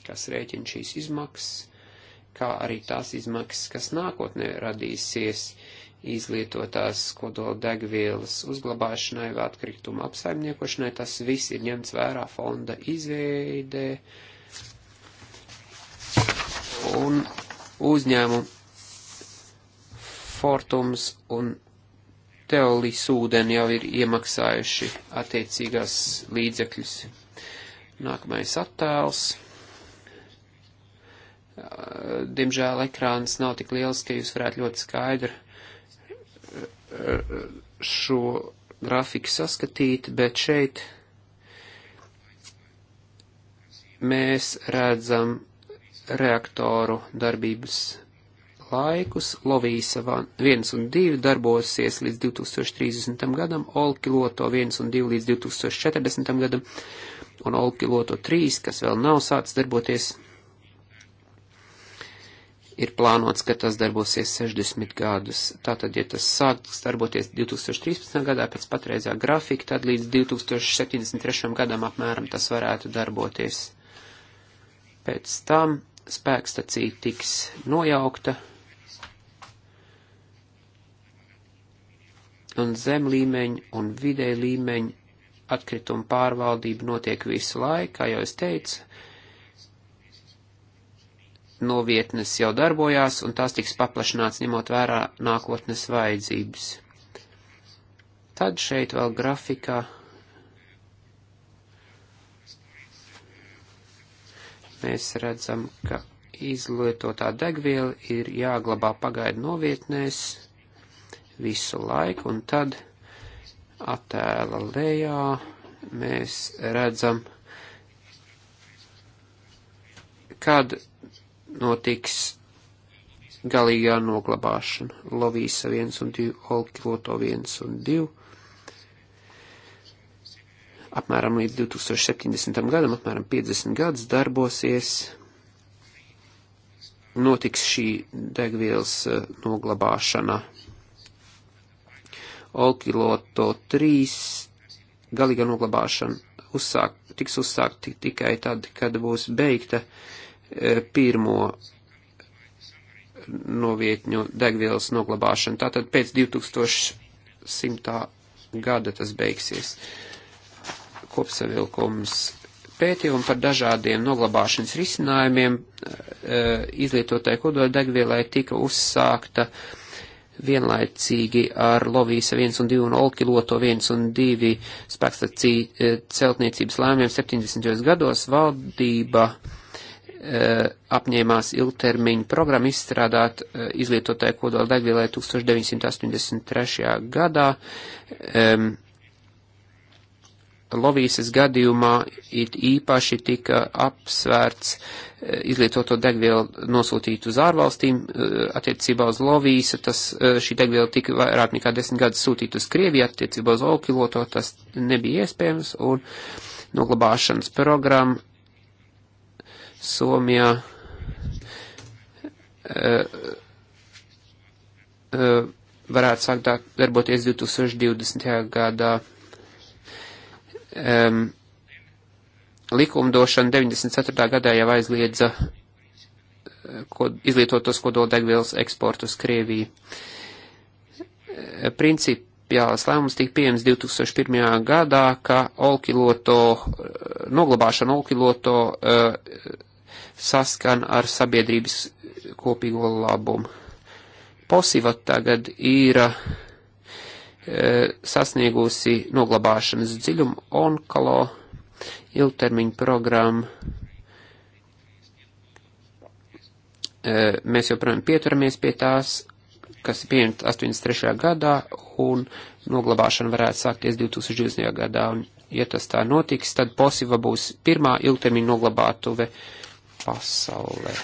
kas rēķina šīs izmaksas, kā arī tās izmaksas, kas nākotnē radīsies izlietotās kodola degvielas uzglabāšanai vai atkrituma apsaimniekošanai. Tas viss ir ņemts vērā fonda izveidē. Un uzņēmumu Fortums un Teolisūden jau ir iemaksājuši attiecīgās līdzekļus. Nākamais attēls. Diemžēl ekrāns nav tik liels, ka jūs varētu ļoti skaidri eh, šo grafiku saskatīt, bet šeit mēs redzam reaktoru darbības laikus. Lovīsa 1 un 2 darbosies līdz 2030. gadam, Olkiloto 1 un 2 līdz 2040. gadam, un Olkiloto 3, kas vēl nav sācis darboties, ir plānots, ka tas darbosies 60 gadus. Tātad, ja tas sāks darboties 2013. gadā pēc patreizā grafika, tad līdz 2073. gadam apmēram tas varētu darboties. Pēc tam spēkstacija tiks nojaukta un zem līmeņa un vidē līmeņa atkrituma pārvaldība notiek visu laiku, kā jau es teicu, novietnes jau darbojās, un tās tiks paplašināts ņemot vērā nākotnes vajadzības. Tad šeit vēl grafikā mēs redzam, ka izlietotā degviela ir jāglabā pagaidu novietnēs visu laiku, un tad attēla lejā mēs redzam, kad notiks galīgā noglabāšana. Lovīsa 1 un 2, Olkiloto 1 un 2 apmēram līdz 2070. gadam, apmēram 50 gadus darbosies, notiks šī degvielas eh, noglabāšana. Olkiloto 3 galīga noglabāšana uzsāk, tiks uzsākt tikai tad, kad būs beigta eh, pirmo novietņu degvielas noglabāšana. Tātad pēc 2100. gada tas beigsies. Uh, kopsavilkums pētījumu par dažādiem noglabāšanas risinājumiem e, izlietotai kodoldegvielai tika uzsākta vienlaicīgi ar Lovīsa 1 un 2 un Olkiloto 1 un 2 spēkstacīju e, celtniecības lēmiem 70. gados valdība e, apņēmās ilgtermiņu programmu izstrādāt izlietotāju kodola degvielai 1983. gadā. Um, Lovīsas gadījumā it īpaši tika apsvērts eh, izlietoto degvielu nosūtīt uz ārvalstīm. Eh, attiecībā uz Lovīsu tas, eh, šī degviela tika vairāk nekā desmit gadus sūtīt uz Krieviju, attiecībā uz Olkiloto tas nebija iespējams, un noglabāšanas programma Somijā. Uh, uh, varētu sākt darboties 2020. gadā um, likumdošana 94. gadā jau aizliedza eh, kod, izlietotos kodoldegvielas eksportu uz Krieviju. Eh, principiāls lēmums tika pieņems 2001. gadā, ka olkiloto, eh, noglabāšana olkiloto uh, saskan ar sabiedrības kopīgo labumu. Posiva tagad ir uh, Eh, sasniegusi noglabāšanas dziļumu onkalo ilgtermiņu programmu. Eh, mēs joprojām pieturamies pie tās, kas ir pieņemta 83. gadā, un noglabāšana varētu sākties 2020. gadā. Un, ja tas tā notiks, tad Posiva būs pirmā ilgtermiņa noglabātuve pasaulē.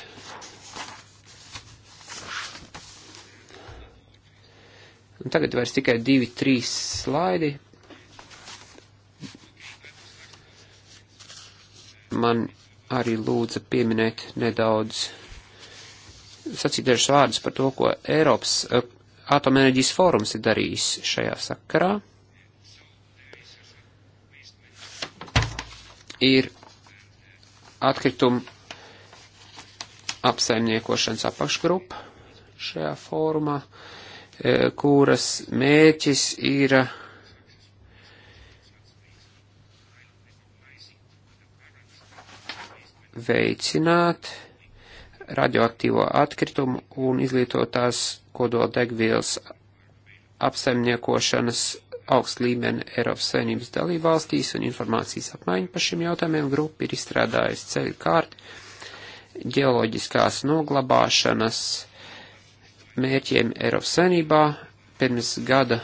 Un tagad vairs tikai divi, trīs slaidi. Man arī lūdza pieminēt nedaudz, sacīt dažus vārdus par to, ko Eiropas eh, atomenerģijas fórums ir darījis šajā sakarā. Ir atkritumu apsaimniekošanas apakšgrupa šajā fórumā. Uh, E, kuras mēķis ir veicināt radioaktīvo atkritumu un izlietotās kodoldegvielas apsaimniekošanas augst līmeni Eiropas Savienības dalībvalstīs un informācijas apmaiņu par šiem jautājumiem grupa ir izstrādājusi ceļu kārt ģeoloģiskās noglabāšanas mērķiem Eiropas saimnībā. Pirms gada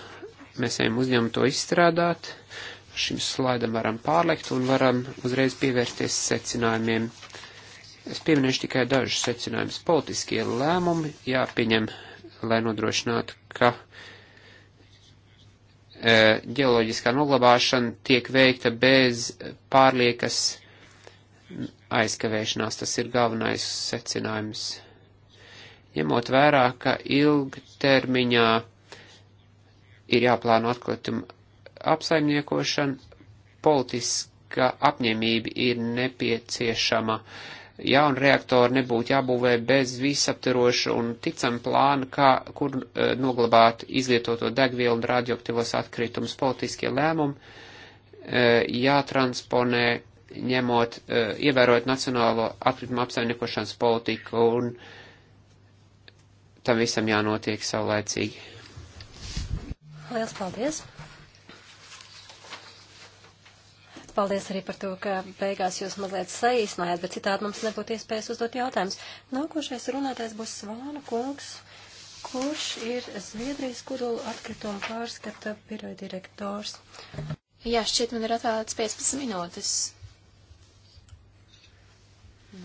mēs ejam uzņēmumu to izstrādāt. Šim slaidam varam pārlekt un varam uzreiz pievērsties secinājumiem. Es pieminēšu tikai dažus secinājumus. Politiskie lēmumi jāpieņem, lai nodrošinātu, ka e, ģeoloģiskā noglabāšana tiek veikta bez pārliekas aizkavēšanās. Tas ir galvenais secinājums ņemot vērā, ka ilgtermiņā ir jāplāno atkrituma apsaimniekošana, politiska apņemība ir nepieciešama. Jaunu reaktoru nebūtu jābūvē bez visaptaroša un ticam plāna, kā, kur e, noglabāt izlietoto degvielu un radioaktīvos atkritumus. Politiskie lēmumi e, jātransponē ņemot, e, ievērot nacionālo atkritumu apsaimniekošanas politiku un uh, tam visam jānotiek saulēcīgi. Liels paldies! Paldies arī par to, ka beigās jūs mazliet saīsinājāt, bet citādi mums nebūtu iespējas uzdot jautājumus. Nākošais runātājs būs Svāna kungs, kurš ir Zviedrijas kodolu atkritumu pārskata biroja direktors. Jā, šķiet, man ir atvēlēts 15 minūtes.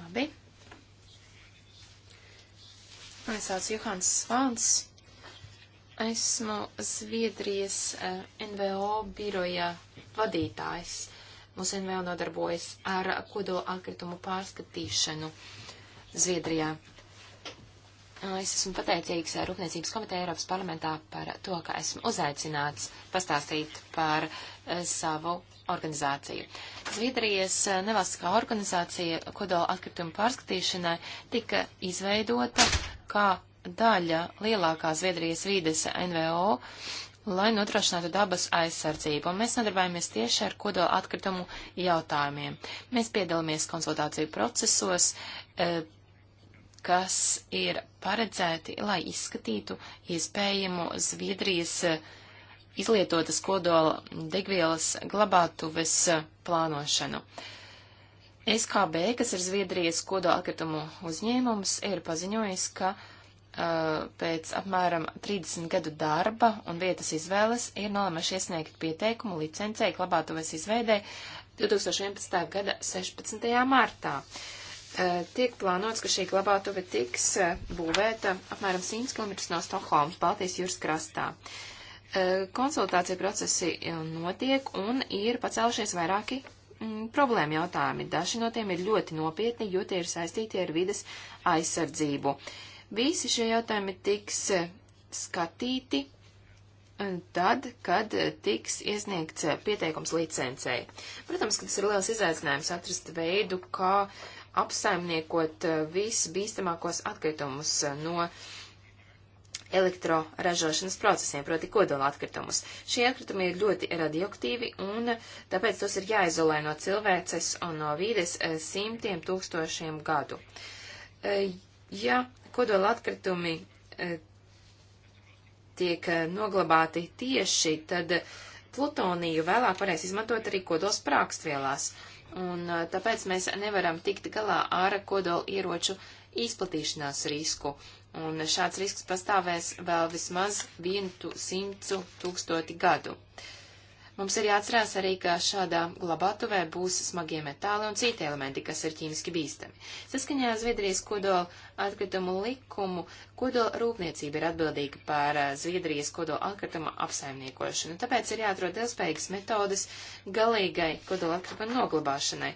Labi. Mani sauc Johans Svans. Esmu Zviedrijas eh, NVO biroja vadītājs. Mūsu NVO nodarbojas ar kodola atkritumu pārskatīšanu Zviedrijā. Eh, es esmu pateicīgs Rūpniecības komiteja Eiropas parlamentā par to, ka esmu uzaicināts pastāstīt par eh, savu organizāciju. Zviedrijas nevalstiskā organizācija kodola atkritumu pārskatīšanai tika izveidota kā daļa lielākā Zviedrijas vīdes NVO, lai nodrošinātu dabas aizsardzību, un mēs nodarbojamies tieši ar kodola atkritumu jautājumiem. Mēs piedalāmies konsultāciju procesos, e, kas ir paredzēti, lai izskatītu iespējamu Zviedrijas e, izlietotas kodola degvielas glabātuves e, plānošanu. Uh, SKB, kas ir Zviedrijas kodolkritumu uzņēmums, ir paziņojis, ka uh, pēc apmēram 30 gadu darba un vietas izvēles ir nolēmuši iesniegt pieteikumu licencei glabātuves izveidē 2011. gada 16. martā uh, tiek plānots, ka šī glabātuve tiks uh, būvēta apmēram 100 km no Stokholmas, Baltijas jūras krastā. Uh, konsultācija procesi notiek un ir pacēlušies vairāki mm, problēma jautājumi. Daži no tiem ir ļoti nopietni, jo tie ir saistīti ar vides aizsardzību. Visi šie jautājumi tiks e, skatīti e, tad, kad e, tiks iesniegts pieteikums licencei. Protams, ka tas ir liels izaicinājums atrast veidu, kā apsaimniekot visbīstamākos atkritumus no uh, elektroražošanas procesiem, proti kodola atkritumus. Šie atkritumi ir ļoti radioaktīvi un tāpēc tos ir jāizolē no cilvēces un no vīdes eh, simtiem tūkstošiem gadu. Eh, ja kodola atkritumi eh, tiek noglabāti tieši, tad plutoniju vēlāk varēs izmantot arī kodols prākstvielās. Un tāpēc mēs nevaram tikt galā ar kodola ieroču izplatīšanās risku. Un šāds risks pastāvēs vēl vismaz vienu simtu tūkstoti gadu. Mums ir jāatcerās arī, ka šādā glabātuvē būs smagie metāli un citi elementi, kas ir ķīmiski bīstami. Saskaņā Zviedrijas kodola atkritumu likumu kodola rūpniecība ir atbildīga par eh, Zviedrijas kodola atkrituma apsaimniekošanu, tāpēc ir jāatrod ilgspējīgas metodas galīgai kodola atkrituma noglabāšanai,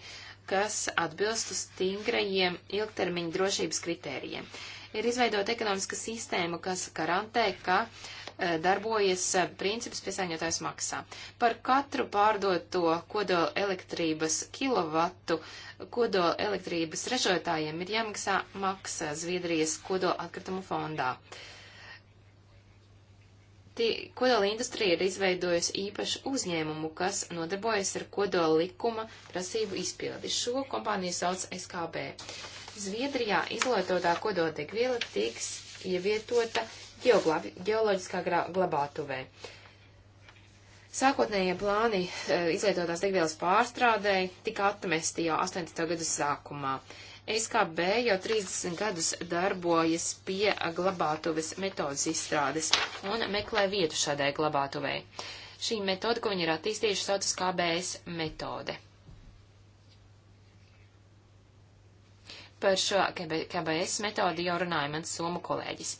kas atbilstu stingrajiem ilgtermiņa drošības kritērijiem ir izveidota ekonomiska sistēma, kas garantē, ka e, darbojas e, princips piesaņotājs maksā. Par katru pārdoto kodola elektrības kilovatu kodola elektrības ražotājiem ir jāmaksā maksa Zviedrijas kodola atkritumu fondā. Tie, kodola industrija ir izveidojusi īpašu uzņēmumu, kas nodarbojas ar kodola likuma prasību izpildi. Šo kompāniju sauc SKB. Uh, Zviedrijā izlietotā kododegviela tiks ievietota geoloģiskā glabātuvē. Sākotnējie plāni e, izlietotās degvielas pārstrādēji tika atmesti jau 80. gada sākumā. SKB jau 30 gadus darbojas pie glabātuves metodas izstrādes un meklē vietu šādai glabātuvei. Šī metoda, ko viņi ir attīstījuši, saucas KBS metode. Par šo KBS metodi jau runāja mans somu kolēģis.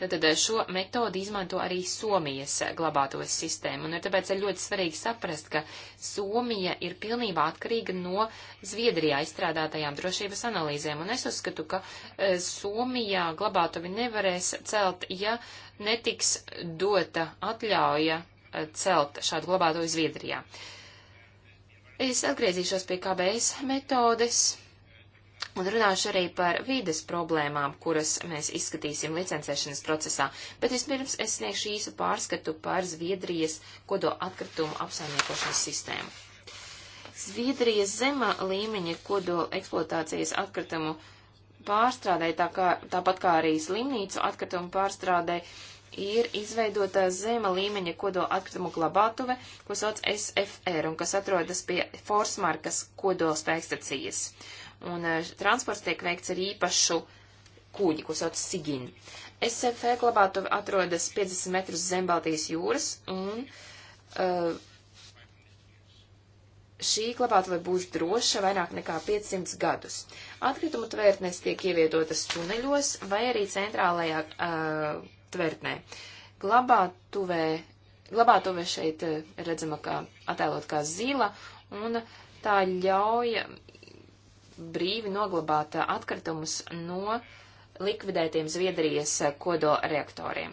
Tātad eh, šo metodi izmanto arī Somijas eh, glabātos sistēmu, un ir tāpēc ir ļoti svarīgi saprast, ka Somija ir pilnībā atkarīga no Zviedrijā izstrādātajām drošības analīzēm, un es uzskatu, ka eh, Somijā glabātovi nevarēs celt, ja netiks dota atļauja celt šādu glabātoju Zviedrijā. Es atgriezīšos pie KBS metodes un runāšu arī par vīdes problēmām, kuras mēs izskatīsim licencēšanas procesā, bet vispirms es sniegšu īsu pārskatu par Zviedrijas kodo atkritumu apsaimniekošanas sistēmu. Zviedrijas zemā līmeņa kodo eksploatācijas atkritumu pārstrādē, tā kā, tāpat kā arī slimnīcu atkritumu pārstrādē, ir izveidota zema līmeņa kodola atkritumu glabātuve, ko sauc SFR un kas atrodas pie Forsmarkas kodola spēkstacijas un eh, transports tiek veikts ar īpašu kūģi, ko sauc Sigin. SF glabātu atrodas 50 metrus zem Baltijas jūras, un uh, šī glabātuve būs droša vairāk nekā 500 gadus. Atkritumu tvērtnes tiek ievietotas tuneļos vai arī centrālajā uh, tvērtnē. Glabātuvē, glabātuve šeit redzama kā attēlot kā zila, un tā ļauj brīvi noglabāt atkritumus no likvidētiem Zviedrijas kodolreaktoriem.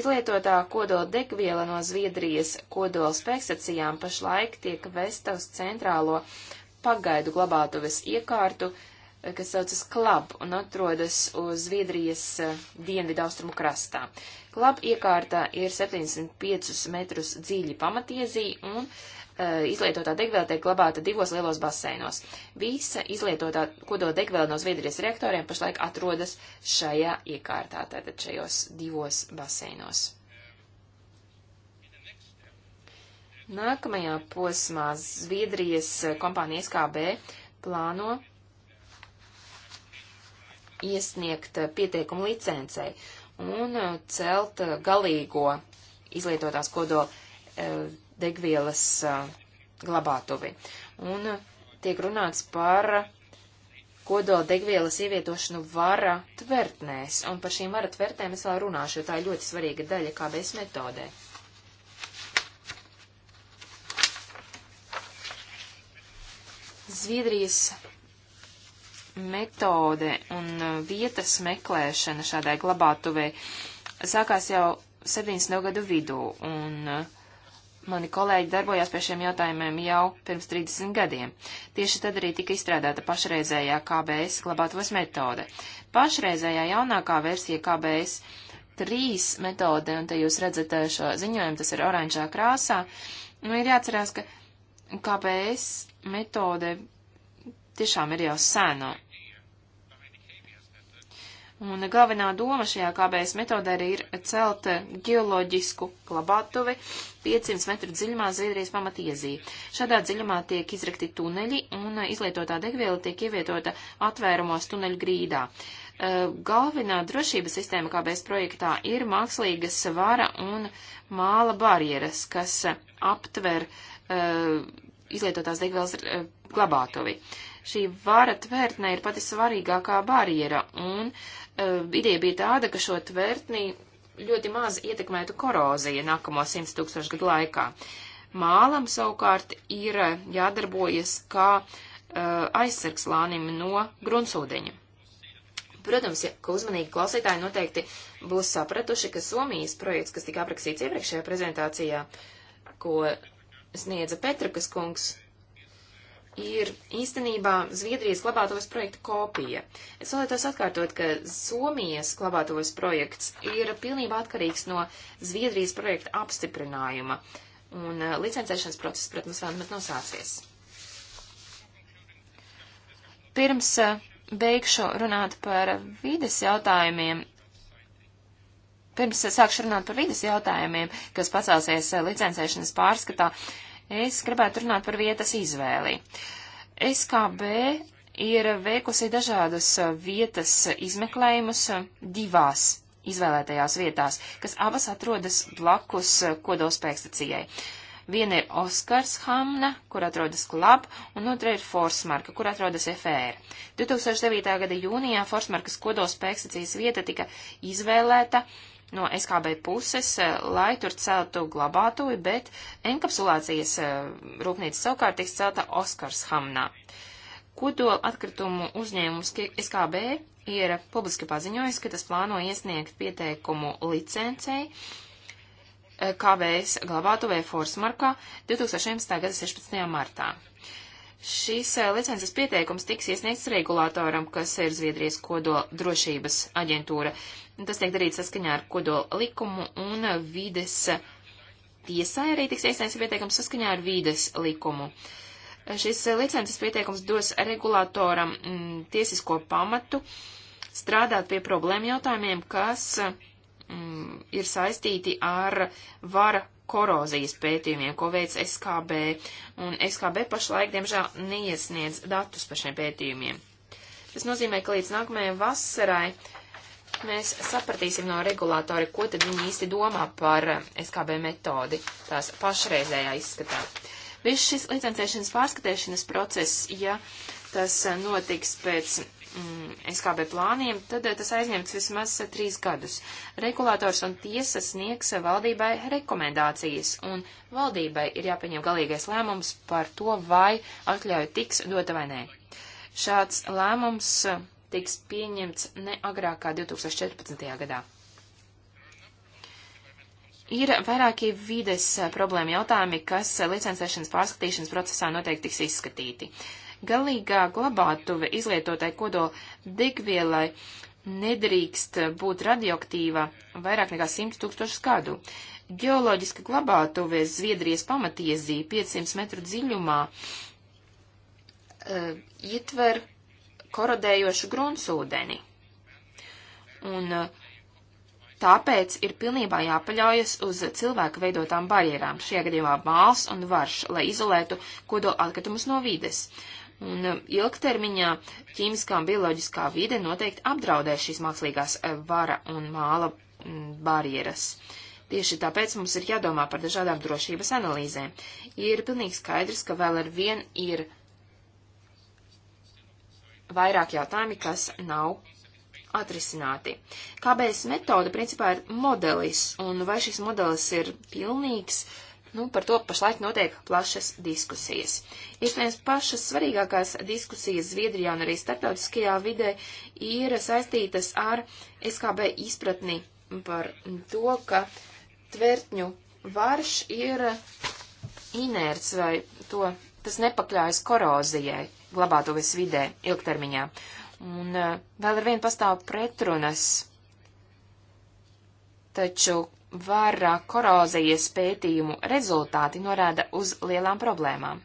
Izlietotā kodola degviela no Zviedrijas kodola spēkstacijām pašlaik tiek vesta uz centrālo pagaidu glabātuves iekārtu, kas saucas klab un atrodas uz Zviedrijas eh, dienvidaustrumu krastā. Klab iekārtā ir 75 metrus dziļi pamatiezī un Eh, izlietotā degviela tiek glabāta divos lielos baseinos. Visa izlietotā kodola degviela no Zviedrijas reaktoriem pašlaik atrodas šajā iekārtā, tātad šajos divos baseinos. Nākamajā posmā Zviedrijas kompānija SKB plāno iesniegt pieteikumu licencei un celt galīgo izlietotās kodola eh, degvielas glabātuvi. Un tiek runāts par kodola degvielas ievietošanu vara tvertnēs, un par šīm vara tvertnēm es vēl runāšu, jo tā ir ļoti svarīga daļa KBS metodē. Zviedrijas metode un vietas meklēšana šādai glabātuvē sākās jau 70. gadu vidū, un uh, Mani kolēģi darbojās pie šiem jautājumiem jau pirms 30 gadiem. Tieši tad arī tika izstrādāta pašreizējā KBS glabātavas metode. Pašreizējā jaunākā versija KBS 3 metode, un te jūs redzat eh, šo ziņojumu, tas ir oranžā krāsā, nu, ir jāatcerās, ka KBS metode tiešām ir jau sēno. Un galvenā doma šajā KBS metodē arī ir celt ģeoloģisku glabātuvi 500 metru dziļumā Zviedrijas pamatiezī. Šādā dziļumā tiek izrakti tuneļi un izlietotā degviela tiek ievietota atvērumos tuneļu grīdā. E, galvenā drošības sistēma KBS projektā ir mākslīga svara un māla barjeras, kas aptver uh, izlietotās degvielas uh, e, glabātuvi. Uh, Šī vara tvērtnē ir pati svarīgākā barjera, un uh, ideja bija tāda, ka šo tvērtni ļoti maz ietekmētu korozija nākamo 100 tūkstošu gadu laikā. Mālam savukārt ir eh, jādarbojas kā uh, aizsargs lānim no grunsūdeņa. Protams, ja, ka uzmanīgi klausītāji noteikti būs sapratuši, ka Somijas projekts, kas tika aprakstīts iepriekšējā prezentācijā, ko sniedza Petrakas kungs, ir īstenībā Zviedrijas glabātavas projekta kopija. Es vēlētos atkārtot, ka Somijas glabātavas projekts ir pilnībā atkarīgs no Zviedrijas projekta apstiprinājuma, un eh, licencēšanas process, protams, vēl nav sācies. Pirms eh, beigšu runāt par vides jautājumiem, pirms eh, sākšu runāt par vides jautājumiem, kas pacelsies licencēšanas pārskatā, uh, Es gribētu runāt par vietas izvēli. SKB ir veikusi dažādus vietas izmeklējumus divās izvēlētajās vietās, kas abas atrodas blakus kodolspēkstacijai. Viena ir Oskars Hamna, kur atrodas Klab, un otra ir Forsmarka, kur atrodas FR. E 2009. gada jūnijā Forsmarkas kodolspēkstacijas vieta tika izvēlēta uh, no SKB puses, eh, lai tur celtu glabātoju, bet enkapsulācijas eh, rūpnīca savukārt tiks celta Oskars Hamnā. Kodola atkritumu uzņēmums SKB ir publiski paziņojis, ka tas plāno iesniegt pieteikumu licencei eh, KBS glabātuvē Forsmarkā 2011. gada 16. martā. Šīs eh, licences pieteikums tiks iesniegts regulātoram, kas ir Zviedrijas kodola drošības aģentūra. Tas tiek darīts saskaņā ar kodola likumu un vides tiesai arī tiks iesniegts pieteikums saskaņā ar vides likumu. Šis eh, licences pieteikums dos regulātoram m, mm, tiesisko pamatu strādāt pie problēma jautājumiem, kas m, mm, ir saistīti ar vara korozijas pētījumiem, ko veic SKB, un SKB pašlaik, diemžēl, neiesniedz datus par šiem pētījumiem. Tas nozīmē, ka līdz nākamajai vasarai mēs sapratīsim no regulātori, ko tad viņi īsti domā par SKB metodi tās pašreizējā izskatā. Viss šis licencēšanas pārskatīšanas process, ja tas notiks pēc mm, SKB plāniem, tad eh, tas aizņemts vismaz eh, trīs gadus. Regulators un tiesa sniegs eh, valdībai rekomendācijas, un valdībai ir jāpieņem galīgais lēmums par to, vai atļauja tiks dota vai nē. Šāds lēmums tiks pieņemts ne agrāk kā 2014. gadā. Ir vairākie vides problēma jautājumi, kas licencēšanas pārskatīšanas procesā noteikti tiks izskatīti. Uh, Galīgā glabātuve izlietotai kodola degvielai nedrīkst būt radioaktīva vairāk nekā 100 tūkstošu gadu. Geoloģiska glabātuve Zviedrijas pamatiezī 500 metru dziļumā uh, ietver korodējošu gruntsūdeni. Un uh, Tāpēc ir pilnībā jāpaļaujas uz cilvēku veidotām barjerām, šajā gadījumā māls un varš, lai izolētu kodola atkritumus no vides. Un um, ilgtermiņā ķīmiskā un bioloģiskā vide noteikti apdraudē šīs mākslīgās eh, vara un māla mm, barjeras. Tieši tāpēc mums ir jādomā par dažādām drošības analīzēm. Ir pilnīgi skaidrs, ka vēl ar vien ir vairāk jautājumi, kas nav atrisināti. KBS metode principā ir modelis, un vai šis modelis ir pilnīgs, uh, Nu, par to pašlaik notiek plašas diskusijas. Iespējams, pašas svarīgākās diskusijas Zviedrijā un arī starptautiskajā vidē ir saistītas ar SKB izpratni par to, ka tvertņu varš ir inerts vai to, tas nepakļaujas korozijai glabātuves vidē ilgtermiņā. Un eh, vēl ar vienu pastāv pretrunas, taču vara korozijas pētījumu rezultāti norāda uz lielām problēmām.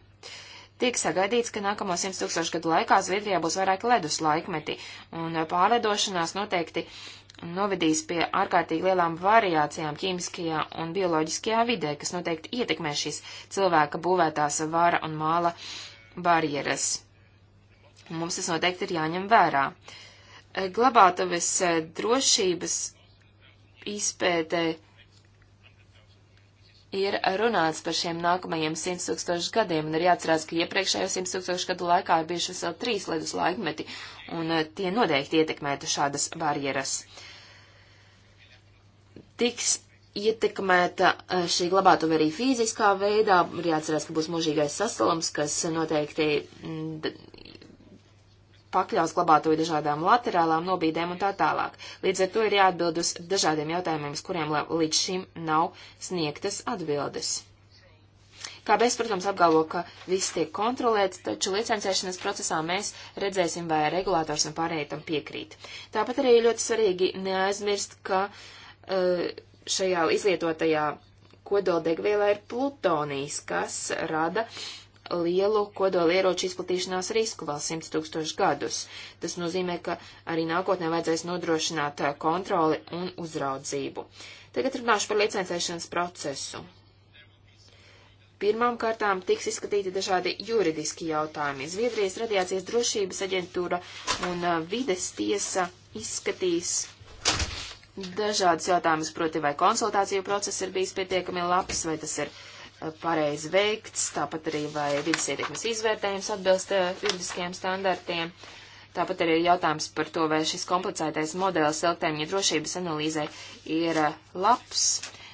Tiek sagaidīts, ka nākamo 100 tūkstošu gadu laikā Zviedrijā būs vairāk ledus laikmeti, un pārledošanās noteikti novedīs pie ārkārtīgi lielām variācijām ķīmiskajā un bioloģiskajā vidē, kas noteikti ietekmē šīs cilvēka būvētās vara un māla barjeras. Mums tas noteikti ir jāņem vērā. Glabātavis drošības izpētē ir runāts par šiem nākamajiem 100 tūkstošu gadiem, un ir jāatcerās, ka iepriekšējo 100 tūkstošu gadu laikā ir bijuši vēl trīs ledus laikmeti, un eh, tie noteikti ietekmētu šādas barjeras. Tiks ietekmēta eh, šī glabātuve arī fiziskā veidā, ir jāatcerās, ka būs mūžīgais sasalums, kas noteikti mm, pakļaus glabātoju dažādām laterālām nobīdēm un tā tālāk. Līdz ar to ir jāatbild uz dažādiem jautājumiem, uz kuriem līdz šim nav sniegtas atbildes. KBS, protams, apgalvo, ka viss tiek kontrolēts, taču licencēšanas procesā mēs redzēsim, vai regulātors un pārējie tam piekrīt. Tāpat arī ļoti svarīgi neaizmirst, ka eh, šajā izlietotajā kodoldegvielā ir plutonijs, kas rada uh, lielu kodolieroču izplatīšanās risku vēl 100 tūkstošu gadus. Tas nozīmē, ka arī nākotnē vajadzēs nodrošināt kontroli un uzraudzību. Tagad runāšu par licencēšanas procesu. Pirmām kārtām tiks izskatīti dažādi juridiski jautājumi. Zviedrijas radiācijas drošības aģentūra un vides tiesa izskatīs dažādas jautājumas, proti vai konsultāciju process ir bijis pietiekami labs, vai tas ir uh, pareizi veikts, tāpat arī vai vidas ietekmes izvērtējums atbilst eh, juridiskajiem standartiem. Tāpat arī ir jautājums par to, vai šis komplicētais modelis ilgtermiņa drošības analīzē ir eh, labs.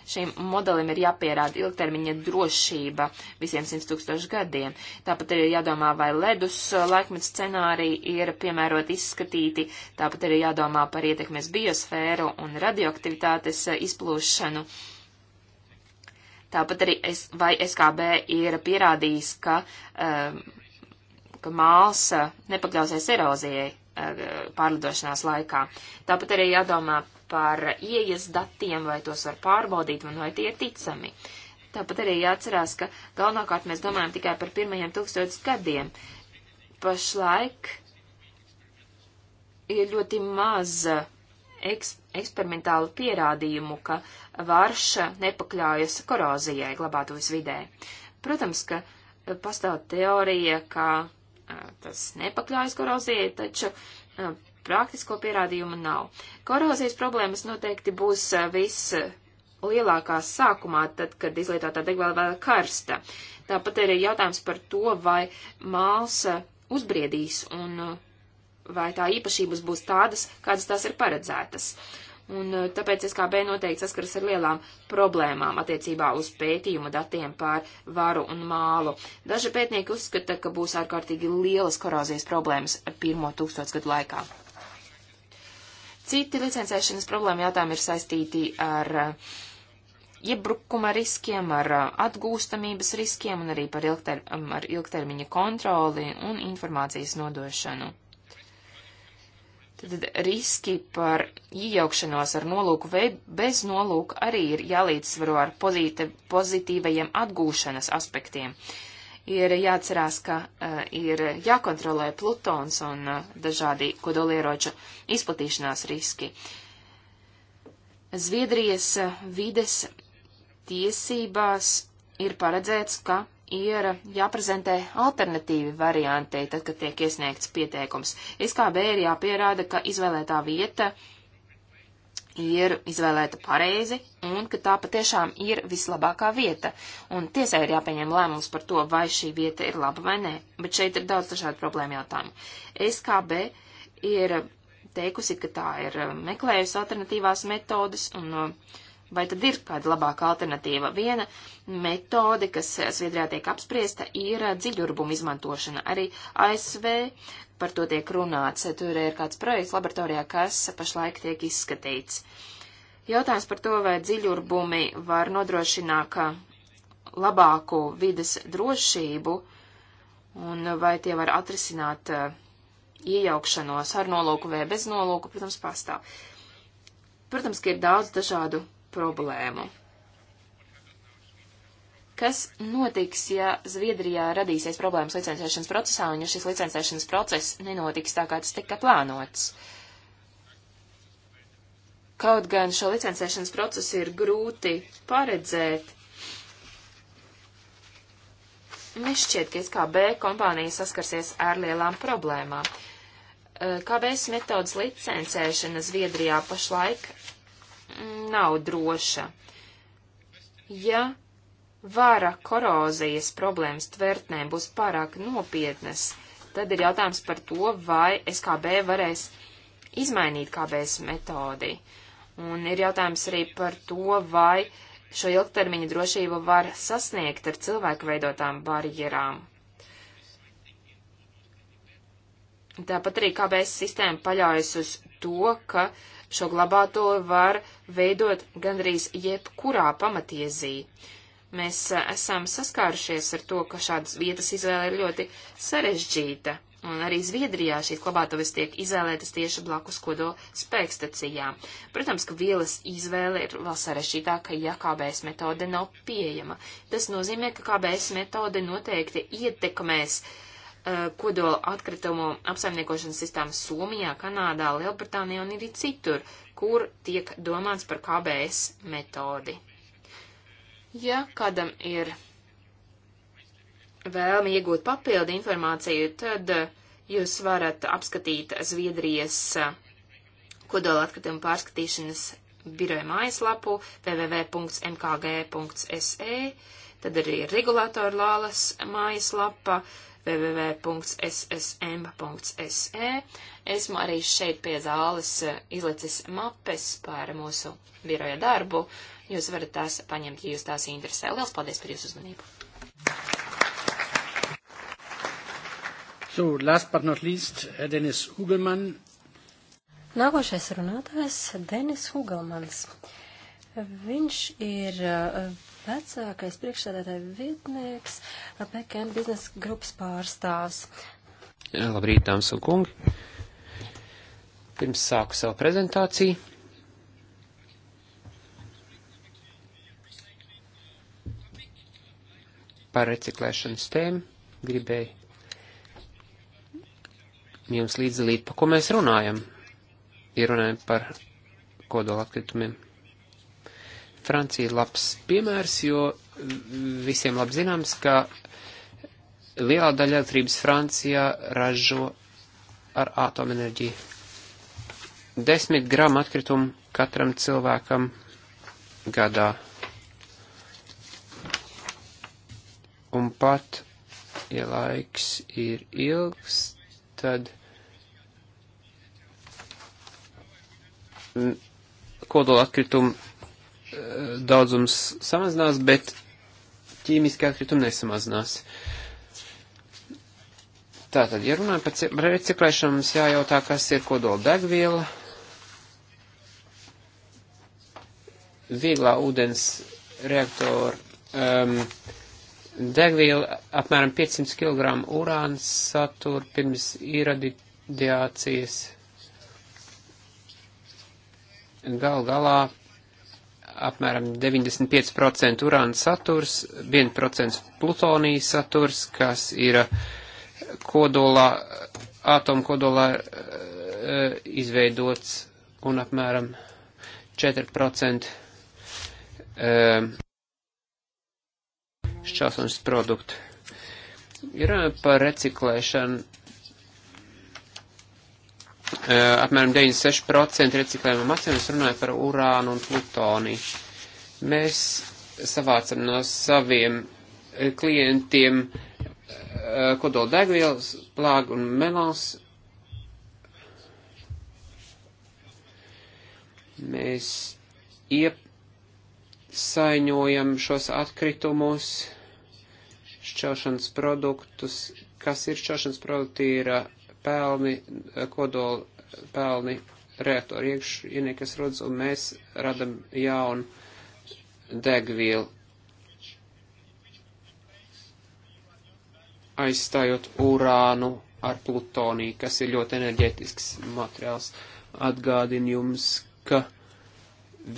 Šim modelim ir jāpierāda ilgtermiņa drošība visiem 100 tūkstošu gadiem. Tāpat arī jādomā, vai ledus eh, laikmets scenāriji ir piemērot izskatīti. Tāpat arī jādomā par ietekmes biosfēru un radioaktivitātes izplūšanu. Uh, Tāpat arī es, vai SKB ir pierādījis, ka, um, ka māsa uh, nepakļausies erozijai uh, pārlidošanās laikā. Tāpat arī jādomā par ieejas datiem, vai tos var pārbaudīt, un vai tie ir ticami. Tāpat arī jāatcerās, ka galvenokārt mēs domājam tikai par pirmajiem tūkstotis gadiem. Pašlaik ir ļoti maza uh, eks eksperimentālu pierādījumu, ka varša nepakļaujas korozijai glabātuvis vidē. Protams, ka e, pastāv teorija, ka e, tas nepakļaujas korozijai, taču e, praktisko pierādījumu nav. Korozijas problēmas noteikti būs viss lielākās sākumā, tad, kad izlietotā degviela vēl karsta. Tāpat arī jautājums par to, vai māls uzbriedīs un vai tā īpašības būs tādas, kādas tās ir paredzētas. Un eh, tāpēc SKB noteikti saskaras ar lielām problēmām attiecībā uz pētījuma datiem pār varu un mālu. Daži pētnieki uzskata, ka būs ārkārtīgi lielas korozijas problēmas pirmo tūkstotsgadu laikā. Citi licencēšanas problēma jautājumi ir saistīti ar eh, iebrukuma riskiem, ar eh, atgūstamības riskiem un arī par ilgter, ar ilgtermiņa kontroli un informācijas nodošanu. Tad riski par iejaukšanos ar nolūku vai bez nolūka arī ir jālīdzsvaro ar pozitīvajiem atgūšanas aspektiem. Ir jāatcerās, ka uh, ir jākontrolē plutons un uh, dažādi kodolieroču izplatīšanās riski. Zviedrijas eh, vides tiesībās ir paredzēts, ka ir jāprezentē alternatīvi varianti, tad, kad tiek iesniegts pieteikums. SKB ir jāpierāda, ka izvēlētā vieta ir izvēlēta pareizi un ka tā patiešām ir vislabākā vieta. Un tiesai ir jāpieņem lēmums par to, vai šī vieta ir laba vai nē. Bet šeit ir daudz dažādu problēmu jautājumu. SKB ir teikusi, ka tā ir uh, meklējusi alternatīvās metodas un no uh, Vai tad ir kāda labāka alternatīva? Viena metode, kas eh, Zviedrijā tiek apspriesta, ir eh, dziļurbumu izmantošana. Arī ASV par to tiek runāts. Tur ir kāds projekts laboratorijā, kas pašlaik tiek izskatīts. Jautājums par to, vai dziļurbumi var nodrošināt labāku vides drošību un vai tie var atrisināt eh, iejaukšanos ar nolūku vai bez nolūku, protams, pastāv. Protams, ka ir daudz dažādu problēmu. Kas notiks, ja Zviedrijā radīsies problēmas licencēšanas procesā un ja šis licencēšanas process nenotiks tā, kā tas tika plānots? Kaut gan šo licencēšanas procesu ir grūti paredzēt, nešķiet, ka SKB kompānija saskarsies ar lielām problēmām. KBS metodas licencēšana Zviedrijā pašlaik nav droša. Ja vāra korozijas problēmas tvertnēm būs pārāk nopietnas, tad ir jautājums par to, vai SKB varēs izmainīt KBS metodi. Un ir jautājums arī par to, vai šo ilgtermiņa drošību var sasniegt ar cilvēku veidotām barjerām. Tāpat arī KBS sistēma paļaujas uz to, ka uh, Šo glabāto var veidot gandrīz jebkurā pamatiezī. Mēs eh, esam saskārušies ar to, ka šādas vietas izvēle ir ļoti sarežģīta, un arī Zviedrijā šīs glabātuves tiek izvēlētas tieši blakus kodola spēkstacijām. Protams, ka vielas izvēle ir vēl sarešķītāka, ja KBS metode nav pieejama. Tas nozīmē, ka KBS metode noteikti ietekmēs uh, kodola atkritumu apsaimniekošanas sistēmas Somijā, Kanādā, Lielbritānijā un arī citur, kur tiek domāts par KBS metodi. Ja kādam ir vēlme iegūt papildu informāciju, tad jūs varat apskatīt Zviedrijas kodola atkritumu pārskatīšanas biroja mājaslapu www.mkg.se, tad arī regulātoru lālas mājaslapa, uh, www.ssm.se. Esmu arī šeit pie zāles eh, izlicis mapes par mūsu biroja darbu. Jūs varat tās paņemt, ja jūs tās interesē. Lielas paldies par jūsu uzmanību! So, last but not least, eh, Denis Hugelmann. Nākošais runātājs - Denis Hugelmans. Viņš ir eh, vecākais priekšsēdētāja vietnieks, uh, PKN biznesa grupas pārstāvs. Labrīt, dāmas un kungi! Pirms sāku savu prezentāciju. Par reciklēšanas tēmu gribēju jums līdzdalīt, pa ko mēs runājam, ja runājam par kodolatkritumiem. Francija ir labs piemērs, jo visiem labi zināms, ka lielā daļa elektrības Francijā ražo ar atomenerģiju. Desmit gramu atkritumu katram cilvēkam gadā. Un pat, ja laiks ir ilgs, tad kodola atkritumu daudzums samazinās, bet ķīmiski atkritumi nesamazinās. Tātad, ja runājam par reciklēšanu, mums jājautā, kas ir kodola degviela, vieglā ūdens reaktora um, degviela, apmēram 500 kg urāns satura pirms iradiācijas. Gal galā apmēram 95% urāna saturs, 1% plutonijas saturs, kas ir kodolā, atomkodolā eh, izveidots un apmēram 4% eh, šķelšanas produktu. Ir par reciklēšanu Eh, apmēram 96% reciklējuma materiāliem runāja par urānu un plutoniju. Mēs savācam no saviem eh, klientiem eh, kodola degvielas, plāgu un melans. Mēs iesaiņojam šos atkritumus, šķelšanas produktus, kas ir šķelšanas produkti, ir uh, pelni, kodola pelni reaktoru iekšienē, kas rodas, un mēs radam jaunu degvielu, aizstājot urānu ar plutoniju, kas ir ļoti enerģētisks materiāls. Atgādinu jums, ka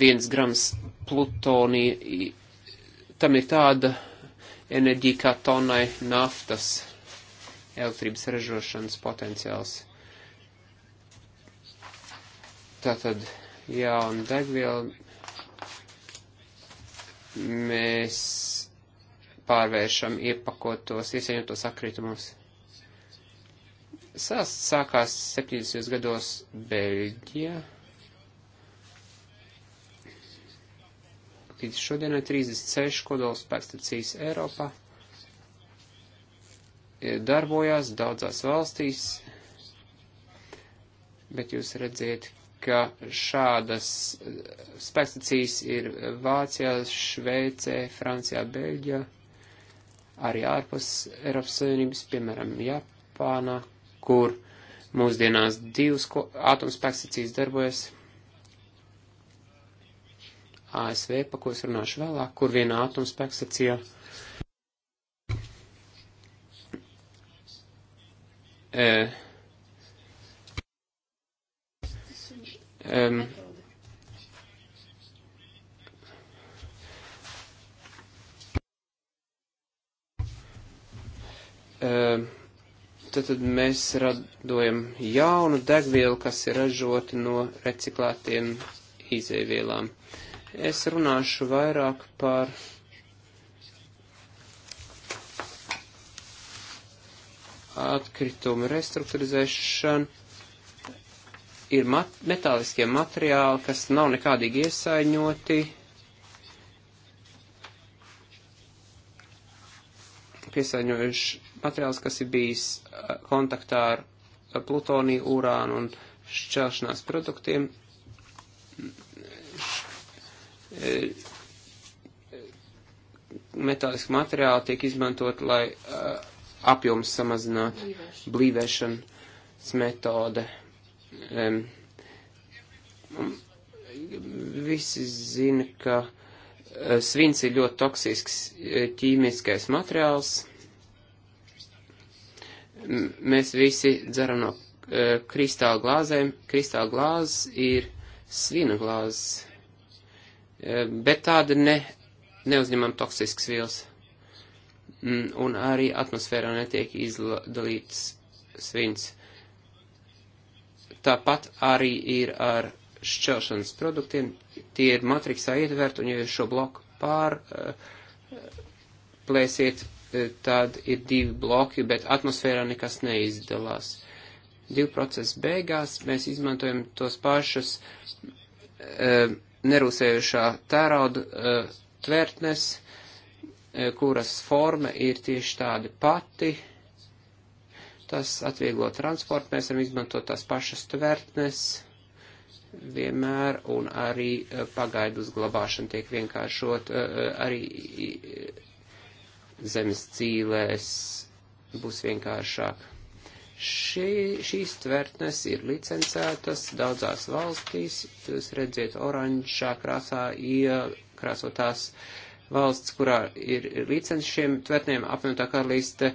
viens grams plutonija, tam ir tāda enerģija kā tonai naftas elektrības ražošanas potenciāls. Tātad jauna degviela mēs pārvēršam iepakotos, iesaņotos akritumus. Sās sākās 70. gados Beļģijā. Līdz šodienai 36 kodolspēkstacijas Eiropā darbojās daudzās valstīs, bet jūs redziet, ka šādas eh, spēkstacijas ir Vācijā, Šveicē, Francijā, Beļģijā, arī ārpus Eiropas Savienības, piemēram, Japānā, kur mūsdienās divas atomspēkstacijas darbojas. ASV, pa ko es runāšu vēlāk, kur vienā atomspēkstacijā. stacijā Uh, um, tad, tad mēs radojam jaunu degvielu, kas ir ražota no reciklētiem izēvielām. Es runāšu vairāk par uh, atkritumi restruktūrizēšana ir mat metāliskie materiāli, kas nav nekādīgi iesaiņoti. Piesaiņojuši materiāls, kas ir bijis eh, kontaktā ar eh, plutoniju, urānu un šķelšanās produktiem. Eh, metāliski materiāli tiek izmantot, lai uh, apjoms samazināt, blīvēšanas metode. Um, visi zina, ka eh, svins ir ļoti toksisks eh, ķīmiskais materiāls. M mēs visi dzeram no eh, kristāla glāzēm. Kristāla glāzes ir svina glāzes, bet tāda ne, neuzņemam toksisks vielas. Mm, un arī atmosfērā netiek izdalīts svins. Tāpat arī ir ar šķelšanas produktiem, tie ir matriksā ietverti, un ja jūs šo bloku pārplēsiet, eh, eh, tad ir divi bloki, bet atmosfērā nekas neizdalās. Divu procesu beigās mēs izmantojam tos pašus eh, nerūsējušā tērauda tvertnes, E, kuras forma ir tieši tāda pati. Tas atvieglo transportu, mēs varam izmantot tās pašas tvertnes vienmēr, un arī e, pagaidu uzglabāšana tiek vienkāršot e, arī zemes cīlēs būs vienkāršāk. Šī, šīs tvertnes ir licencētas daudzās valstīs, jūs redziet oranžā krāsā iekrāsotās uh, valsts, kurā ir licences šiem tvertniem, apvienotā karaliste,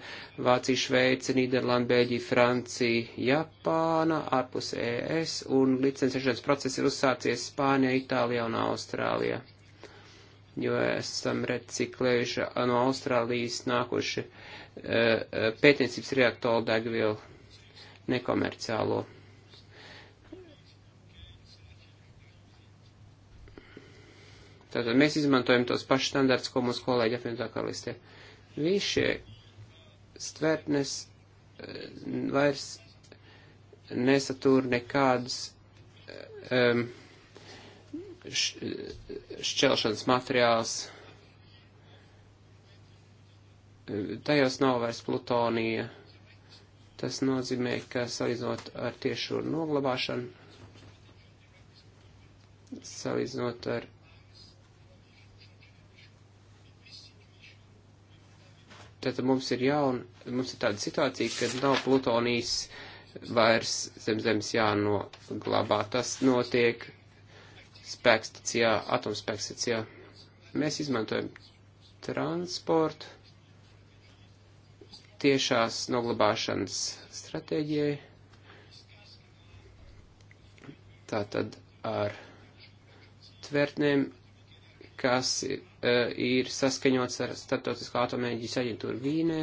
Vācija, Šveice, Nīderlanda, Bēļģija, Francija, Japāna, ārpus ES, un licencēšanas process ir uzsācies Spānijā, Itālijā un Austrālijā, jo esam reciklējuši no Austrālijas nākoši eh, eh, pētniecības reaktoru degvielu nekomerciālo. Tātad mēs izmantojam tos pašus standarts, ko mūsu kolēģi apvienotā karalistē. Visi šie stvertnes eh, vairs nesatur nekādus um, šķelšanas materiāls. Tajos nav vairs plutonija. Tas nozīmē, ka salīdzinot ar tiešu noglabāšanu, salīdzinot ar tad mums ir jauna, mums ir tāda situācija, kad nav plutonijas vairs zem zemes jānoglabā. Tas notiek spēkstacijā, atomspēkstacijā. Mēs izmantojam transportu tiešās noglabāšanas stratēģijai. Tātad ar tvertnēm kas ir, e, ir saskaņots ar Startautiskā atomēģijas aģentūru Vīnē.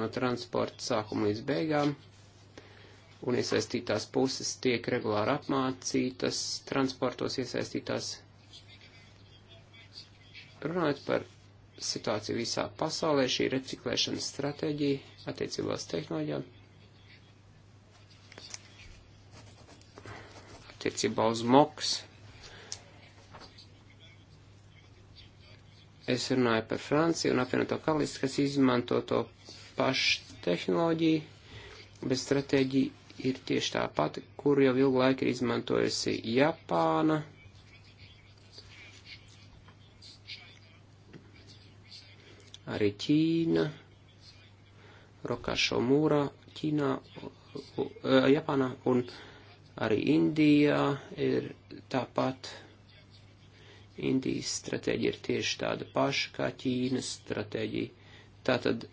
No transporta sākuma līdz beigām, un iesaistītās puses tiek regulāri apmācītas, transportos iesaistītās. Runājot par situāciju visā pasaulē, šī reciklēšanas stratēģija attiecībās tehnoloģijām attiecībā uz MOKS. Es runāju par Franciju un apvienoto kalistu, kas izmanto to pašu tehnoloģiju, bet stratēģija ir tieši tā pati, kur jau ilgu laiku ir izmantojusi Japāna. Arī Ķīna, Rokašo mūrā, Ķīnā, Japānā un uh, Arī Indijā ir tāpat. Indijas stratēģija ir tieši tāda paša kā Ķīnas stratēģija. Tātad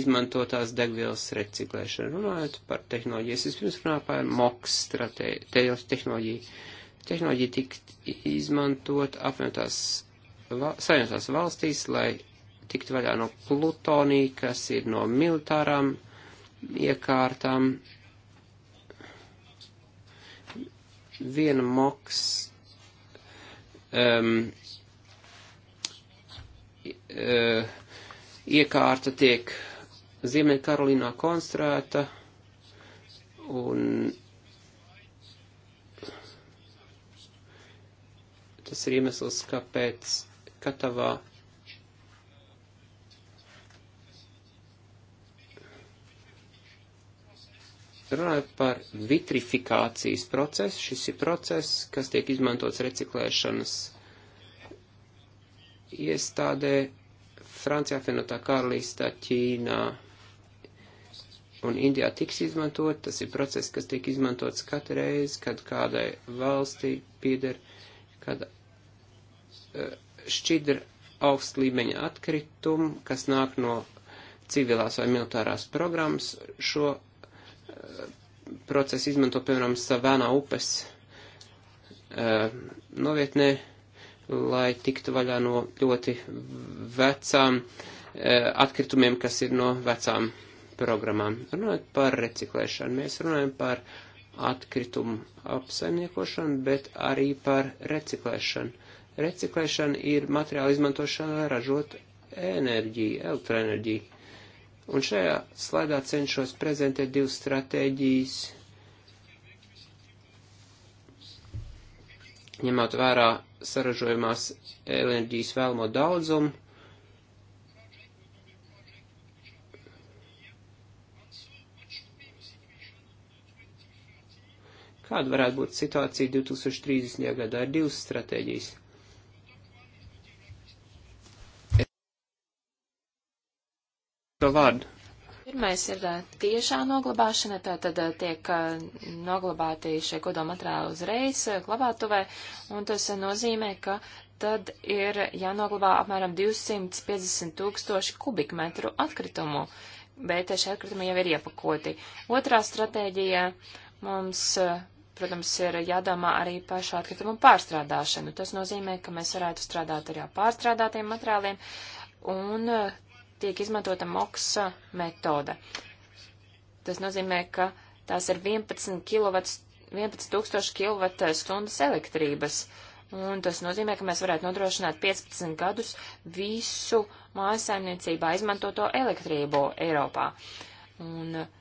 izmantotās degvielas reciklēšana. Runājot par tehnoloģijas, es pirms runāju par MOX stratēģiju, tehnoloģiju. Tehnoloģija tika izmantot apvienotās savienotās valstīs, lai tiktu vaļā no plutonija, kas ir no militārām iekārtām, viena moks um, uh, iekārta tiek Ziemeļa Karolīnā konstruēta un tas ir iemesls, kāpēc Katavā Runājot par vitrifikācijas procesu, šis ir process, kas tiek izmantots reciklēšanas iestādē Francijā, Fenotā Karlīstā, Ķīnā un Indijā tiks izmantot. Tas ir process, kas tiek izmantots katru reizi, kad kādai valstī pieder kāda e, šķidra augst līmeņa atkrituma, kas nāk no civilās vai militārās programmas. Šo procesu izmanto, piemēram, Savēnā upes eh, novietnē, lai tiktu vaļā no ļoti vecām eh, atkritumiem, kas ir no vecām programmām. Runājot par reciklēšanu, mēs runājam par atkritumu apsaimniekošanu, bet arī par reciklēšanu. Reciklēšana ir materiāla izmantošana, lai ražot enerģiju, elektroenerģiju. Un šajā slaidā cenšos prezentēt divas stratēģijas, ņemot vērā saražojumās enerģijas vēlamo daudzumu. Kāda varētu būt situācija 2030. gadā? Ir divas stratēģijas. to vārdu. Pirmais ir tiešā noglabāšana, tātad tiek noglabāti šie kodolmateriāli uzreiz glabātuvē, un tas nozīmē, ka tad ir jānoglabā apmēram 250 tūkstoši kubikmetru atkritumu, bet šie atkritumi jau ir iepakoti. Otrā stratēģija mums, protams, ir jādomā arī par šo atkritumu pārstrādāšanu. Tas nozīmē, ka mēs varētu strādāt arī ar pārstrādātiem materiāliem, un tiek izmantota moksa metode. Tas nozīmē, ka tās ir 11 kW, 11 tūkstoši kWh elektrības. Un tas nozīmē, ka mēs varētu nodrošināt 15 gadus visu mājasaimniecībā izmantoto elektrību Eiropā. Un uh,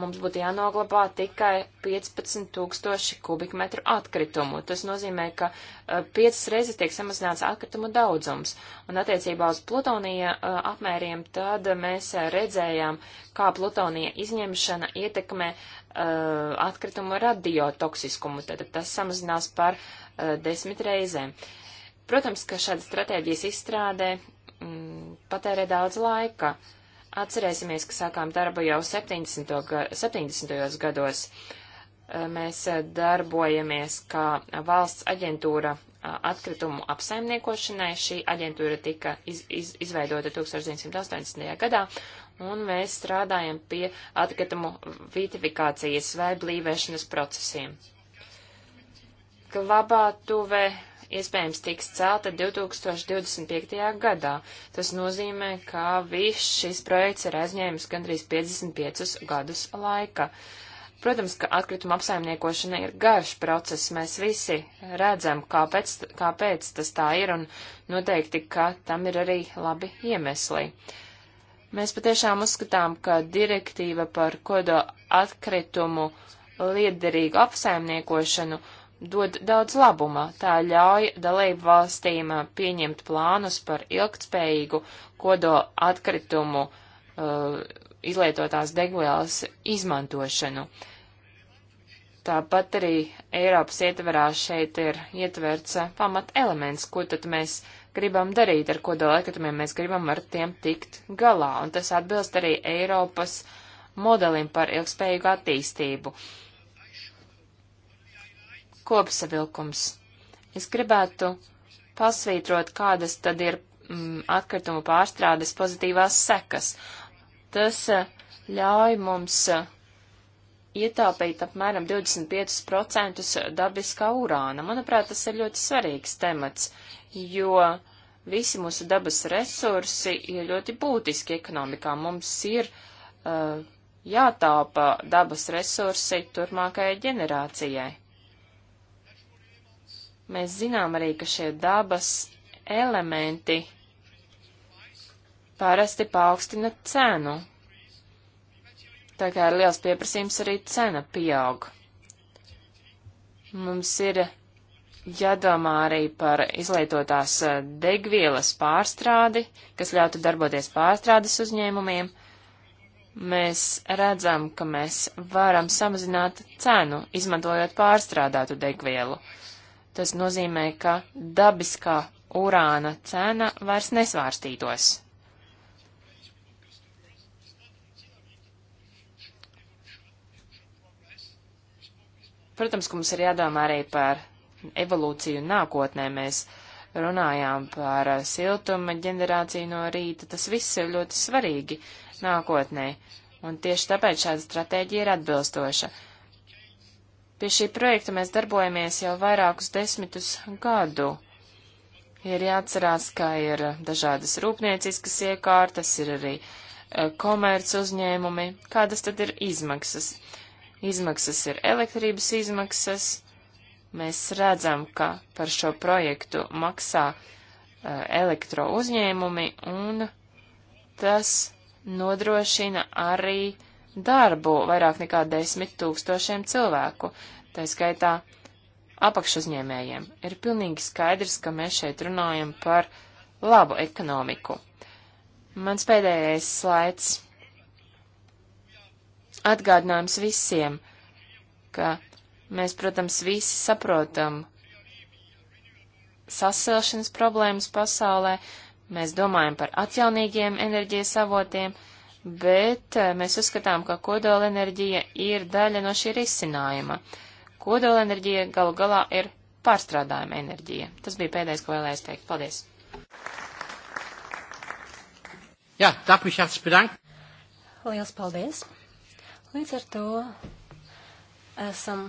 mums būtu jānoglabā tikai 15 tūkstoši kubikmetru atkritumu. Tas nozīmē, ka uh, eh, 5 reizes tiek samazināts atkritumu daudzums. Un attiecībā uz plutonija uh, apmēriem tad mēs eh, redzējām, kā plutonija izņemšana ietekmē uh, atkritumu radiotoksiskumu. Tad tas samazinās par 10 reizēm. Protams, ka šāda stratēģijas izstrādē mm, patērē daudz laika. Uh, Atcerēsimies, ka sākām darbu jau 70. Ga 70. gados. Mēs darbojamies kā valsts aģentūra atkritumu apsaimniekošanai. Šī aģentūra tika iz, iz, izveidota 1980. gadā, un mēs strādājam pie atkritumu vitifikācijas vai blīvēšanas procesiem. Glabātuve iespējams tiks celta 2025. gadā. Tas nozīmē, ka viss šis projekts ir aizņēmis gandrīz 55 gadus laika. Protams, ka atkrituma apsaimniekošana ir garš process, mēs visi redzam, kāpēc, kāpēc tas tā ir, un noteikti, ka tam ir arī labi iemesli. Mēs patiešām uzskatām, ka direktīva par kodo atkritumu liederīgu apsaimniekošanu dod daudz labuma. Tā ļauj dalību valstīm uh, pieņemt plānus par ilgtspējīgu kodola atkritumu uh, izlietotās degvielas izmantošanu. Tāpat arī Eiropas ietverā šeit ir ietverts uh, pamat elements, ko tad mēs gribam darīt, ar kodola atkritumiem mēs gribam ar tiem tikt galā, un tas atbilst arī Eiropas modelim par ilgspējīgu attīstību. Uh, Kopsavilkums. Es gribētu pasvītrot, kādas tad ir mm, atkritumu pārstrādes pozitīvās sekas. Tas eh, ļauj mums eh, ietaupīt apmēram 25% eh, dabiskā urāna. Manuprāt, tas ir ļoti svarīgs temats, jo visi mūsu dabas resursi ir ļoti būtiski ekonomikā. Mums ir uh, jātāpa dabas resursi turmākajai ģenerācijai. Mēs zinām arī, ka šie dabas elementi parasti paaugstina cenu. Tā kā ir liels pieprasījums, arī cena pieaug. Mums ir jādomā arī par izlietotās eh, degvielas pārstrādi, kas ļautu darboties pārstrādes uzņēmumiem. Mēs redzam, ka mēs varam samazināt cenu, izmantojot pārstrādātu degvielu. Uh, Tas nozīmē, ka dabiskā urāna cena vairs nesvārstītos. Protams, ka mums ir jādomā arī par evolūciju nākotnē. Mēs runājām par siltuma ģenerāciju no rīta. Tas viss ir ļoti svarīgi nākotnē. Un tieši tāpēc šāda stratēģija ir atbilstoša. Pie šī projekta mēs darbojamies jau vairākus desmitus gadu. Ir jāatcerās, ka ir dažādas rūpnieciskas iekārtas, ir arī e, komerc uzņēmumi. Kādas tad ir izmaksas? Izmaksas ir elektrības izmaksas. Mēs redzam, ka par šo projektu maksā e, elektro uzņēmumi un tas nodrošina arī uh, darbu vairāk nekā desmit tūkstošiem cilvēku, tā skaitā apakšuzņēmējiem. Ir pilnīgi skaidrs, ka mēs šeit runājam par labu ekonomiku. Mans pēdējais slaids. Atgādinājums visiem, ka mēs, protams, visi saprotam sasilšanas problēmas pasaulē, mēs domājam par atjaunīgiem enerģijas avotiem, uh, bet eh, mēs uzskatām, ka kodolenerģija ir daļa no šī risinājuma. Kodolenerģija galu galā ir pārstrādājuma enerģija. Tas bija pēdējais, ko vēlējos teikt. Paldies! Jā, ja, darf mich herzlich bedanken. Liels paldies! Līdz ar to esam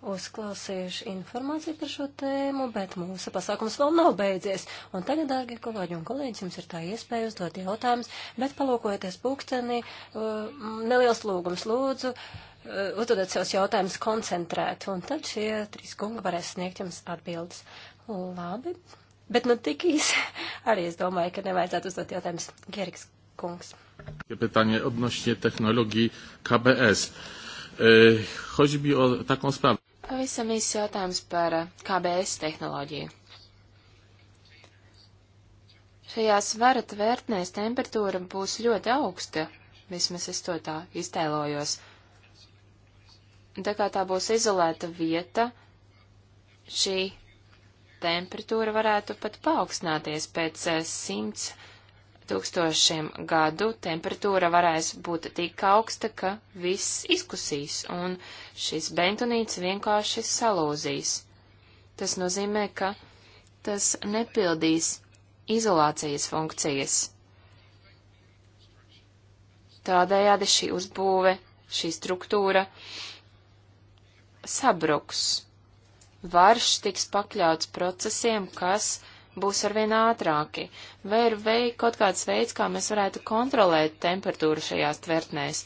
uzklausījuši informāciju par šo tēmu, bet mūsu pasākums vēl nav beidzies. Un tagad, dārgie kolēģi un kolēģis, jums ir tā iespēja uzdot jautājumus, bet palūkojieties pūkstenī, uh, neliels lūgums lūdzu, uh, uzdodot savus jautājumus koncentrēt, un tad šie trīs kungi varēs sniegt jums atbildes. Labi, bet nu tik īsi arī es domāju, ka nevajadzētu uzdot jautājumus. Geriks kungs. Pytanie odnośnie technologii KBS. E, chodzi mi o taką sprawę. Pavisam īsts jautājums par eh, KBS tehnoloģiju. Šajās vara tvērtnēs temperatūra būs ļoti augsta, vismaz es to tā iztēlojos. Tā kā tā būs izolēta vieta, šī temperatūra varētu pat paaugstināties pēc 100 eh, tūkstošiem gadu temperatūra varēs būt tik augsta, ka viss izkusīs, un šis bentonīts vienkārši salūzīs. Tas nozīmē, ka tas nepildīs izolācijas funkcijas. Tādējādi šī uzbūve, šī struktūra sabruks. Varš tiks pakļauts procesiem, kas būs arvien ātrāki. Vai ir vei kaut kāds veids, kā mēs varētu kontrolēt temperatūru šajās tvertnēs?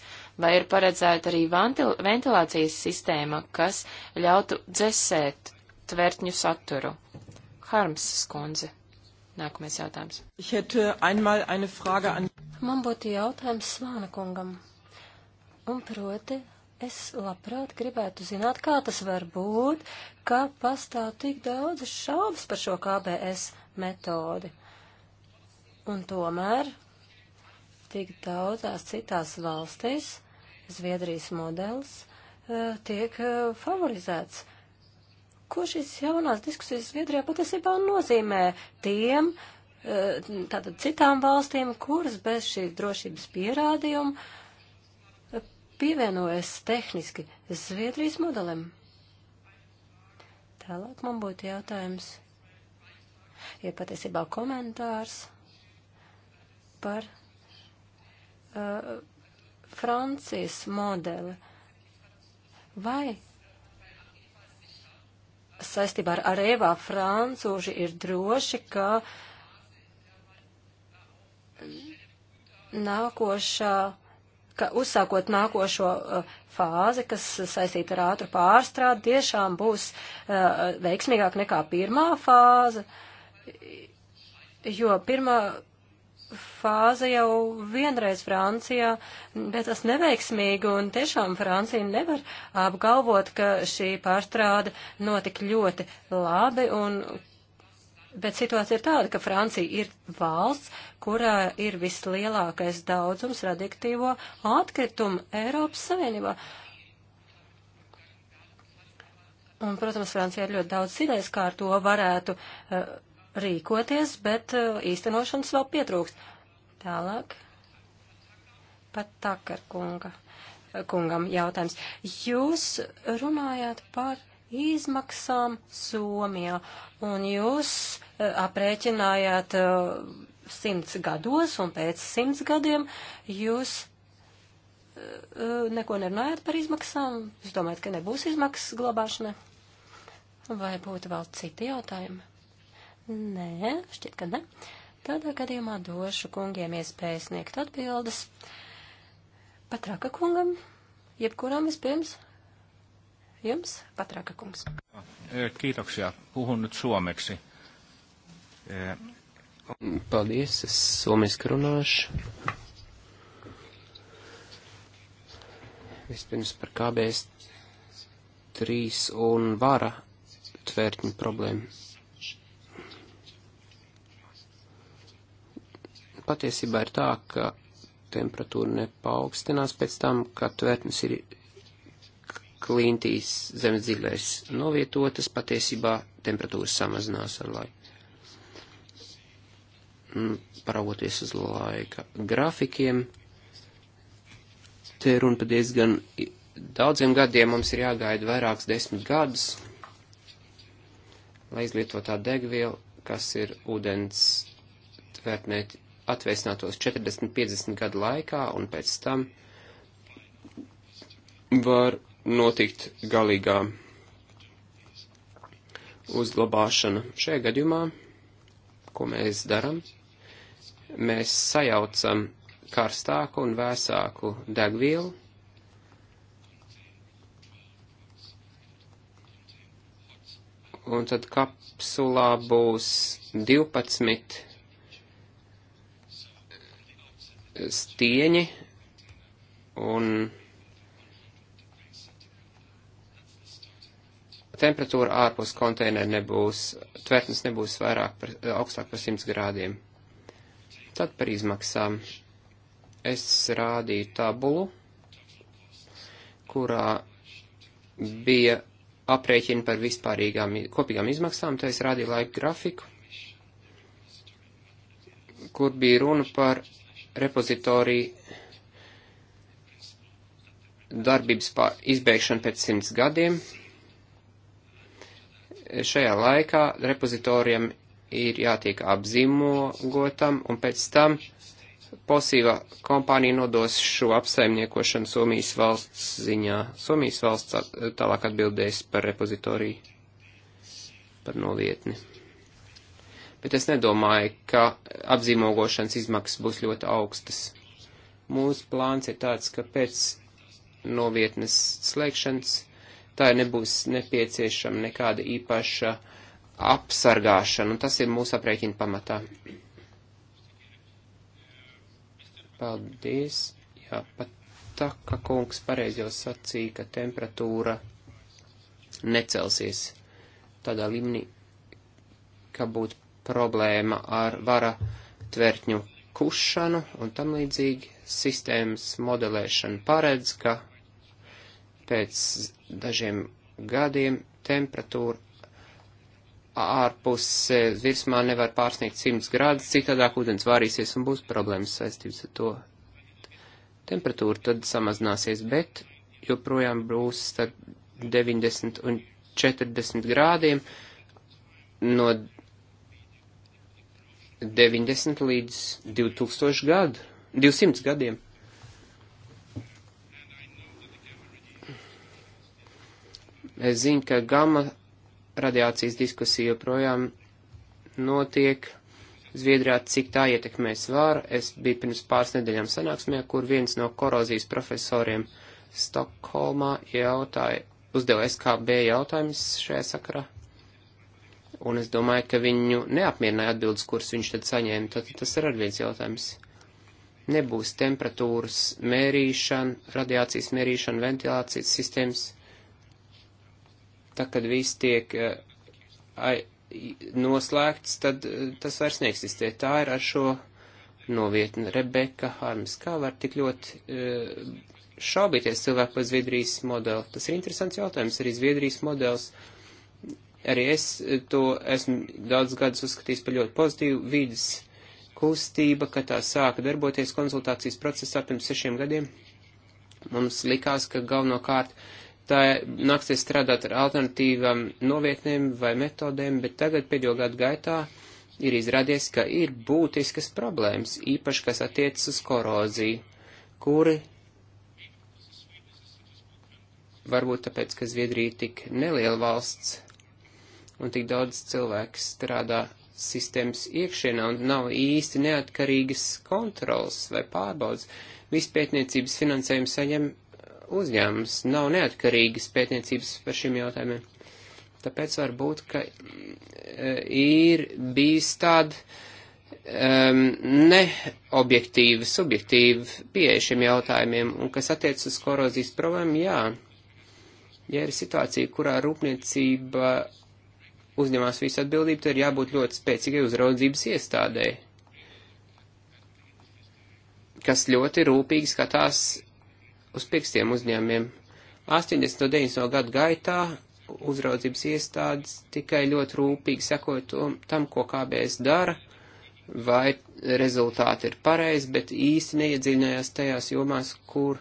Vai ir paredzēta arī ventil ventilācijas sistēma, kas ļautu dzesēt tvertņu saturu? Harms skundze. Nākamais jautājums. An... Man būtu jautājums Svāna kungam. Un proti, es labprāt gribētu zināt, kā tas var būt, ka pastāv tik daudz šaubas par šo KBS metodi. Un tomēr tik daudzās citās valstīs Zviedrijas modelis e, tiek e, favorizēts. Ko šīs jaunās diskusijas Zviedrijā patiesībā nozīmē tiem, e, tātad citām valstīm, kuras bez šīs drošības pierādījuma pievienojas tehniski Zviedrijas modelim? Tālāk man būtu jautājums ir patiesībā komentārs par uh, Francijas modeli. Vai saistībā ar Arēvā francūži ir droši, ka nākošā, ka uzsākot nākošo uh, fāzi, kas saistīta ar ātru pārstrādi, tiešām būs uh, veiksmīgāk nekā pirmā fāze. Uh, jo pirmā fāze jau vienreiz Francijā, bet tas neveiksmīgi un tiešām Francija nevar apgalvot, ka šī pārstrāde notika ļoti labi un. Bet situācija ir tāda, ka Francija ir valsts, kurā ir vislielākais daudzums radioaktīvo atkritumu Eiropas Savienībā. Un, protams, Francijā ir ļoti daudz idejas, kā ar to varētu uh, rīkoties, bet uh, īstenošanas vēl pietrūkst. Tālāk par Takar kunga, kungam jautājums. Jūs runājāt par izmaksām Somijā, un jūs uh, aprēķinājāt uh, simts gados, un pēc simts gadiem jūs neko nerunājāt par izmaksām. Jūs domājat, ka nebūs izmaksas glabāšana? Vai būtu vēl citi jautājumi? Nē, šķiet, ka ne. Tādā gadījumā došu kungiem iespēju sniegt atbildes. Patraka kungam, jebkurām vispirms. Jums, Patraka kungs. Eh, kiitoksia. Puhun nyt suomeksi. Eh, Paldies, es somiski runāšu. Vispirms par KBS 3 un vara tvērtņu problēmu patiesībā ir tā, ka temperatūra nepaukstinās pēc tam, kad tvērtnes ir klintīs zemes dziļais novietotas, patiesībā temperatūra samazinās ar laiku. Mm, paraugoties uz laika grafikiem, te runa pa diezgan daudziem gadiem mums ir jāgaida vairākas desmit gadus, lai izlietotā degviela, kas ir ūdens tvērtnē atvēsinātos 40-50 gadu laikā, un pēc tam var notikt galīgā uzglabāšana. Šajā gadījumā, ko mēs darām, mēs sajaucam karstāku un vēsāku degvielu. Un tad kapsulā būs 12 stieņi un temperatūra ārpus konteineru nebūs, tvertnes nebūs vairāk par, augstāk par 100 grādiem. Tad par izmaksām. Es rādīju tabulu, kurā bija aprēķini par vispārīgām kopīgām izmaksām, tad es rādīju laika grafiku, kur bija runa par repozitoriju darbības izbeigšanu pēc simts gadiem. Šajā laikā repozitorijam ir jātiek apzīmogotam, un pēc tam posīva kompānija nodos šo apsaimniekošanu Somijas valsts ziņā. Somijas valsts tālāk atbildēs par repozitoriju, par novietni bet es nedomāju, ka apzīmogošanas izmaksas būs ļoti augstas. Mūsu plāns ir tāds, ka pēc novietnes slēgšanas tā nebūs nepieciešama nekāda īpaša apsargāšana, un tas ir mūsu aprēķina pamatā. Paldies. Jā, pat tā, ka kungs pareizi jau sacīja, ka temperatūra necelsies tādā līmenī, ka būtu problēma ar vara tvertņu kušanu un tam līdzīgi sistēmas modelēšana paredz, ka pēc dažiem gadiem temperatūra ārpus virsmā nevar pārsniegt 100 grādus, citādāk ūdens vārīsies un būs problēmas saistības ar to. Temperatūra tad samazināsies, bet joprojām būs starp 90 un 40 grādiem no 90 līdz 2000 gadu, 200 gadiem. Es zinu, ka gama radiācijas diskusija joprojām notiek Zviedrijā, cik tā ietekmēs var. Es biju pirms pāris nedēļām sanāksmē, kur viens no korozijas profesoriem Stokholmā jautāja, uzdeva SKB jautājumus šajā sakarā un es domāju, ka viņu neapmierināja atbildes, kuras viņš tad saņēma. Tad tas ir arī viens jautājums. Nebūs temperatūras mērīšana, radiācijas mērīšana, ventilācijas sistēmas. Tā, kad viss tiek eh, noslēgts, tad eh, tas vairs neeksistē. Tā ir ar šo novietni Rebeka Harms. Kā var tik ļoti eh, šaubīties cilvēku par Zviedrijas modeli? Tas ir interesants jautājums. Arī Zviedrijas modelis Arī es to esmu daudz gadus uzskatījis par ļoti pozitīvu vīdes kustība, ka tā sāka darboties konsultācijas procesā pirms sešiem gadiem. Mums likās, ka galvenokārt tā nāksies strādāt ar alternatīvām novietnēm vai metodēm, bet tagad pēdējo gadu gaitā ir izrādies, ka ir būtiskas problēmas, īpaši kas attiecas uz koroziju, kuri varbūt tāpēc, ka Zviedrija tik neliela valsts un tik daudz cilvēku strādā sistēmas iekšienā un nav īsti neatkarīgas kontrols vai pārbaudas. Viss pētniecības finansējums saņem uzņēmums, nav neatkarīgas pētniecības par šiem jautājumiem. Tāpēc var būt, ka e, ir bijis tāda um, neobjektīva, subjektīva pieeja šiem jautājumiem, un kas attiec uz korozijas problēmu, jā. Ja ir situācija, kurā rūpniecība uzņemās visu atbildību, tad ir jābūt ļoti spēcīgai uzraudzības iestādēji, kas ļoti rūpīgi skatās uz pirkstiem uzņēmumiem. 80. un 90. gadu gaitā uzraudzības iestādes tikai ļoti rūpīgi sekoja tam, ko KBS dara, vai rezultāti ir pareizi, bet īsti neiedziļinājās tajās jomās, kur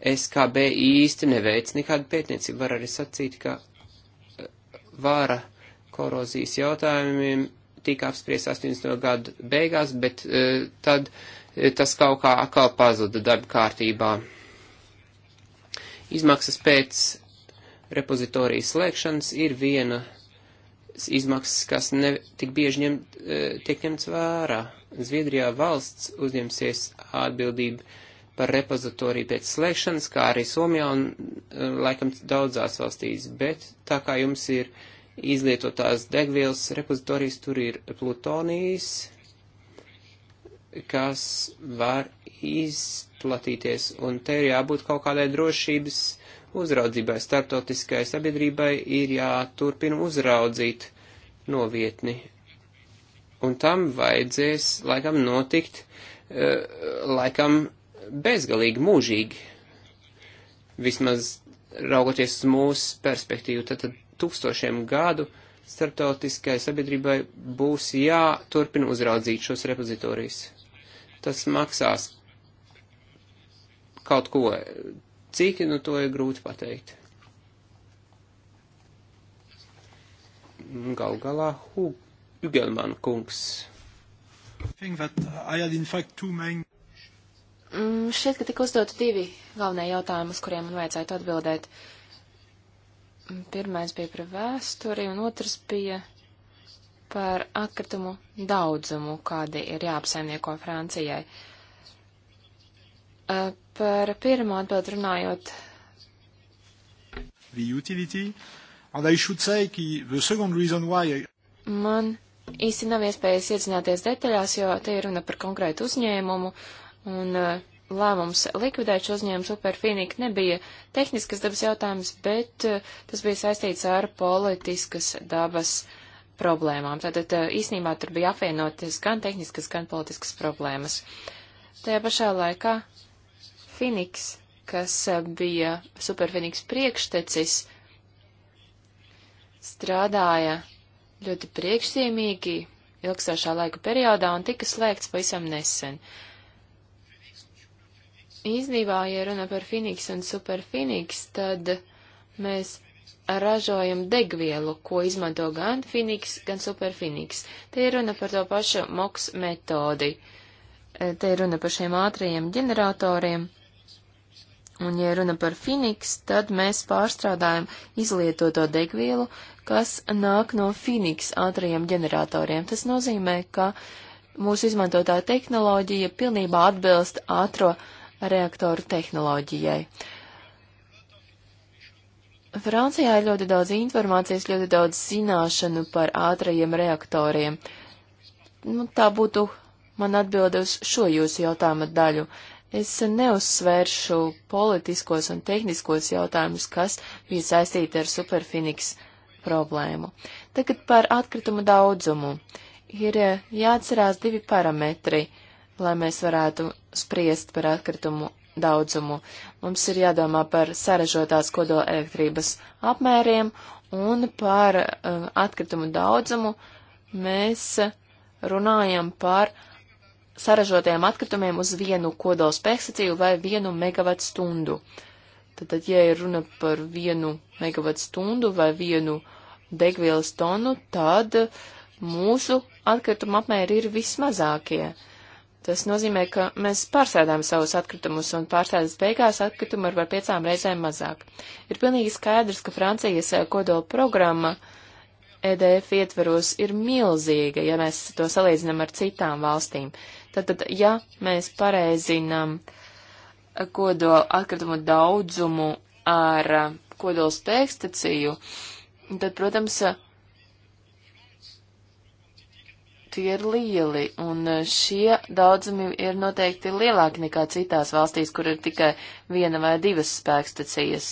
SKB īsti neveic nekādu pētniecību. Var arī sacīt, ka eh, vāra korozijas jautājumiem tika apspriests 80. gadu beigās, bet uh, tad e, tas kaut kā atkal pazuda darba kārtībā. Izmaksas pēc repozitorijas slēgšanas ir viena izmaksas, kas ne tik bieži ņem, e, tiek ņemts vērā. Zviedrijā valsts uzņemsies atbildību par repozitoriju pēc slēgšanas, kā arī Somijā un laikam daudzās valstīs, bet tā kā jums ir uh, izlietotās degvielas repozitorijas, tur ir plutonijas, kas var izplatīties, un te ir jābūt kaut kādai drošības uzraudzībai. Startautiskai sabiedrībai ir jāturpina uzraudzīt novietni, un tam vajadzēs laikam notikt, eh, laikam bezgalīgi mūžīgi, vismaz raugoties uz mūsu perspektīvu, tad, tad tūkstošiem gadu starptautiskai sabiedrībai būs jāturpina uzraudzīt šos repozitorijas. Tas maksās kaut ko, cik nu to ir grūti pateikt. Gal galā Hugelman kungs. Main... Mm, šķiet, ka tika uzdoti divi galvenie jautājumi, uz kuriem man vajadzētu atbildēt. Uh, Pirmais bija par vēsturi, un otrs bija par atkritumu daudzumu, kādi ir jāapsaimnieko Francijai. Par pirmo atbildu runājot. The utility, and I should say the second reason why I... Man īsti nav iespējas iedzināties detaļās, jo te ir runa par konkrētu uzņēmumu, un uh, lēmums likvidēt šo uzņēmumu Superfīnika nebija tehniskas dabas jautājums, bet eh, tas bija saistīts ar politiskas dabas problēmām. Tātad eh, īsnībā tur bija apvienoties gan tehniskas, gan politiskas problēmas. Tajā pašā laikā Finiks, kas eh, bija Superfiniks priekštecis, strādāja ļoti priekšzīmīgi ilgstošā laika periodā un tika slēgts pavisam nesen. Uh, Īsnībā, ja runa par Phoenix un Super Phoenix, tad mēs ražojam degvielu, ko izmanto gan Phoenix, gan Super Phoenix. Te ir runa par to pašu MOX metodi. E, te ir runa par šiem ātrajiem ģeneratoriem. Un, ja runa par Phoenix, tad mēs pārstrādājam izlietoto degvielu, kas nāk no Phoenix ātrajiem ģeneratoriem. Tas nozīmē, ka mūsu izmantotā tehnoloģija pilnībā atbilst ātro uh, reaktoru tehnoloģijai. Francijā ir ļoti daudz informācijas, ļoti daudz zināšanu par ātrajiem reaktoriem. Nu, tā būtu man atbilde uz šo jūsu jautājuma daļu. Es neuzsvēršu politiskos un tehniskos jautājumus, kas bija saistīti ar superfiniks problēmu. Tagad par atkritumu daudzumu. Ir jāatcerās divi parametri, lai mēs varētu spriest par atkritumu daudzumu. Mums ir jādomā par sarežotās kodola elektrības apmēriem un par uh, atkritumu daudzumu. Mēs runājam par sarežotajiem atkritumiem uz vienu kodola spēkstaciju vai vienu megavatu stundu. Tātad, ja ir runa par vienu megavatu stundu vai vienu degvielas tonu, tad mūsu atkrituma apmēri ir vismazākie. Uh, Tas nozīmē, ka mēs pārsēdām savus atkritumus, un pārsēdas beigās atkritumi ir par piecām reizēm mazāk. Ir pilnīgi skaidrs, ka Francijas eh, kodola programma EDF ietveros ir milzīga, ja mēs to salīdzinām ar citām valstīm. Tātad, ja mēs pareizinām eh, kodola atkritumu daudzumu ar eh, kodola spēkstaciju, tad, protams, tie ir lieli, un e, šie daudzumi ir noteikti lielāki nekā citās valstīs, kur ir tikai viena vai divas spēkstacijas.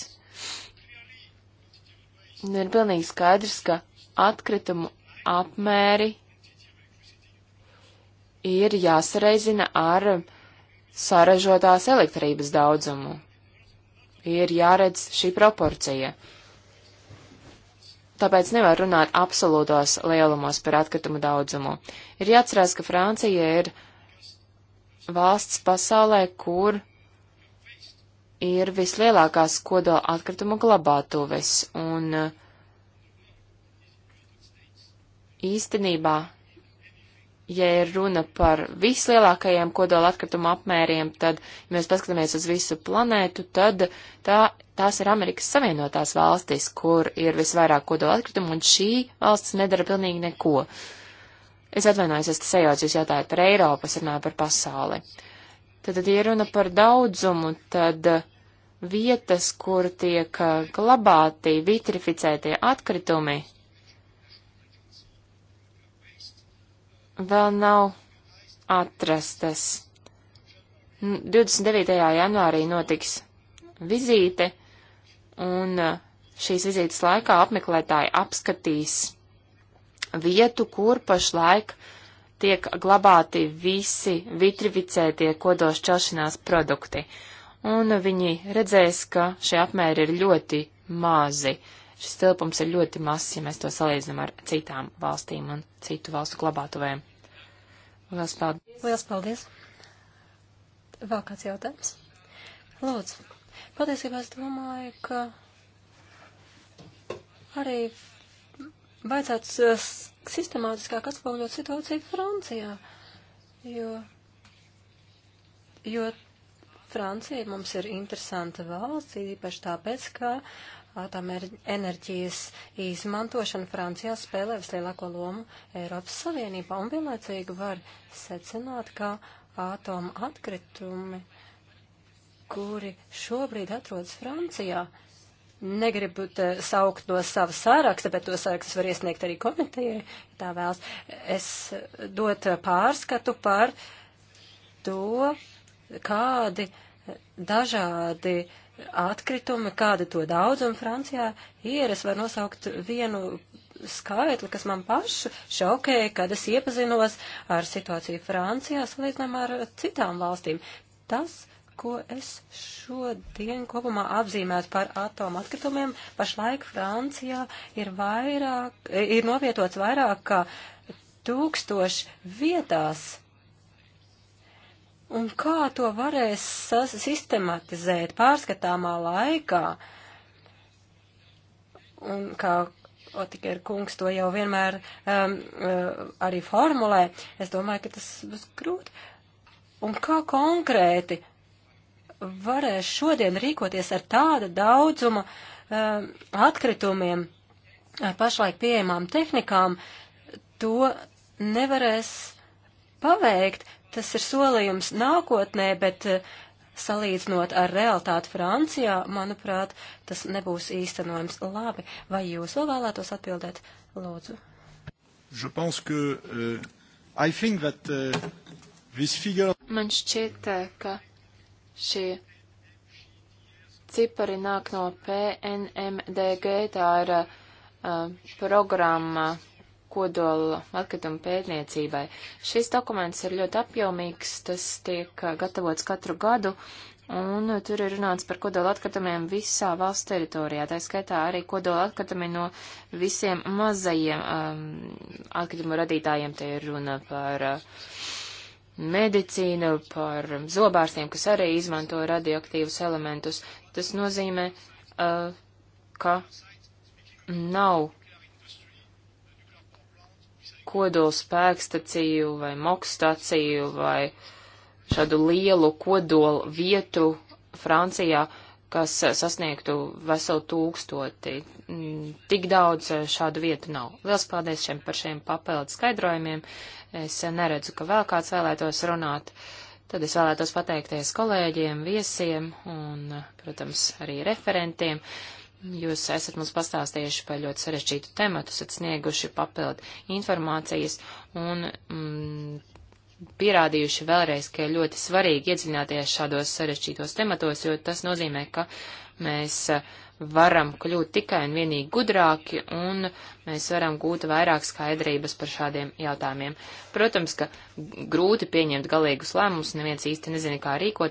Un nu, ir pilnīgi skaidrs, ka atkritumu apmēri ir jāsareizina ar saražotās elektrības daudzumu. Ir jāredz šī proporcija tāpēc nevar runāt absolūtos lielumos par atkritumu daudzumu. Ir jāatcerās, ka Francija ir valsts pasaulē, kur ir vislielākās kodola atkritumu glabātuves, un uh, īstenībā, ja ir runa par vislielākajiem kodola atkritumu apmēriem, tad, ja mēs paskatāmies uz visu planētu, tad tā tās ir Amerikas Savienotās valstis, kur ir visvairāk kodola atkritumu, un šī valsts nedara pilnīgi neko. Es atvainojos, es te sejaucu, jūs jautājat par Eiropu, es runāju par pasauli. Tad, tad ja runa par daudzumu, tad vietas, kur tiek glabāti vitrificētie atkritumi, vēl nav atrastas. 29. janvārī notiks vizīte, un eh, šīs vizītes laikā apmeklētāji apskatīs vietu, kur pašlaik tiek glabāti visi vitrivicētie kodos čelšanās produkti. Un viņi redzēs, ka šie apmēri ir ļoti mazi. Šis tilpums ir ļoti mazs, ja mēs to salīdzinām ar citām valstīm un citu valstu glabātuvēm. Lielas paldies! Lielas paldies! Vēl kāds jautājums? Lūdzu! Patiesībā es domāju, ka arī vajadzētu sistemātiskāk atspoguļot situāciju Francijā, jo, jo Francija mums ir interesanta valsts, īpaši tāpēc, ka atomenerģijas izmantošana Francijā spēlē vislielāko lomu Eiropas Savienībā un vienlaicīgi var secināt, ka atoma atkritumi uh, kuri šobrīd atrodas Francijā. Negribu eh, saukt no sava sāraksta, bet to sārakstu var iesniegt arī komitejai, ja tā vēlas. Es dot pārskatu par to, kādi dažādi atkritumi, kāda to daudzuma Francijā ir. Es varu nosaukt vienu skaitli, kas man pašu šokēja, kad es iepazinos ar situāciju Francijā salīdzinām ar citām valstīm. Tas ko es šodien kopumā apzīmētu par atomu atkritumiem, pašlaik Francijā ir, vairāk, ir novietots vairāk kā tūkstoši vietās. Un kā to varēs sistematizēt pārskatāmā laikā? Un kā Otikēra kungs to jau vienmēr um, uh, arī formulē, es domāju, ka tas būs grūti. Un kā konkrēti varēs šodien rīkoties ar tādu daudzumu uh, eh, atkritumiem, ar eh, pašlaik pieejamām tehnikām, to nevarēs paveikt. Tas ir solījums nākotnē, bet uh, salīdzinot ar realitāti Francijā, manuprāt, tas nebūs īstenojams labi. Vai jūs vēl vēlētos atbildēt? Lūdzu. Je pense que, uh, I think that, uh, this figure... Man šķiet, ka Šie cipari nāk no PNMDG, tā ir uh, programma kodola atkrituma pētniecībai. Šis dokuments ir ļoti apjomīgs, tas tiek gatavots katru gadu, un tur ir runāts par kodola atkritumiem visā valsts teritorijā. Tā skaitā arī kodola atkritumi no visiem mazajiem um, atkritumu radītājiem. Te ir runa par uh, medicīnu, par zobārstiem, kas arī izmanto radioaktīvus elementus. Tas nozīmē, uh, ka nav kodola spēkstaciju vai mokstaciju vai šādu lielu kodola vietu Francijā, uh, kas sasniegtu veselu tūkstoti. Mm, Tik daudz eh, šādu vietu nav. Liels paldies šiem par šiem papildu skaidrojumiem. Es eh, neredzu, ka vēl kāds vēlētos runāt. Tad es vēlētos pateikties kolēģiem, viesiem un, eh, protams, arī referentiem. Jūs esat mums pastāstījuši par ļoti sarežģītu tematu, esat snieguši papildu informācijas, un mm, pierādījuši vēlreiz, ka ir ļoti svarīgi iedziļināties šādos sarežģītos tematos, jo tas nozīmē, ka mēs eh, varam kļūt tikai un vienīgi gudrāki un mēs varam gūt vairāk skaidrības par šādiem jautājumiem. Protams, ka grūti pieņemt galīgus lēmumus, neviens īsti nezina, kā rīkoties.